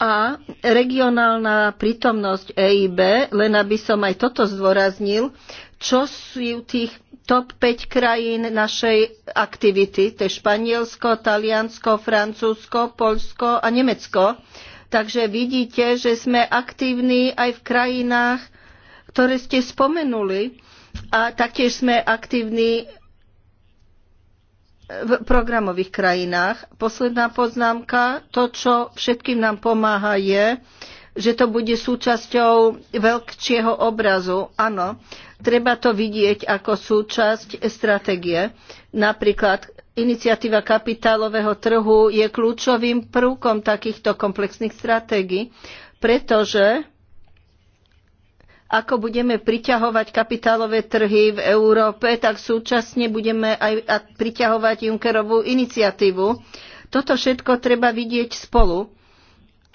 A regionálna prítomnosť EIB, len aby som aj toto zdôraznil, čo sú tých top 5 krajín našej aktivity, to je Španielsko, Taliansko, Francúzsko, Polsko a Nemecko. Takže vidíte, že sme aktívni aj v krajinách, ktoré ste spomenuli a taktiež sme aktívni v programových krajinách. Posledná poznámka, to, čo všetkým nám pomáha, je, že to bude súčasťou veľkšieho obrazu. Áno, treba to vidieť ako súčasť stratégie. Napríklad iniciatíva kapitálového trhu je kľúčovým prvkom takýchto komplexných stratégií, pretože ako budeme priťahovať kapitálové trhy v Európe, tak súčasne budeme aj priťahovať Junckerovú iniciatívu. Toto všetko treba vidieť spolu.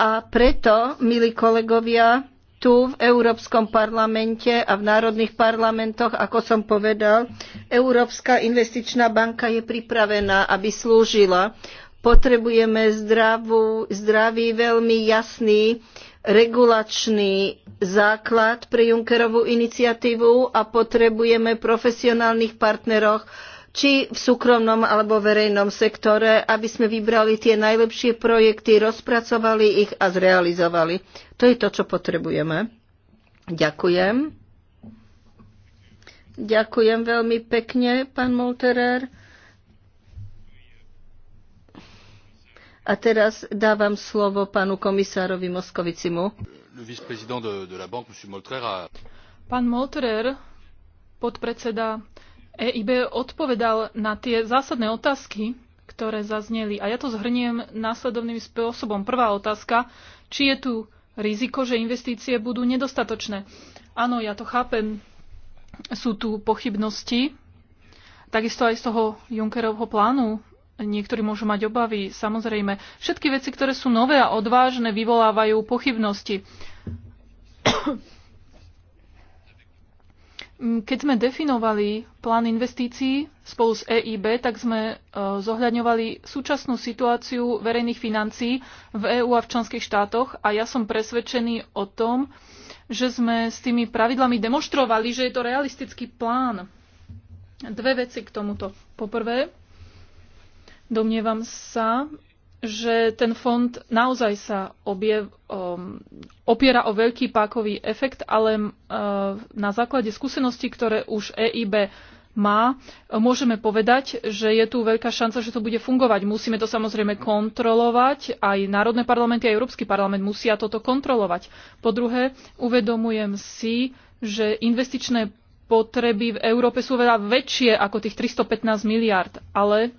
A preto, milí kolegovia, tu v Európskom parlamente a v národných parlamentoch, ako som povedal, Európska investičná banka je pripravená, aby slúžila. Potrebujeme zdravú, zdravý, veľmi jasný, regulačný základ pre Junckerovú iniciatívu a potrebujeme profesionálnych partnerov, či v súkromnom alebo verejnom sektore, aby sme vybrali tie najlepšie projekty, rozpracovali ich a zrealizovali. To je to, čo potrebujeme. Ďakujem. Ďakujem veľmi pekne, pán Molterer. A teraz dávam slovo pánu komisárovi Moskovicimu. Pán Molterer, podpredseda EIB, odpovedal na tie zásadné otázky, ktoré zazneli. A ja to zhrniem následovným spôsobom. Prvá otázka, či je tu riziko, že investície budú nedostatočné. Áno, ja to chápem. Sú tu pochybnosti. Takisto aj z toho Junckerovho plánu Niektorí môžu mať obavy, samozrejme. Všetky veci, ktoré sú nové a odvážne, vyvolávajú pochybnosti. Keď sme definovali plán investícií spolu s EIB, tak sme e, zohľadňovali súčasnú situáciu verejných financií v EÚ a v členských štátoch a ja som presvedčený o tom, že sme s tými pravidlami demonstrovali, že je to realistický plán. Dve veci k tomuto. Poprvé, Domnievam sa, že ten fond naozaj sa objev, um, opiera o veľký pákový efekt, ale um, na základe skúseností, ktoré už EIB má, môžeme povedať, že je tu veľká šanca, že to bude fungovať. Musíme to samozrejme kontrolovať. Aj národné parlamenty, aj Európsky parlament musia toto kontrolovať. Po druhé, uvedomujem si, že investičné potreby v Európe sú veľa väčšie ako tých 315 miliard, ale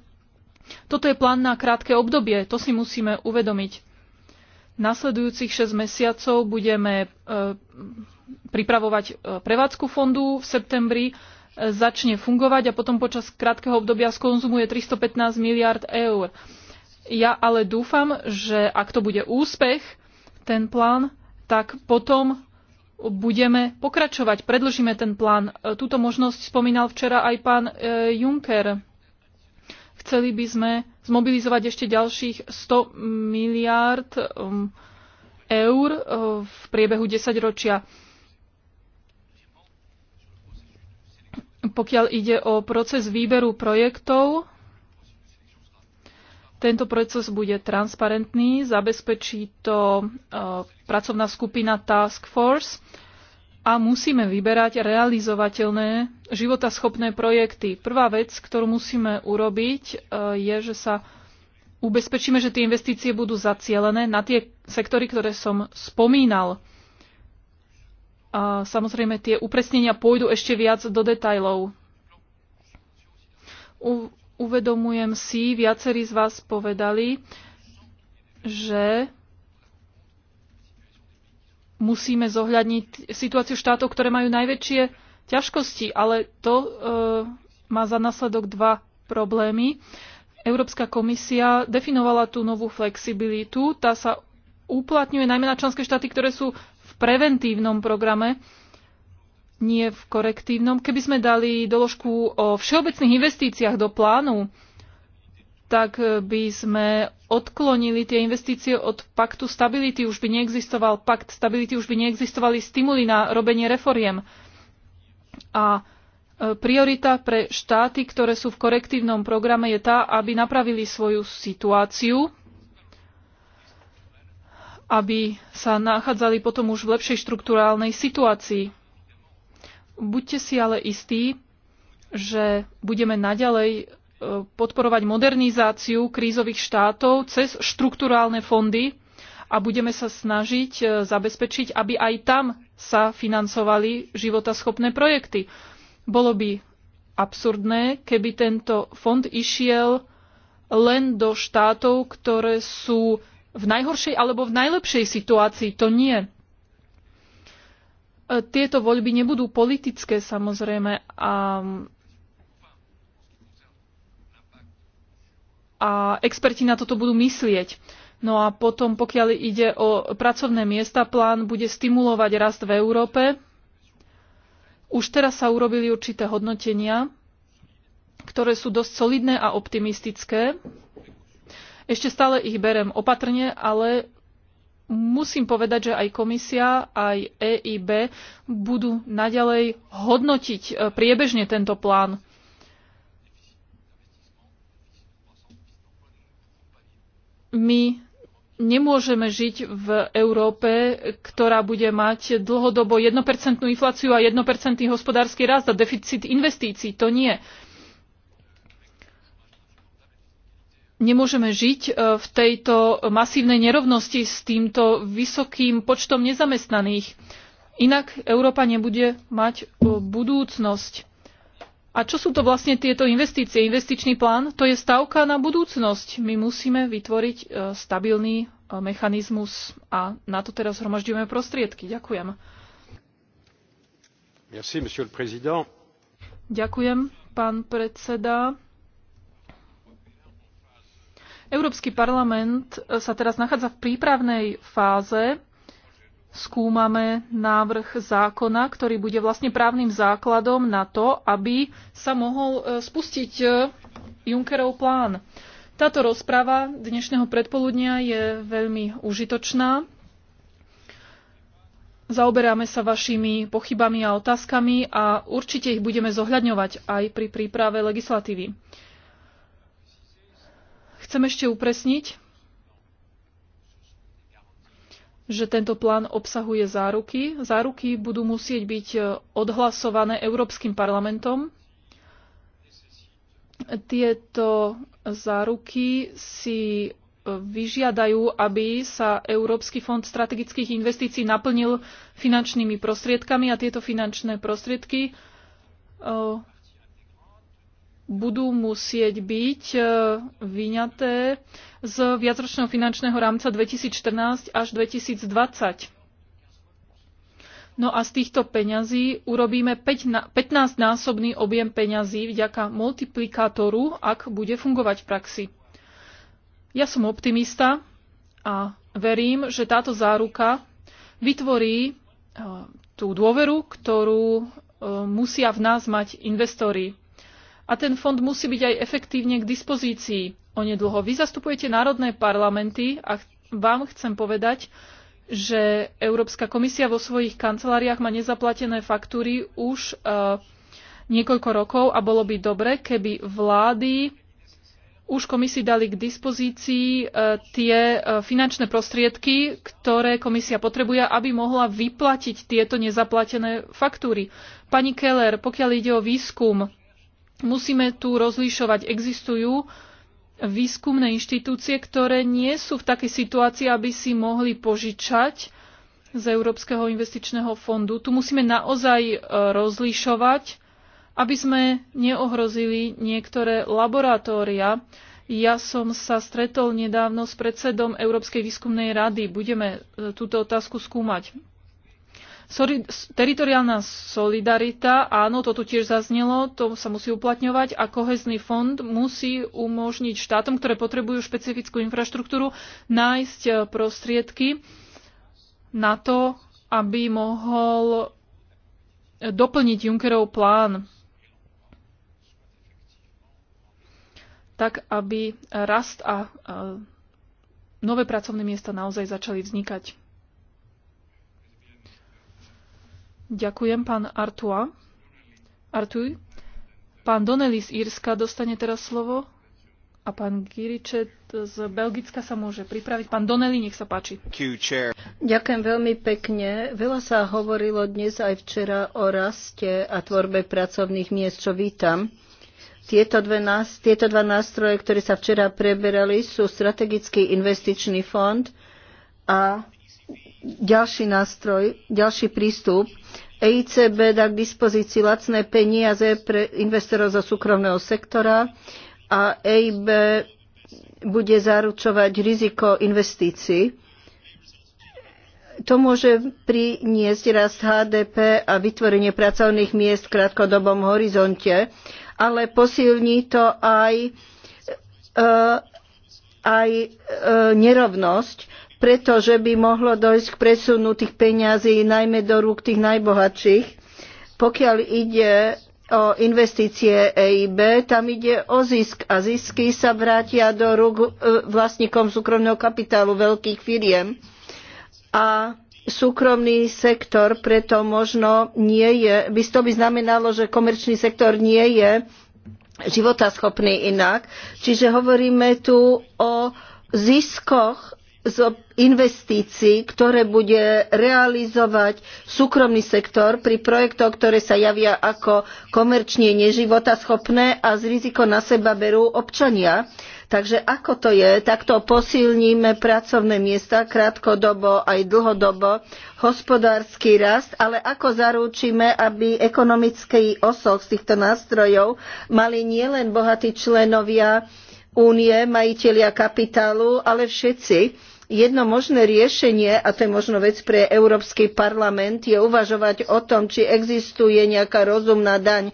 toto je plán na krátke obdobie, to si musíme uvedomiť. Nasledujúcich 6 mesiacov budeme e, pripravovať e, prevádzku fondu v septembri, e, začne fungovať a potom počas krátkeho obdobia skonzumuje 315 miliard eur. Ja ale dúfam, že ak to bude úspech, ten plán, tak potom budeme pokračovať, predlžíme ten plán. Túto možnosť spomínal včera aj pán Juncker. Chceli by sme zmobilizovať ešte ďalších 100 miliárd um, eur uh, v priebehu 10 ročia. Pokiaľ ide o proces výberu projektov, tento proces bude transparentný, zabezpečí to uh, pracovná skupina Task Force, a musíme vyberať realizovateľné, životaschopné projekty. Prvá vec, ktorú musíme urobiť, e, je, že sa ubezpečíme, že tie investície budú zacielené na tie sektory, ktoré som spomínal. A e, samozrejme, tie upresnenia pôjdu ešte viac do detajlov. U, uvedomujem si, viacerí z vás povedali, že musíme zohľadniť situáciu štátov, ktoré majú najväčšie ťažkosti, ale to e, má za následok dva problémy. Európska komisia definovala tú novú flexibilitu, tá sa uplatňuje najmä na členské štáty, ktoré sú v preventívnom programe, nie v korektívnom. Keby sme dali doložku o všeobecných investíciách do plánu, tak by sme odklonili tie investície od paktu stability. Už by neexistoval pakt stability, už by neexistovali stimuly na robenie reforiem. A e, priorita pre štáty, ktoré sú v korektívnom programe, je tá, aby napravili svoju situáciu, aby sa nachádzali potom už v lepšej štruktúrálnej situácii. Buďte si ale istí, že budeme naďalej podporovať modernizáciu krízových štátov cez štrukturálne fondy a budeme sa snažiť e, zabezpečiť, aby aj tam sa financovali životaschopné projekty. Bolo by absurdné, keby tento fond išiel len do štátov, ktoré sú v najhoršej alebo v najlepšej situácii. To nie. E, tieto voľby nebudú politické samozrejme a a experti na toto budú myslieť. No a potom, pokiaľ ide o pracovné miesta, plán bude stimulovať rast v Európe. Už teraz sa urobili určité hodnotenia, ktoré sú dosť solidné a optimistické. Ešte stále ich berem opatrne, ale musím povedať, že aj komisia, aj EIB budú naďalej hodnotiť e, priebežne tento plán. my nemôžeme žiť v Európe, ktorá bude mať dlhodobo 1% infláciu a 1% hospodársky rast a deficit investícií. To nie. Nemôžeme žiť e, v tejto masívnej nerovnosti s týmto vysokým počtom nezamestnaných. Inak Európa nebude mať e, budúcnosť. A čo sú to vlastne tieto investície? Investičný plán to je stavka na budúcnosť. My musíme vytvoriť e, stabilný e, mechanizmus a na to teraz zhromažďujeme prostriedky. Ďakujem. Merci, monsieur le président. Ďakujem, pán predseda. Európsky parlament e, sa teraz nachádza v prípravnej fáze skúmame návrh zákona, ktorý bude vlastne právnym základom na to, aby sa mohol e, spustiť e, Junckerov plán. Táto rozprava dnešného predpoludnia je veľmi užitočná. Zaoberáme sa vašimi pochybami a otázkami a určite ich budeme zohľadňovať aj pri príprave legislatívy. Chcem ešte upresniť, že tento plán obsahuje záruky. Záruky budú musieť byť e, odhlasované Európskym parlamentom. Tieto záruky si e, vyžiadajú, aby sa Európsky fond strategických investícií naplnil finančnými prostriedkami a tieto finančné prostriedky e, budú musieť byť e, vyňaté z viacročného finančného rámca 2014 až 2020. No a z týchto peňazí urobíme 15-násobný objem peňazí vďaka multiplikátoru, ak bude fungovať v praxi. Ja som optimista a verím, že táto záruka vytvorí e, tú dôveru, ktorú e, musia v nás mať investori a ten fond musí byť aj efektívne k dispozícii onedlho. Vy zastupujete národné parlamenty a vám chcem povedať, že Európska komisia vo svojich kanceláriách má nezaplatené faktúry už uh, niekoľko rokov a bolo by dobre, keby vlády už komisii dali k dispozícii e, tie e, finančné prostriedky, ktoré komisia potrebuje, aby mohla vyplatiť tieto nezaplatené faktúry. Pani Keller, pokiaľ ide o výskum, Musíme tu rozlišovať. Existujú výskumné inštitúcie, ktoré nie sú v takej situácii, aby si mohli požičať z Európskeho investičného fondu. Tu musíme naozaj e, rozlišovať, aby sme neohrozili niektoré laboratória. Ja som sa stretol nedávno s predsedom Európskej výskumnej rady. Budeme e, túto otázku skúmať. Sorry, teritoriálna solidarita, áno, to tu tiež zaznelo, to sa musí uplatňovať a kohezný fond musí umožniť štátom, ktoré potrebujú špecifickú infraštruktúru, nájsť e, prostriedky na to, aby mohol e, doplniť Junckerov plán tak, aby rast a e, nové pracovné miesta naozaj začali vznikať. Ďakujem, pán Artua. Artuj. Pán Donnelly z Írska dostane teraz slovo a pán Giričet z Belgicka sa môže pripraviť. Pán Donnelly, nech sa páči. Ďakujem veľmi pekne. Veľa sa hovorilo dnes aj včera o raste a tvorbe pracovných miest, čo vítam. Tieto, dve nás, tieto dva nástroje, ktoré sa včera preberali, sú strategický investičný fond a ďalší nástroj, ďalší prístup. EICB dá k dispozícii lacné peniaze pre investorov zo súkromného sektora a EIB bude zaručovať riziko investícií. To môže priniesť rast HDP a vytvorenie pracovných miest v krátkodobom horizonte, ale posilní to aj, e, aj e, nerovnosť, pretože by mohlo dojsť k presunu tých peňazí najmä do rúk tých najbohatších. Pokiaľ ide o investície EIB, tam ide o zisk a zisky sa vrátia do rúk e, vlastníkom súkromného kapitálu veľkých firiem. A súkromný sektor preto možno nie je, by to by znamenalo, že komerčný sektor nie je životaschopný inak. Čiže hovoríme tu o ziskoch investícií, ktoré bude realizovať súkromný sektor pri projektoch, ktoré sa javia ako komerčne neživotaschopné a z riziko na seba berú občania. Takže ako to je, takto posilníme pracovné miesta krátkodobo aj dlhodobo, hospodársky rast, ale ako zaručíme, aby ekonomický osoch z týchto nástrojov mali nielen bohatí členovia únie, majitelia kapitálu, ale všetci Jedno možné riešenie, a to je možno vec pre Európsky parlament, je uvažovať o tom, či existuje nejaká rozumná daň,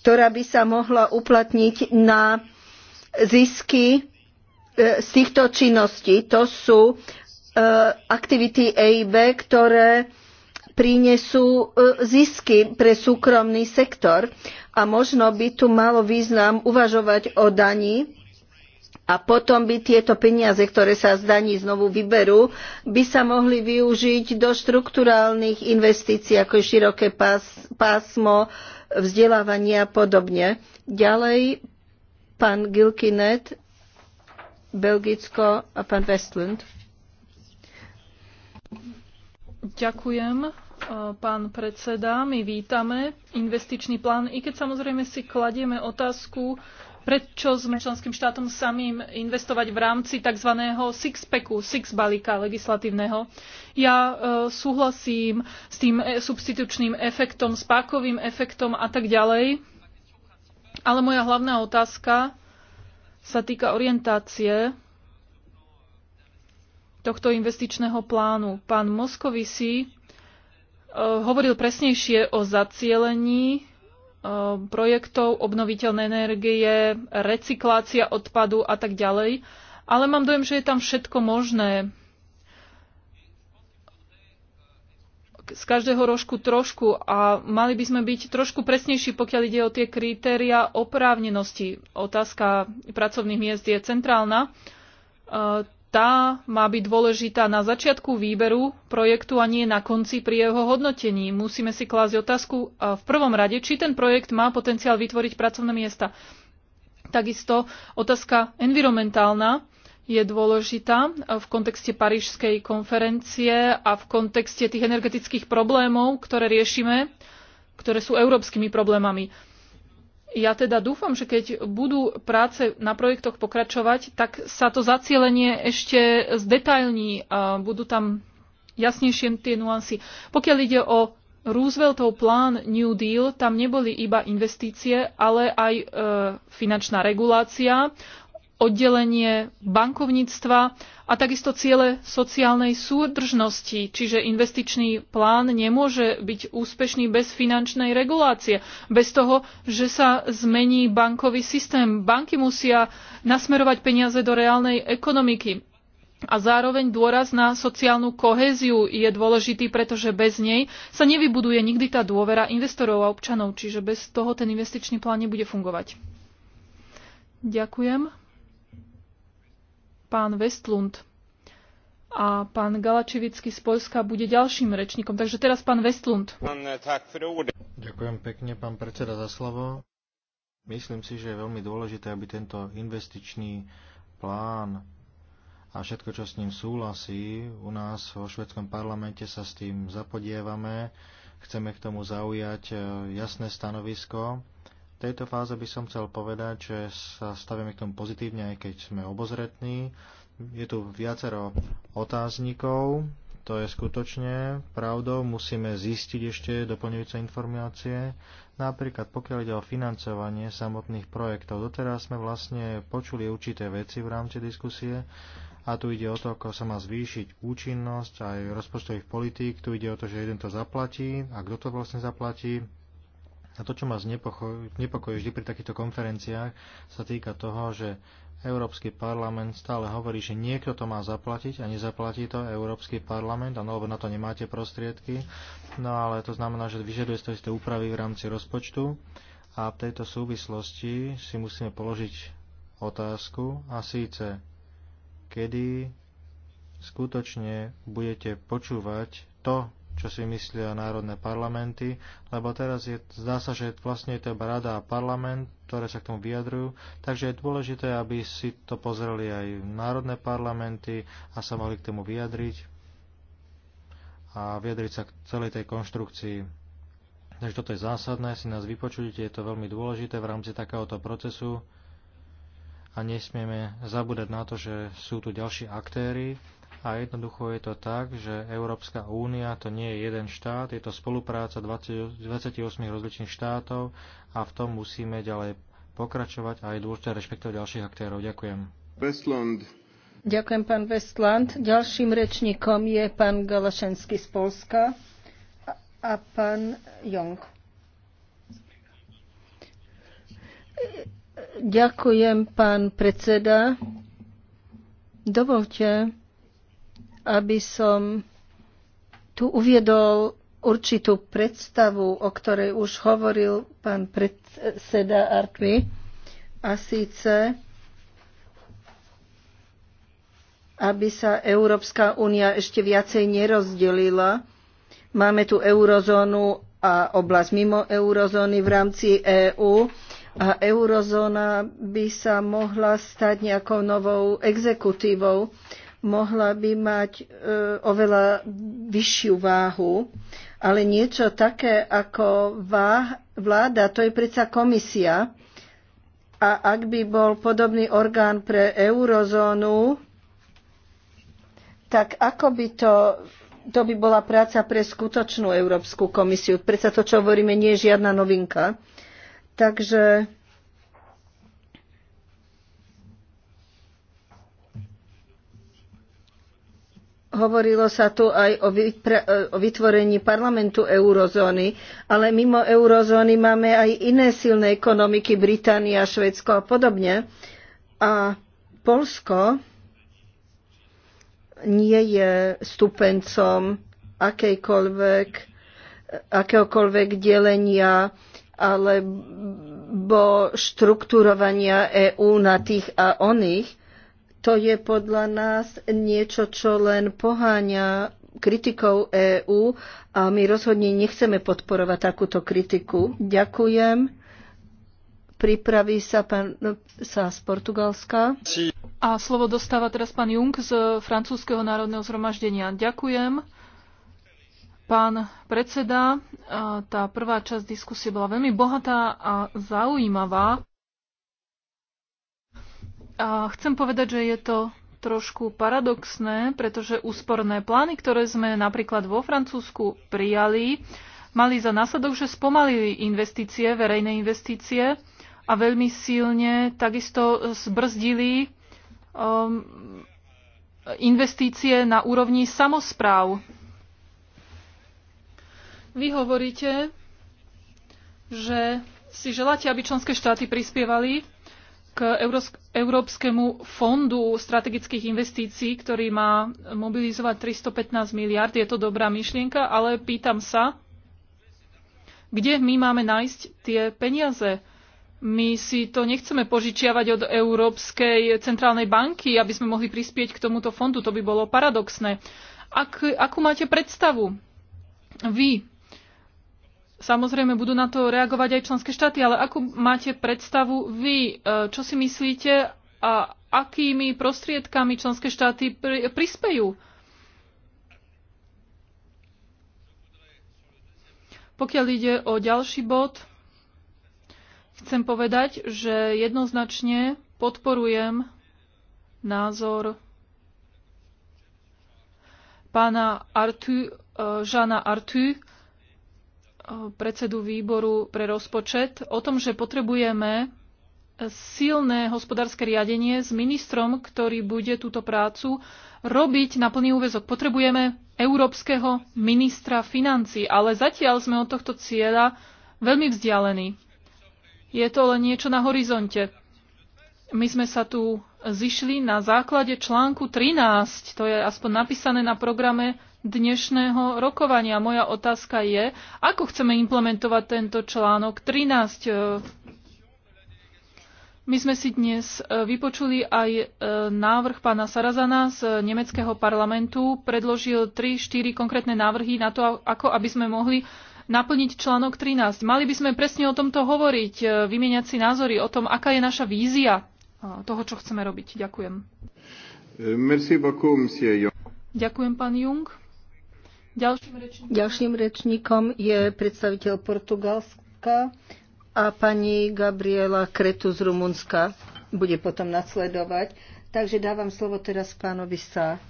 ktorá by sa mohla uplatniť na zisky e, z týchto činností. To sú e, aktivity EIB, ktoré prinesú e, zisky pre súkromný sektor a možno by tu malo význam uvažovať o daní a potom by tieto peniaze, ktoré sa z daní znovu vyberú, by sa mohli využiť do štrukturálnych investícií, ako je široké pás, pásmo, vzdelávanie a podobne. Ďalej pán Gilkinet, Belgicko a pán Westlund. Ďakujem, e, pán predseda. My vítame investičný plán, i keď samozrejme si kladieme otázku, Prečo sme členským štátom samým investovať v rámci tzv. six-packu, six balíka legislatívneho? Ja e, súhlasím s tým e, substitučným efektom, s pákovým efektom a tak ďalej. Ale moja hlavná otázka sa týka orientácie tohto investičného plánu. Pán e, hovoril presnejšie o zacielení Ehm, projektov, obnoviteľné energie, recyklácia odpadu a tak ďalej. Ale mám dojem, že je tam všetko možné. Z každého rožku trošku a mali by sme byť trošku presnejší, pokiaľ ide o tie kritéria oprávnenosti. Otázka pracovných miest je centrálna ehm, tá má byť dôležitá na začiatku výberu projektu a nie na konci pri jeho hodnotení. Musíme si klásť otázku v prvom rade, či ten projekt má potenciál vytvoriť pracovné miesta. Takisto otázka environmentálna je dôležitá v kontexte Parížskej konferencie a v kontexte tých energetických problémov, ktoré riešime, ktoré sú európskymi problémami. Ja teda dúfam, že keď budú práce na projektoch pokračovať, tak sa to zacielenie ešte zdetailní a budú tam jasnejšie tie nuancy. Pokiaľ ide o Rooseveltov plán New Deal, tam neboli iba investície, ale aj e, finančná regulácia, oddelenie bankovníctva a takisto ciele sociálnej súdržnosti, čiže investičný plán nemôže byť úspešný bez finančnej regulácie, bez toho, že sa zmení bankový systém. Banky musia nasmerovať peniaze do reálnej ekonomiky. A zároveň dôraz na sociálnu kohéziu je dôležitý, pretože bez nej sa nevybuduje nikdy tá dôvera investorov a občanov, čiže bez toho ten investičný plán nebude fungovať. Ďakujem pán Westlund a pán Galačevický z Polska bude ďalším rečníkom. Takže teraz pán Westlund. Ďakujem pekne, pán predseda, za slovo. Myslím si, že je veľmi dôležité, aby tento investičný plán a všetko, čo s ním súhlasí, u nás vo švedskom parlamente sa s tým zapodievame, chceme k tomu zaujať eh, jasné stanovisko tejto fáze by som chcel povedať, že sa stavíme k tomu pozitívne, aj keď sme obozretní. Je tu viacero otáznikov, to je skutočne pravdou, musíme zistiť ešte doplňujúce informácie. Napríklad pokiaľ ide o financovanie samotných projektov, doteraz sme vlastne počuli určité veci v rámci diskusie a tu ide o to, ako sa má zvýšiť účinnosť aj rozpočtových politík, tu ide o to, že jeden to zaplatí a kto to vlastne zaplatí, a to, čo ma znepokojí vždy pri takýchto konferenciách, sa týka toho, že Európsky parlament stále hovorí, že niekto to má zaplatiť a nezaplatí to Európsky parlament, a no, lebo na to nemáte prostriedky. No ale to znamená, že vyžaduje to isté úpravy v rámci rozpočtu a v tejto súvislosti si musíme položiť otázku a síce, kedy skutočne budete počúvať to, čo si myslia národné parlamenty, lebo teraz je, zdá sa, že vlastne je to iba rada a parlament, ktoré sa k tomu vyjadrujú, takže je dôležité, aby si to pozreli aj národné parlamenty a sa mohli k tomu vyjadriť a vyjadriť sa k celej tej konštrukcii. Takže toto je zásadné, si nás vypočujete, je to veľmi dôležité v rámci takéhoto procesu a nesmieme zabúdať na to, že sú tu ďalší aktéry, a jednoducho je to tak, že Európska únia to nie je jeden štát, je to spolupráca 20, 28 rozličných štátov a v tom musíme ďalej pokračovať a je dôležité rešpektovať ďalších aktérov. Ďakujem. Westland. Ďakujem, pán Westland. Ďalším rečníkom je pán Galašenský z Polska a, a pán Jong. Ďakujem, pán predseda. Dovolte, aby som tu uviedol určitú predstavu, o ktorej už hovoril pán predseda Artvi, a síce, aby sa Európska únia ešte viacej nerozdelila. Máme tu eurozónu a oblasť mimo eurozóny v rámci EÚ a eurozóna by sa mohla stať nejakou novou exekutívou mohla by mať e, oveľa vyššiu váhu, ale niečo také ako váh, vláda, to je predsa komisia. A ak by bol podobný orgán pre eurozónu, tak ako by to, to by bola práca pre skutočnú Európsku komisiu. Predsa to, čo hovoríme, nie je žiadna novinka. Takže Hovorilo sa tu aj e, o, vytvorení parlamentu eurozóny, ale mimo eurozóny máme aj iné silné ekonomiky, Británia, Švedsko a podobne. A Polsko nie je stupencom akejkoľvek, akéhokoľvek delenia alebo štruktúrovania EÚ na tých a oných to je podľa nás niečo, čo len poháňa kritikou EÚ a my rozhodne nechceme podporovať takúto kritiku. Ďakujem. Pripraví sa pán no, sa z Portugalska. A slovo dostáva teraz pán Jung z Francúzského národného zhromaždenia. Ďakujem. Pán predseda, tá prvá časť diskusie bola veľmi bohatá a zaujímavá. A chcem povedať, že je to trošku paradoxné, pretože úsporné plány, ktoré sme napríklad vo Francúzsku prijali, mali za následok, že spomalili investície, verejné investície a veľmi silne takisto zbrzdili um, investície na úrovni samospráv. Vy hovoríte, že si želáte, aby členské štáty prispievali k Európskemu fondu strategických investícií, ktorý má mobilizovať 315 miliard. Je to dobrá myšlienka, ale pýtam sa, kde my máme nájsť tie peniaze? My si to nechceme požičiavať od Európskej centrálnej banky, aby sme mohli prispieť k tomuto fondu. To by bolo paradoxné. Ak, akú máte predstavu? Vy, Samozrejme, budú na to reagovať aj členské štáty, ale ako máte predstavu vy? E, čo si myslíte a akými prostriedkami členské štáty pr- prispejú? Pokiaľ ide o ďalší bod, chcem povedať, že jednoznačne podporujem názor pána Artu, e, Žana Artu, predsedu výboru pre rozpočet o tom, že potrebujeme silné hospodárske riadenie s ministrom, ktorý bude túto prácu robiť na plný úvezok. Potrebujeme európskeho ministra financí, ale zatiaľ sme od tohto cieľa veľmi vzdialení. Je to len niečo na horizonte. My sme sa tu zišli na základe článku 13, to je aspoň napísané na programe dnešného rokovania. Moja otázka je, ako chceme implementovať tento článok 13. My sme si dnes e, vypočuli aj e, návrh pána Sarazana z nemeckého parlamentu. Predložil 3-4 konkrétne návrhy na to, ako aby sme mohli naplniť článok 13. Mali by sme presne o tomto hovoriť, e, vymieňať si názory o tom, aká je naša vízia toho, čo chceme robiť. Ďakujem. Merci beaucoup, Ďakujem, pán Jung. Ďalším rečníkom, Ďalším rečníkom je predstaviteľ Portugalska a pani Gabriela Kretu z Rumunska bude potom nasledovať. Takže dávam slovo teraz pánovi Sá.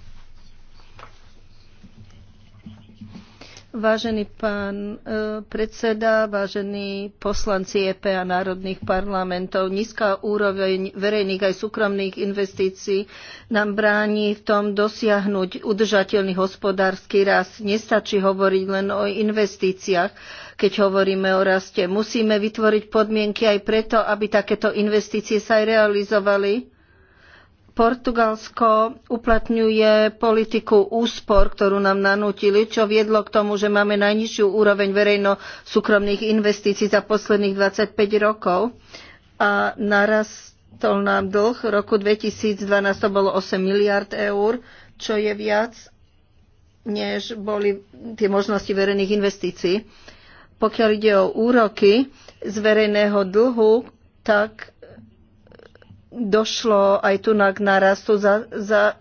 Vážený pán e, predseda, vážení poslanci EP a národných parlamentov, nízka úroveň verejných aj súkromných investícií nám bráni v tom dosiahnuť udržateľný hospodársky rast. Nestačí hovoriť len o investíciách, keď hovoríme o raste. Musíme vytvoriť podmienky aj preto, aby takéto investície sa aj realizovali Portugalsko uplatňuje politiku úspor, ktorú nám nanútili, čo viedlo k tomu, že máme najnižšiu úroveň verejno-súkromných investícií za posledných 25 rokov a narastol nám dlh. V roku 2012 to bolo 8 miliard eur, čo je viac, než boli tie možnosti verejných investícií. Pokiaľ ide o úroky z verejného dlhu, tak došlo aj tu na k narastu. Za, za,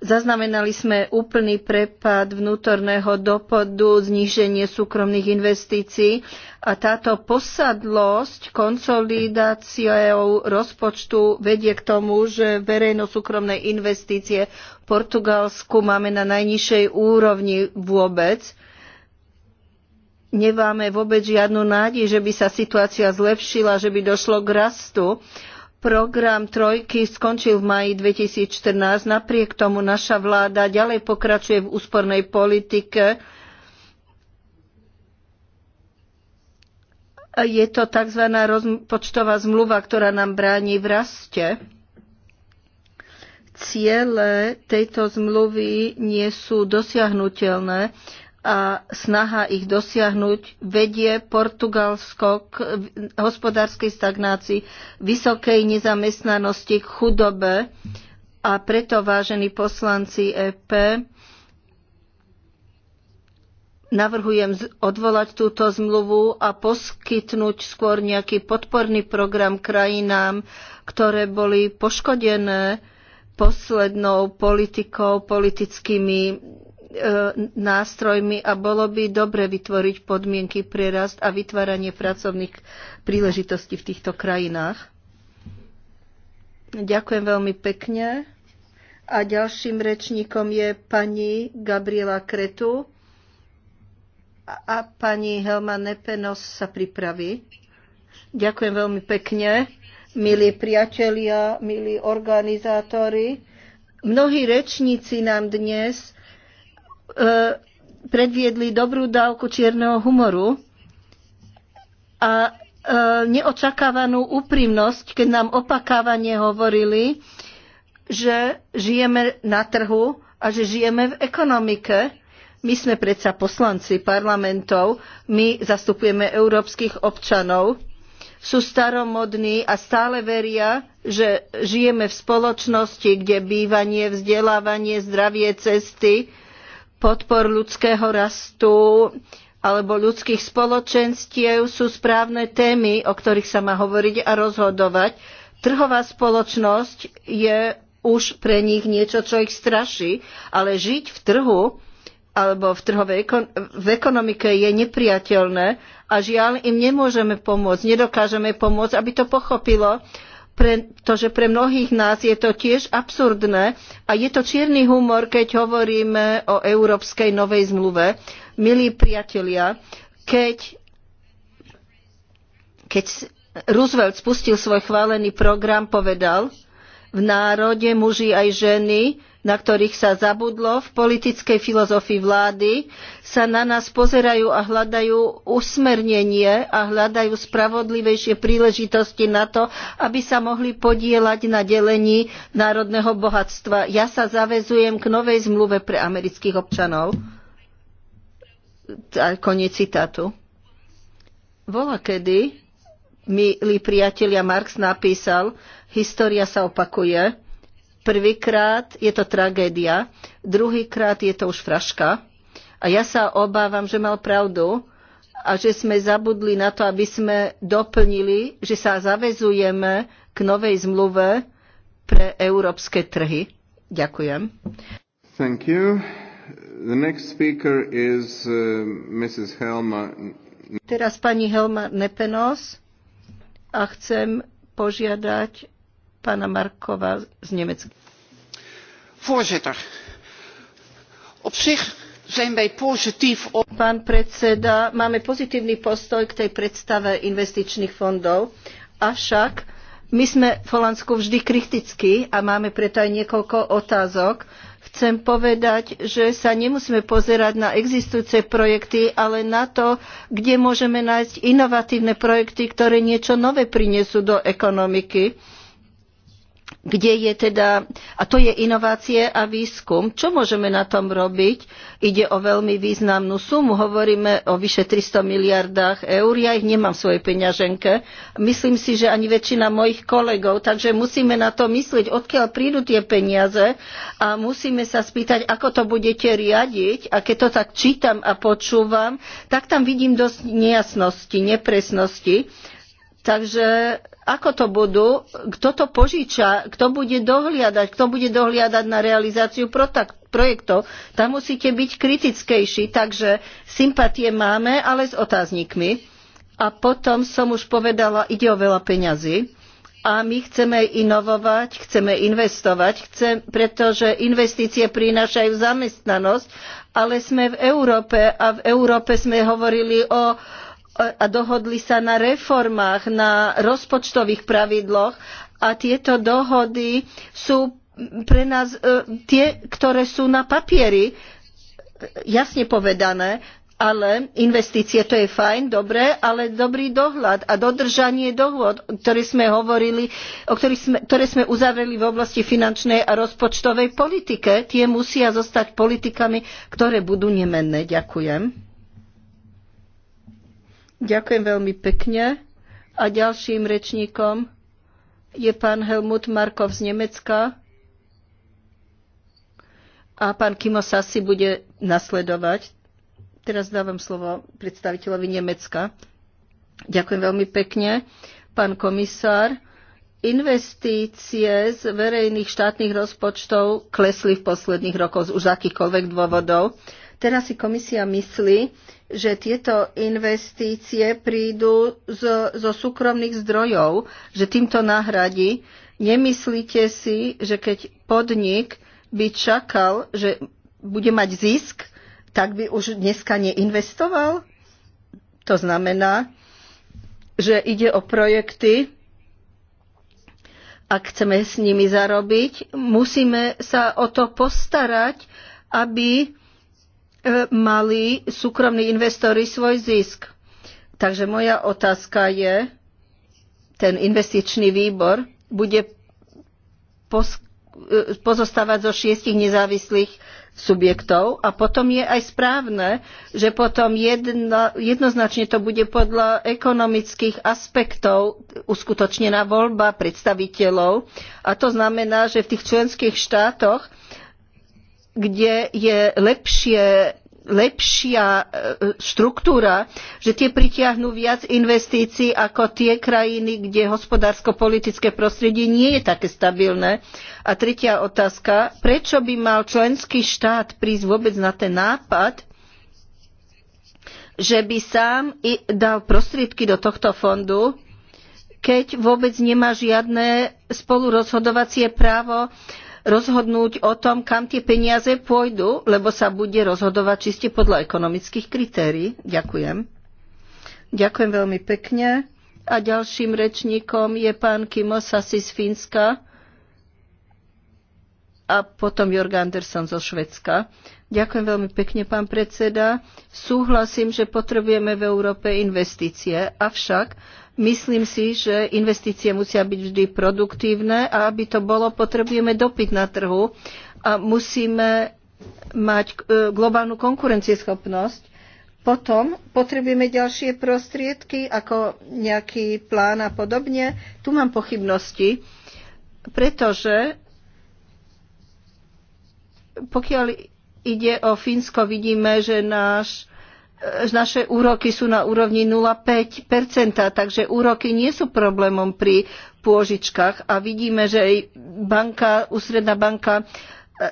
zaznamenali sme úplný prepad vnútorného dopodu, zníženie súkromných investícií a táto posadlosť konsolidáciou rozpočtu vedie k tomu, že verejno-súkromné investície v Portugalsku máme na najnižšej úrovni vôbec. Nemáme vôbec žiadnu nádej, že by sa situácia zlepšila, že by došlo k rastu. Program trojky skončil v maji 2014, napriek tomu naša vláda ďalej pokračuje v úspornej politike. Je to tzv. rozpočtová zmluva, ktorá nám bráni v raste. Ciele tejto zmluvy nie sú dosiahnutelné a snaha ich dosiahnuť vedie Portugalsko k hospodárskej stagnácii, vysokej nezamestnanosti, k chudobe a preto, vážení poslanci EP, navrhujem odvolať túto zmluvu a poskytnúť skôr nejaký podporný program krajinám, ktoré boli poškodené poslednou politikou, politickými E, nástrojmi a bolo by dobre vytvoriť podmienky pre rast a vytváranie pracovných príležitostí v týchto krajinách. Ďakujem veľmi pekne. A ďalším rečníkom je pani Gabriela Kretu a pani Helma Nepenos sa pripraví. Ďakujem veľmi pekne, milí priatelia, milí organizátori. Mnohí rečníci nám dnes E, predviedli dobrú dávku čierneho humoru a e, neočakávanú úprimnosť, keď nám opakávane hovorili, že žijeme na trhu a že žijeme v ekonomike. My sme predsa poslanci parlamentov, my zastupujeme európskych občanov, sú staromodní a stále veria, že žijeme v spoločnosti, kde bývanie, vzdelávanie, zdravie, cesty, podpor ľudského rastu alebo ľudských spoločenstiev sú správne témy, o ktorých sa má hovoriť a rozhodovať. Trhová spoločnosť je už pre nich niečo, čo ich straší, ale žiť v trhu alebo v trhovej v ekonomike je nepriateľné a žiaľ im nemôžeme pomôcť, nedokážeme pomôcť, aby to pochopilo pretože pre mnohých nás je to tiež absurdné a je to čierny humor, keď hovoríme o Európskej novej zmluve. Milí priatelia, keď, keď Roosevelt spustil svoj chválený program, povedal, v národe muži aj ženy na ktorých sa zabudlo v politickej filozofii vlády, sa na nás pozerajú a hľadajú usmernenie a hľadajú spravodlivejšie príležitosti na to, aby sa mohli podielať na delení národného bohatstva. Ja sa zavezujem k novej zmluve pre amerických občanov. A koniec citátu. Vola kedy, milí priatelia, Marx napísal, história sa opakuje, Prvýkrát je to tragédia, druhýkrát je to už fraška. A ja sa obávam, že mal pravdu a že sme zabudli na to, aby sme doplnili, že sa zavezujeme k novej zmluve pre európske trhy. Ďakujem. Thank you. The next speaker is uh, Mrs. Helma. Teraz pani Helma Nepenos a chcem požiadať pána Markova z Nemecka. Voorzitter, op zich zijn wij positief op... Pán predseda, máme pozitívny postoj k tej predstave investičných fondov, avšak my sme v Holandsku vždy kritickí a máme preto aj niekoľko otázok. Chcem povedať, že sa nemusíme pozerať na existujúce projekty, ale na to, kde môžeme nájsť inovatívne projekty, ktoré niečo nové prinesú do ekonomiky kde je teda, a to je inovácie a výskum. Čo môžeme na tom robiť? Ide o veľmi významnú sumu, hovoríme o vyše 300 miliardách eur, ja ich nemám v svojej peňaženke. Myslím si, že ani väčšina mojich kolegov, takže musíme na to myslieť, odkiaľ prídu tie peniaze a musíme sa spýtať, ako to budete riadiť a keď to tak čítam a počúvam, tak tam vidím dosť nejasnosti, nepresnosti Takže ako to budú, kto to požiča, kto bude dohliadať, kto bude dohliadať na realizáciu projektov. Tam musíte byť kritickejší, takže sympatie máme, ale s otáznikmi. A potom som už povedala, ide o veľa peňazí a my chceme inovovať, chceme investovať, chcem, pretože investície prinášajú zamestnanosť, ale sme v Európe a v Európe sme hovorili o a dohodli sa na reformách, na rozpočtových pravidloch a tieto dohody sú pre nás e, tie, ktoré sú na papieri, e, jasne povedané, ale investície to je fajn, dobre, ale dobrý dohľad a dodržanie dohôd, ktoré sme hovorili, o ktorých sme, ktoré sme uzavreli v oblasti finančnej a rozpočtovej politike, tie musia zostať politikami, ktoré budú nemenné. Ďakujem. Ďakujem veľmi pekne. A ďalším rečníkom je pán Helmut Markov z Nemecka. A pán Kimo Sasi bude nasledovať. Teraz dávam slovo predstaviteľovi Nemecka. Ďakujem veľmi pekne. Pán komisár, investície z verejných štátnych rozpočtov klesli v posledných rokoch z už akýchkoľvek dôvodov. Teraz si komisia myslí, že tieto investície prídu zo, zo súkromných zdrojov, že týmto nahradí. Nemyslíte si, že keď podnik by čakal, že bude mať zisk, tak by už dneska neinvestoval? To znamená, že ide o projekty, ak chceme s nimi zarobiť, musíme sa o to postarať, aby E, mali súkromní investori svoj zisk. Takže moja otázka je, ten investičný výbor bude e, pozostávať zo šiestich nezávislých subjektov a potom je aj správne, že potom jedna, jednoznačne to bude podľa ekonomických aspektov uskutočnená voľba predstaviteľov a to znamená, že v tých členských štátoch kde je lepšie lepšia e, štruktúra, že tie pritiahnú viac investícií ako tie krajiny, kde hospodársko-politické prostredie nie je také stabilné. A tretia otázka, prečo by mal členský štát prísť vôbec na ten nápad, že by sám dal prostriedky do tohto fondu, keď vôbec nemá žiadne spolurozhodovacie právo rozhodnúť o tom, kam tie peniaze pôjdu, lebo sa bude rozhodovať čiste podľa ekonomických kritérií. Ďakujem. Ďakujem veľmi pekne. A ďalším rečníkom je pán Kimo Sasi z Fínska a potom Jörg Andersson zo Švedska. Ďakujem veľmi pekne, pán predseda. Súhlasím, že potrebujeme v Európe investície, avšak Myslím si, že investície musia byť vždy produktívne a aby to bolo, potrebujeme dopyt na trhu a musíme mať e, globálnu konkurencieschopnosť. Potom potrebujeme ďalšie prostriedky, ako nejaký plán a podobne. Tu mám pochybnosti, pretože pokiaľ ide o Fínsko, vidíme, že náš naše úroky sú na úrovni 0,5%, takže úroky nie sú problémom pri pôžičkách a vidíme, že aj banka, ústredná banka,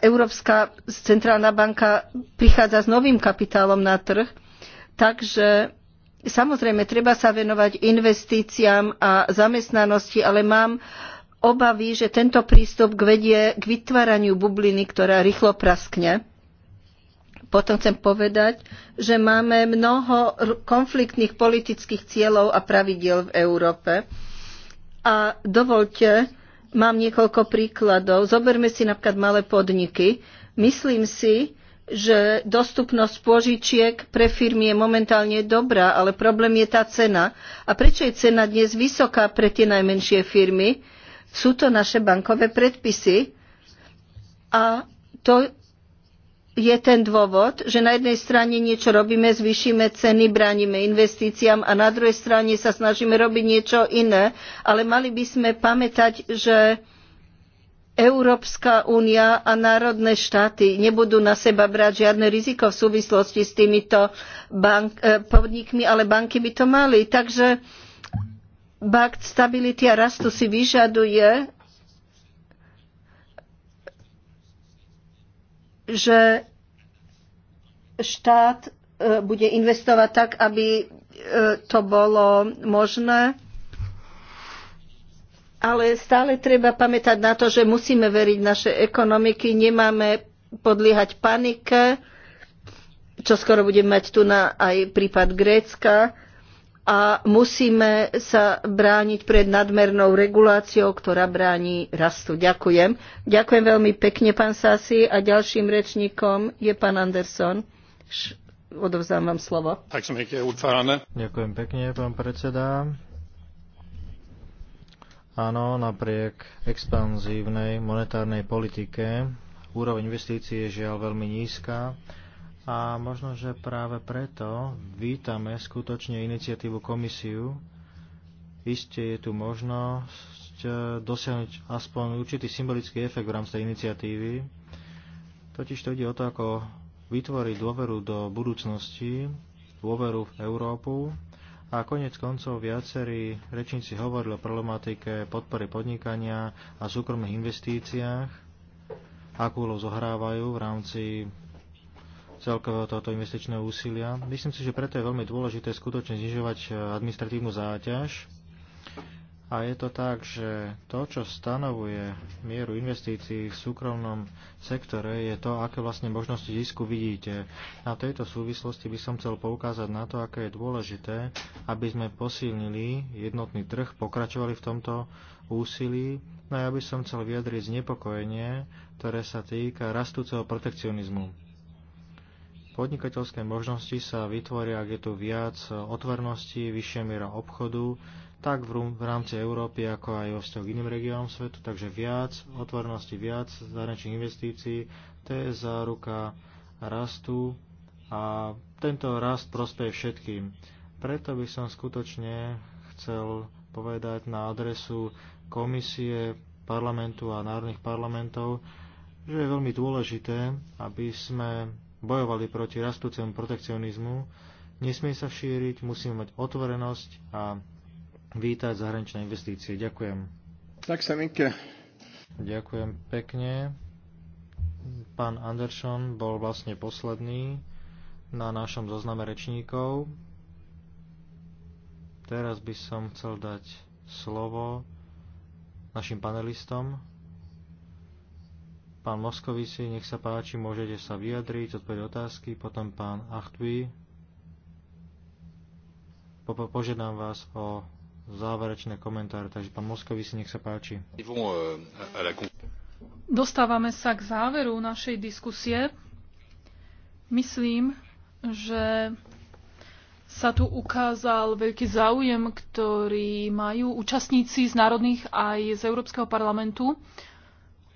Európska centrálna banka prichádza s novým kapitálom na trh, takže samozrejme treba sa venovať investíciám a zamestnanosti, ale mám obavy, že tento prístup vedie k vytváraniu bubliny, ktorá rýchlo praskne potom chcem povedať, že máme mnoho konfliktných politických cieľov a pravidiel v Európe. A dovolte, mám niekoľko príkladov. Zoberme si napríklad malé podniky. Myslím si, že dostupnosť pôžičiek pre firmy je momentálne dobrá, ale problém je tá cena. A prečo je cena dnes vysoká pre tie najmenšie firmy? Sú to naše bankové predpisy a to je ten dôvod, že na jednej strane niečo robíme, zvýšime ceny, bránime investíciám a na druhej strane sa snažíme robiť niečo iné, ale mali by sme pamätať, že Európska únia a národné štáty nebudú na seba brať žiadne riziko v súvislosti s týmito bank, e, podnikmi, ale banky by to mali. Takže Bakt stability a rastu si vyžaduje že štát e, bude investovať tak, aby e, to bolo možné. Ale stále treba pamätať na to, že musíme veriť naše ekonomiky, nemáme podliehať panike, čo skoro budeme mať tu na aj prípad Grécka a musíme sa brániť pred nadmernou reguláciou, ktorá bráni rastu. Ďakujem. Ďakujem veľmi pekne, pán Sasi. A ďalším rečníkom je pán Anderson. Odovzdám vám slovo. Ďakujem pekne, pán predseda. Áno, napriek expanzívnej monetárnej politike úroveň investícií je žiaľ veľmi nízka a možno, že práve preto vítame skutočne iniciatívu komisiu. Isté je tu možnosť e, dosiahnuť aspoň určitý symbolický efekt v rámci tej iniciatívy. Totiž to ide o to, ako vytvoriť dôveru do budúcnosti, dôveru v Európu. A konec koncov viacerí rečníci hovorili o problematike podpory podnikania a súkromných investíciách, akú úlohu zohrávajú v rámci celkového tohoto investičného úsilia. Myslím si, že preto je veľmi dôležité skutočne znižovať e, administratívnu záťaž. A je to tak, že to, čo stanovuje mieru investícií v súkromnom sektore, je to, aké vlastne možnosti zisku vidíte. Na tejto súvislosti by som chcel poukázať na to, aké je dôležité, aby sme posilnili jednotný trh, pokračovali v tomto úsilí. No a ja by som chcel vyjadriť znepokojenie, ktoré sa týka rastúceho protekcionizmu. Podnikateľské možnosti sa vytvoria, ak je tu viac e, otvornosti, vyššia miera obchodu, tak v rámci Európy, ako aj o vzťahu k iným regiónom svetu, takže viac otvornosti, viac zahraničných investícií, to je záruka rastu a tento rast prospeje všetkým. Preto by som skutočne chcel povedať na adresu komisie, parlamentu a národných parlamentov, že je veľmi dôležité, aby sme bojovali proti rastúcemu protekcionizmu, nesmie sa šíriť, musíme mať otvorenosť a vítať zahraničné investície. Ďakujem. Tak sa Minke. Ďakujem pekne. Pán Anderson bol vlastne posledný na našom zozname rečníkov. Teraz by som chcel dať slovo našim panelistom. Pán Moskovici, nech sa páči, môžete sa vyjadriť, odpovedať otázky, potom pán Achtui. Po, po, požiadam vás o záverečné komentáre, takže pán Moskovici, nech sa páči. Dostávame sa k záveru našej diskusie. Myslím, že sa tu ukázal veľký záujem, ktorý majú účastníci z národných aj z Európskeho parlamentu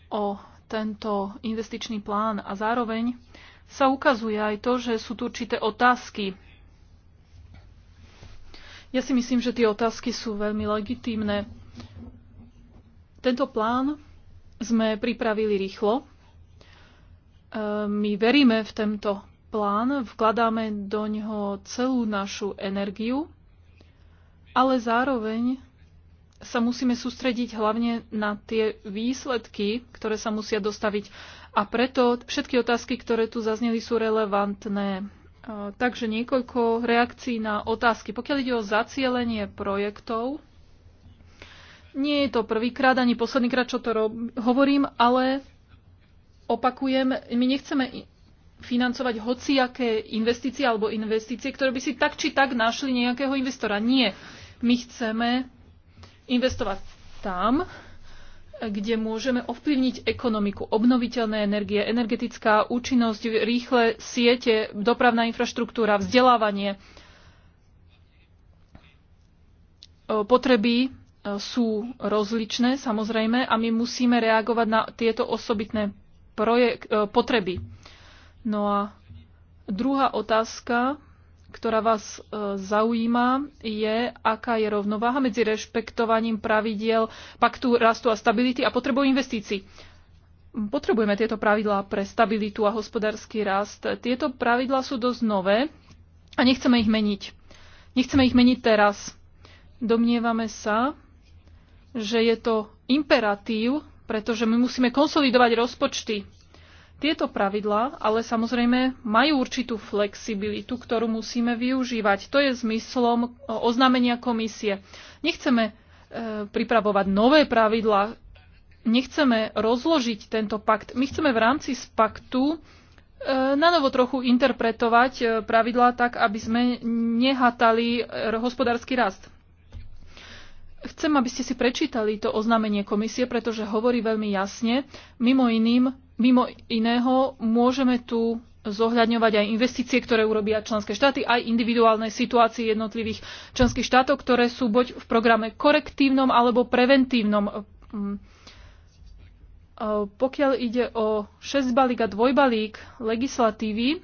o tento investičný plán a zároveň sa ukazuje aj to, že sú tu určité otázky. Ja si myslím, že tie otázky sú veľmi legitímne. Tento plán sme pripravili rýchlo. E, my veríme v tento plán, vkladáme do neho celú našu energiu, ale zároveň sa musíme sústrediť hlavne na tie výsledky, ktoré sa musia dostaviť. A preto všetky otázky, ktoré tu zazneli, sú relevantné. E, takže niekoľko reakcií na otázky. Pokiaľ ide o zacielenie projektov, nie je to prvýkrát ani poslednýkrát, čo to hovorím, ale opakujem, my nechceme financovať hociaké investície alebo investície, ktoré by si tak či tak našli nejakého investora. Nie. My chceme investovať tam, kde môžeme ovplyvniť ekonomiku. Obnoviteľné energie, energetická účinnosť, rýchle siete, dopravná infraštruktúra, vzdelávanie. E, potreby e, sú rozličné, samozrejme, a my musíme reagovať na tieto osobitné projek- e, potreby. No a druhá otázka ktorá vás e, zaujíma, je, aká je rovnováha medzi rešpektovaním pravidiel paktu rastu a stability a potrebou investícií. Potrebujeme tieto pravidlá pre stabilitu a hospodársky rast. Tieto pravidlá sú dosť nové a nechceme ich meniť. Nechceme ich meniť teraz. Domnievame sa, že je to imperatív, pretože my musíme konsolidovať rozpočty tieto pravidlá ale samozrejme majú určitú flexibilitu, ktorú musíme využívať. To je zmyslom e, oznámenia komisie. Nechceme e, pripravovať nové pravidlá, nechceme rozložiť tento pakt. My chceme v rámci z paktu e, na novo trochu interpretovať pravidlá tak, aby sme nehatali hospodársky rast. Chcem, aby ste si prečítali to oznámenie komisie, pretože hovorí veľmi jasne, mimo iným Mimo iného môžeme tu zohľadňovať aj investície, ktoré urobia členské štáty, aj individuálne situácie jednotlivých členských štátov, ktoré sú buď v programe korektívnom alebo preventívnom. Mm. E, pokiaľ ide o 6 balík a dvojbalík legislatívy, e,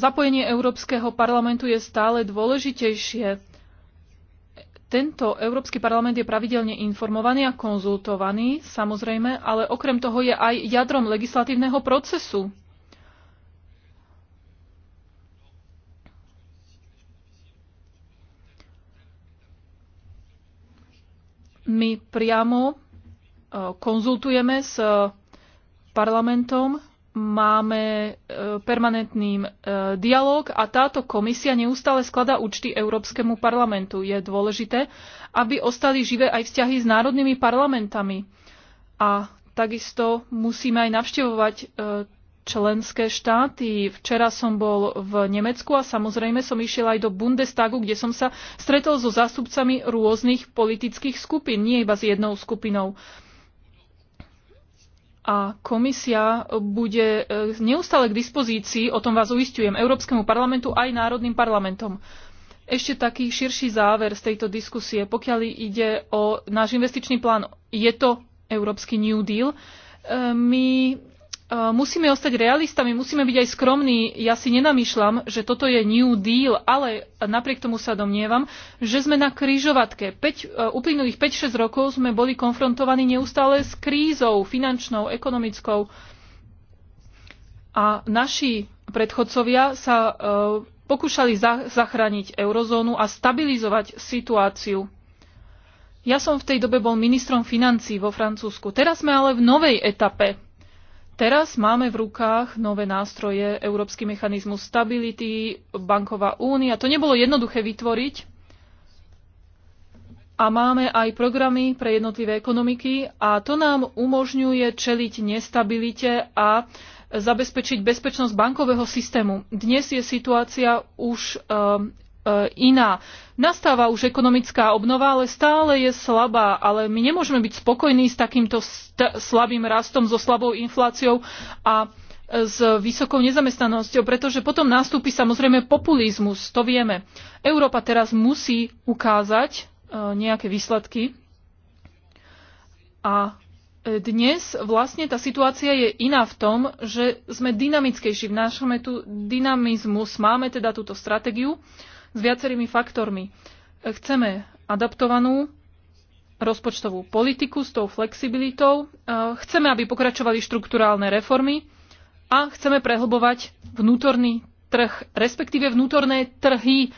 zapojenie Európskeho parlamentu je stále dôležitejšie tento Európsky parlament je pravidelne informovaný a konzultovaný, samozrejme, ale okrem toho je aj jadrom legislatívneho procesu. My priamo eh, konzultujeme s eh, parlamentom máme e, permanentný e, dialog a táto komisia neustále skladá účty Európskemu parlamentu. Je dôležité, aby ostali živé aj vzťahy s národnými parlamentami. A takisto musíme aj navštevovať e, členské štáty. Včera som bol v Nemecku a samozrejme som išiel aj do Bundestagu, kde som sa stretol so zástupcami rôznych politických skupín, nie iba s jednou skupinou a komisia bude e, neustále k dispozícii, o tom vás uistujem, Európskemu parlamentu aj národným parlamentom. Ešte taký širší záver z tejto diskusie, pokiaľ ide o náš investičný plán, je to Európsky New Deal. E, my E, musíme ostať realistami, musíme byť aj skromní. Ja si nenamýšľam, že toto je New Deal, ale napriek tomu sa domnievam, že sme na kryžovatke. Peť, e, uplynulých 5-6 rokov sme boli konfrontovaní neustále s krízou finančnou, ekonomickou. A naši predchodcovia sa e, pokúšali zachrániť eurozónu a stabilizovať situáciu. Ja som v tej dobe bol ministrom financí vo Francúzsku. Teraz sme ale v novej etape Teraz máme v rukách nové nástroje, Európsky mechanizmus stability, Banková únia. To nebolo jednoduché vytvoriť. A máme aj programy pre jednotlivé ekonomiky a to nám umožňuje čeliť nestabilite a zabezpečiť bezpečnosť bankového systému. Dnes je situácia už um, E, iná. Nastáva už ekonomická obnova, ale stále je slabá. Ale my nemôžeme byť spokojní s takýmto slabým rastom, so slabou infláciou a e, s vysokou nezamestnanosťou, pretože potom nastúpi samozrejme populizmus, to vieme. Európa teraz musí ukázať e, nejaké výsledky a dnes vlastne tá situácia je iná v tom, že sme dynamickejší, vnášame tu dynamizmus, máme teda túto stratégiu, s viacerými faktormi. Chceme adaptovanú rozpočtovú politiku s tou flexibilitou, e, chceme, aby pokračovali štruktúrálne reformy a chceme prehlbovať vnútorný trh, respektíve vnútorné trhy,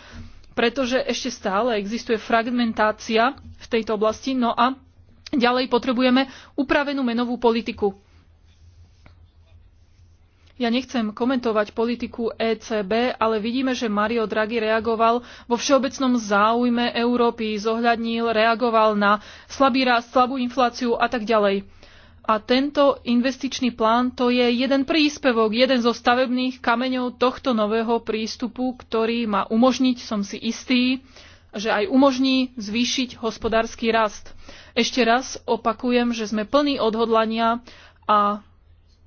pretože ešte stále existuje fragmentácia v tejto oblasti. No a ďalej potrebujeme upravenú menovú politiku. Ja nechcem komentovať politiku ECB, ale vidíme, že Mario Draghi reagoval vo všeobecnom záujme Európy, zohľadnil, reagoval na slabý rast, slabú infláciu a tak ďalej. A tento investičný plán to je jeden príspevok, jeden zo stavebných kameňov tohto nového prístupu, ktorý má umožniť, som si istý, že aj umožní zvýšiť hospodársky rast. Ešte raz opakujem, že sme plní odhodlania a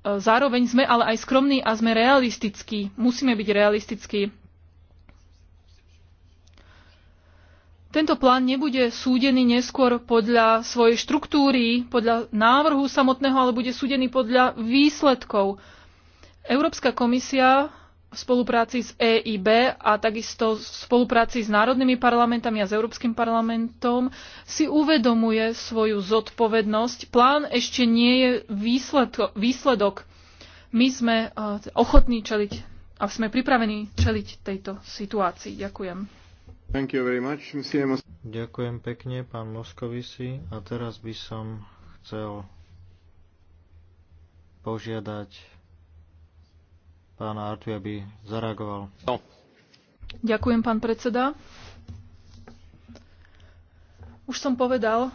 E, zároveň sme ale aj skromní a sme realistickí. Musíme byť realistickí. Tento plán nebude súdený neskôr podľa svojej štruktúry, podľa návrhu samotného, ale bude súdený podľa výsledkov. Európska komisia v spolupráci s EIB a takisto v spolupráci s národnými parlamentami a s Európskym parlamentom si uvedomuje svoju zodpovednosť. Plán ešte nie je výsledko, výsledok. My sme eh, ochotní čeliť a sme pripravení čeliť tejto situácii. Ďakujem. Thank you very much, Ďakujem pekne, pán Moskovici. A teraz by som chcel požiadať pána Artu, aby zareagoval. No. Ďakujem, pán predseda. Už som povedal,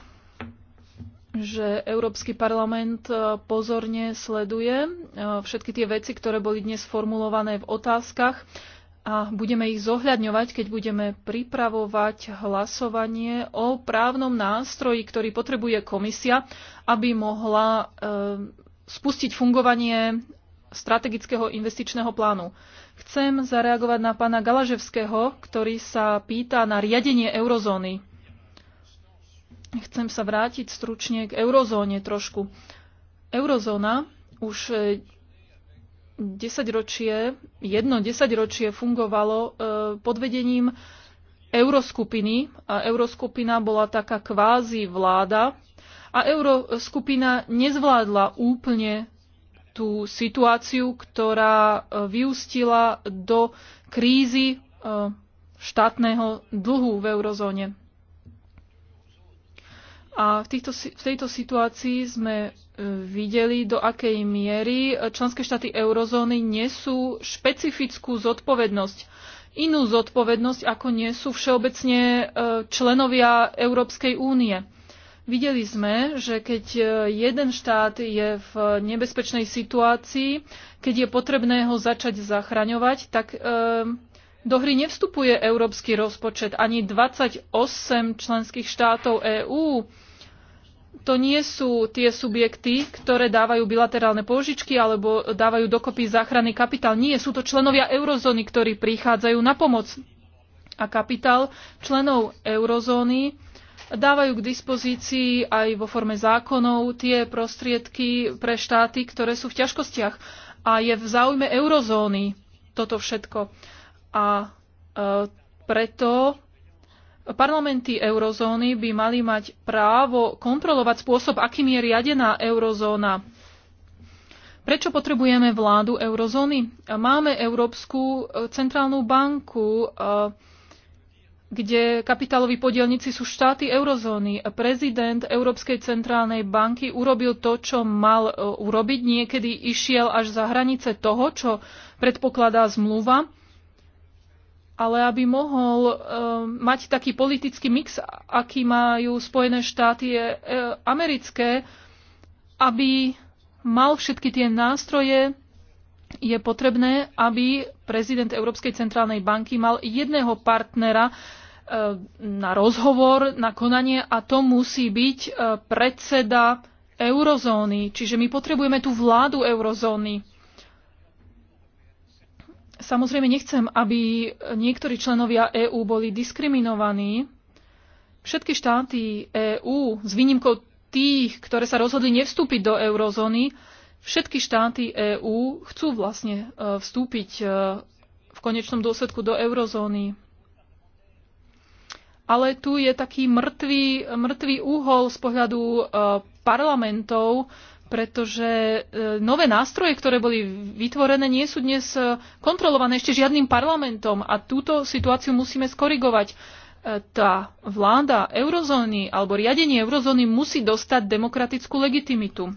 že Európsky parlament e, pozorne sleduje e, všetky tie veci, ktoré boli dnes formulované v otázkach a budeme ich zohľadňovať, keď budeme pripravovať hlasovanie o právnom nástroji, ktorý potrebuje komisia, aby mohla e, spustiť fungovanie strategického investičného plánu. Chcem zareagovať na pána Galaževského, ktorý sa pýta na riadenie eurozóny. Chcem sa vrátiť stručne k eurozóne trošku. Eurozóna už 10 e, ročie, jedno 10 ročie fungovalo e, pod vedením euroskupiny. A euroskupina bola taká kvázi vláda, a euroskupina nezvládla úplne tú situáciu, ktorá e, vyústila do krízy e, štátneho dlhu v eurozóne. A v, týchto, v tejto situácii sme e, videli, do akej miery členské štáty eurozóny nesú špecifickú zodpovednosť, inú zodpovednosť, ako nie sú všeobecne členovia Európskej únie. Videli sme, že keď e, jeden štát je v nebezpečnej situácii, keď je potrebné ho začať zachraňovať, tak e, do hry nevstupuje európsky rozpočet ani 28 členských štátov EÚ. To nie sú tie subjekty, ktoré dávajú bilaterálne pôžičky alebo dávajú dokopy záchranný kapitál. Nie, sú to členovia eurozóny, ktorí prichádzajú na pomoc. A kapitál členov eurozóny dávajú k dispozícii aj vo forme zákonov tie prostriedky pre štáty, ktoré sú v ťažkostiach. A je v záujme eurozóny toto všetko. A e, preto parlamenty eurozóny by mali mať právo kontrolovať spôsob, akým je riadená eurozóna. Prečo potrebujeme vládu eurozóny? Máme Európsku centrálnu banku. E, kde kapitáloví podielnici sú štáty eurozóny. Prezident Európskej centrálnej banky urobil to, čo mal e, urobiť. Niekedy išiel až za hranice toho, čo predpokladá zmluva. Ale aby mohol e, mať taký politický mix, aký majú Spojené štáty e, e americké, aby mal všetky tie nástroje je potrebné, aby prezident Európskej centrálnej banky mal jedného partnera e, na rozhovor, na konanie a to musí byť e, predseda eurozóny. Čiže my potrebujeme tú vládu eurozóny. Samozrejme nechcem, aby niektorí členovia EÚ boli diskriminovaní. Všetky štáty EÚ, s výnimkou tých, ktoré sa rozhodli nevstúpiť do eurozóny, Všetky štáty EÚ chcú vlastne e, vstúpiť e, v konečnom dôsledku do eurozóny. Ale tu je taký mŕtvý, mŕtvý úhol z pohľadu e, parlamentov, pretože nové nástroje, ktoré boli vytvorené, nie sú dnes kontrolované ešte žiadnym parlamentom a túto situáciu musíme skorigovať. Tá vláda eurozóny alebo riadenie eurozóny musí dostať demokratickú legitimitu.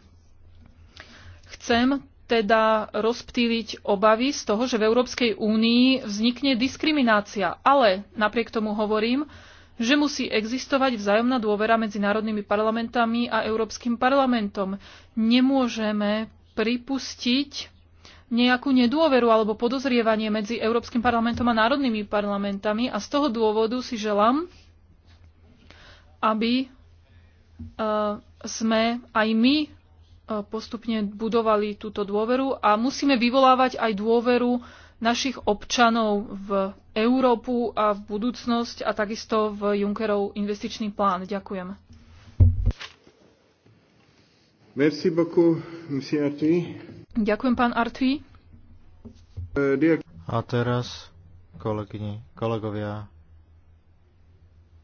Chcem teda rozptýliť obavy z toho, že v Európskej únii vznikne diskriminácia. Ale napriek tomu hovorím, že musí existovať vzájomná dôvera medzi národnými parlamentami a Európskym parlamentom. Nemôžeme pripustiť nejakú nedôveru alebo podozrievanie medzi Európskym parlamentom a národnými parlamentami a z toho dôvodu si želám, aby eh, sme aj my E, postupne budovali túto dôveru a musíme vyvolávať aj dôveru našich občanov v Európu a v budúcnosť a takisto v Junckerov investičný plán. Ďakujem. Merci beaucoup, monsieur Artui. Ďakujem, pán Artui. E, a teraz, kolegyni, kolegovia,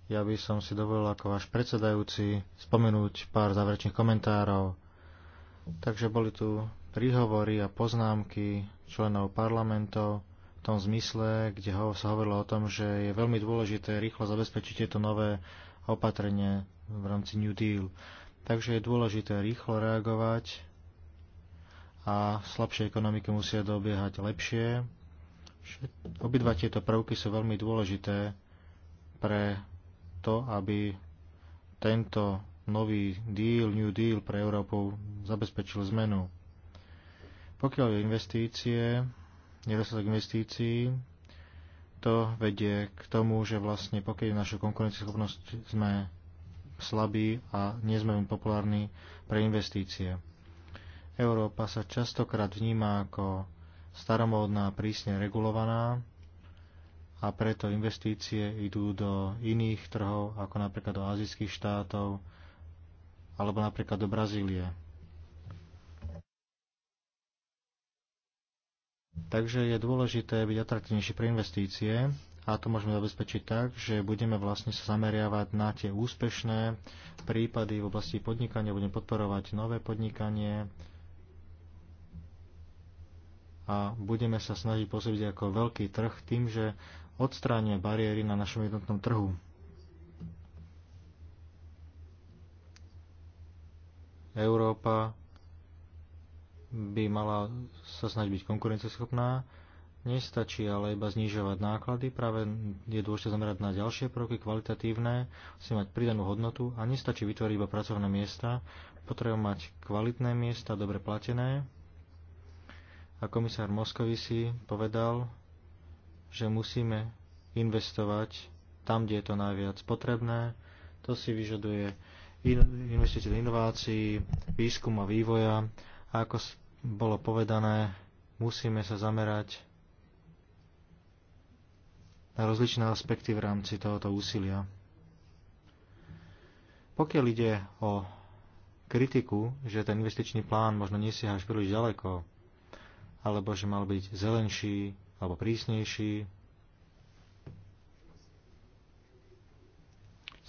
ja by som si dovolil ako váš predsedajúci spomenúť pár záverečných komentárov Takže boli tu príhovory a poznámky členov parlamentov v tom zmysle, kde ho, sa hovorilo o tom, že je veľmi dôležité rýchlo zabezpečiť tieto nové opatrenie v rámci New Deal. Takže je dôležité rýchlo reagovať a slabšie ekonomiky musia dobiehať lepšie. Obidva tieto prvky sú veľmi dôležité pre to, aby tento nový deal, New Deal pre Európu zabezpečil zmenu. Pokiaľ je investície, nedostatok investícií, to vedie k tomu, že vlastne pokiaľ našu konkurencieschopnosť sme slabí a nie sme populárni pre investície. Európa sa častokrát vníma ako staromódna, prísne regulovaná a preto investície idú do iných trhov, ako napríklad do azijských štátov, alebo napríklad do Brazílie. Takže je dôležité byť atraktívnejší pre investície a to môžeme zabezpečiť tak, že budeme vlastne sa zameriavať na tie úspešné prípady v oblasti podnikania, budeme podporovať nové podnikanie a budeme sa snažiť pôsobiť ako veľký trh tým, že odstránime bariéry na našom jednotnom trhu. Európa by mala sa snažiť byť konkurenceschopná. Nestačí ale iba znižovať náklady, práve je dôležité zamerať na ďalšie kroky, kvalitatívne, musí mať pridanú hodnotu a nestačí vytvoriť iba pracovné miesta, potrebujú mať kvalitné miesta, dobre platené. A komisár Moskovisi povedal, že musíme investovať tam, kde je to najviac potrebné. To si vyžaduje investície do inovácií, výskum a vývoja. A ako bolo povedané, musíme sa zamerať na rozličné aspekty v rámci tohoto úsilia. Pokiaľ ide o kritiku, že ten investičný plán možno nesieha až príliš ďaleko, alebo že mal byť zelenší alebo prísnejší,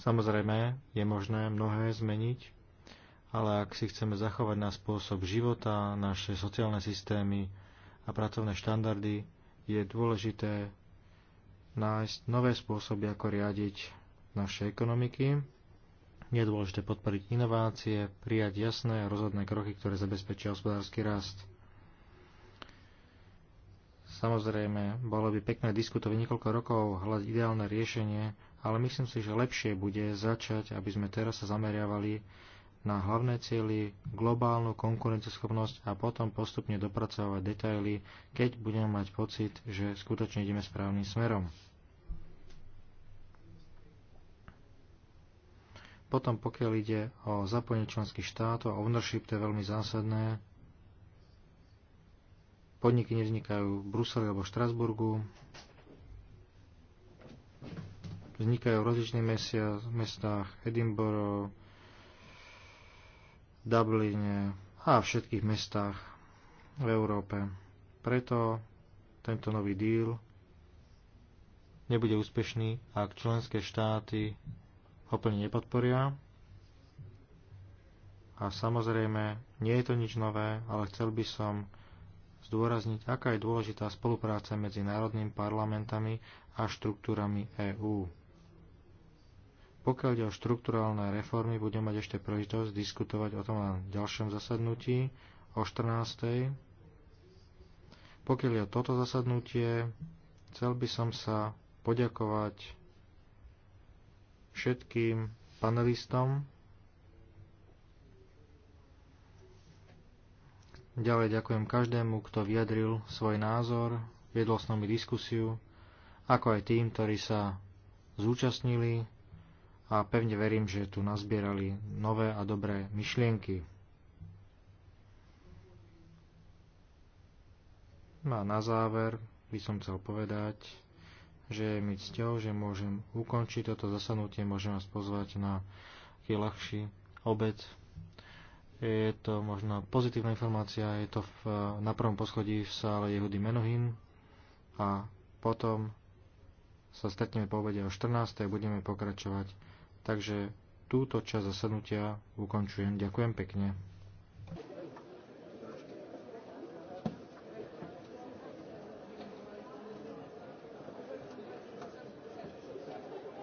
Samozrejme, je možné mnohé zmeniť, ale ak si chceme zachovať náš spôsob života, naše sociálne systémy a pracovné štandardy, je dôležité nájsť nové spôsoby, ako riadiť naše ekonomiky. Je dôležité podporiť inovácie, prijať jasné a rozhodné kroky, ktoré zabezpečia hospodársky rast. Samozrejme, bolo by pekné diskutovať niekoľko rokov, hľadať ideálne riešenie, ale myslím si, že lepšie bude začať, aby sme teraz sa zameriavali na hlavné cieľy, globálnu konkurenceschopnosť a potom postupne dopracovať detaily, keď budeme mať pocit, že skutočne ideme správnym smerom. Potom pokiaľ ide o zapojenie členských štátov a ownership, to je veľmi zásadné. Podniky nevznikajú v Bruseli alebo v Štrasburgu vznikajú v rozličných mesiach, mestách Edinburgh, Dubline a všetkých mestách v Európe. Preto tento nový díl nebude úspešný, ak členské štáty ho plne nepodporia. A samozrejme, nie je to nič nové, ale chcel by som zdôrazniť, aká je dôležitá spolupráca medzi národnými parlamentami a štruktúrami EÚ. Pokiaľ ide o štrukturálne reformy, budem mať ešte príležitosť diskutovať o tom na ďalšom zasadnutí o 14. Pokiaľ je toto zasadnutie, chcel by som sa poďakovať všetkým panelistom. Ďalej ďakujem každému, kto vyjadril svoj názor, viedol s nami diskusiu, ako aj tým, ktorí sa zúčastnili a pevne verím, že tu nazbierali nové a dobré myšlienky. No a na záver by som chcel povedať, že je mi cťou, že môžem ukončiť toto zasadnutie, môžem vás pozvať na taký ľahší obed. Je to možno pozitívna informácia, je to v, na prvom poschodí v sále Jehudy Menuhin a potom sa stretneme po obede o 14. a budeme pokračovať Takže túto časť zasadnutia ukončujem. Ďakujem pekne.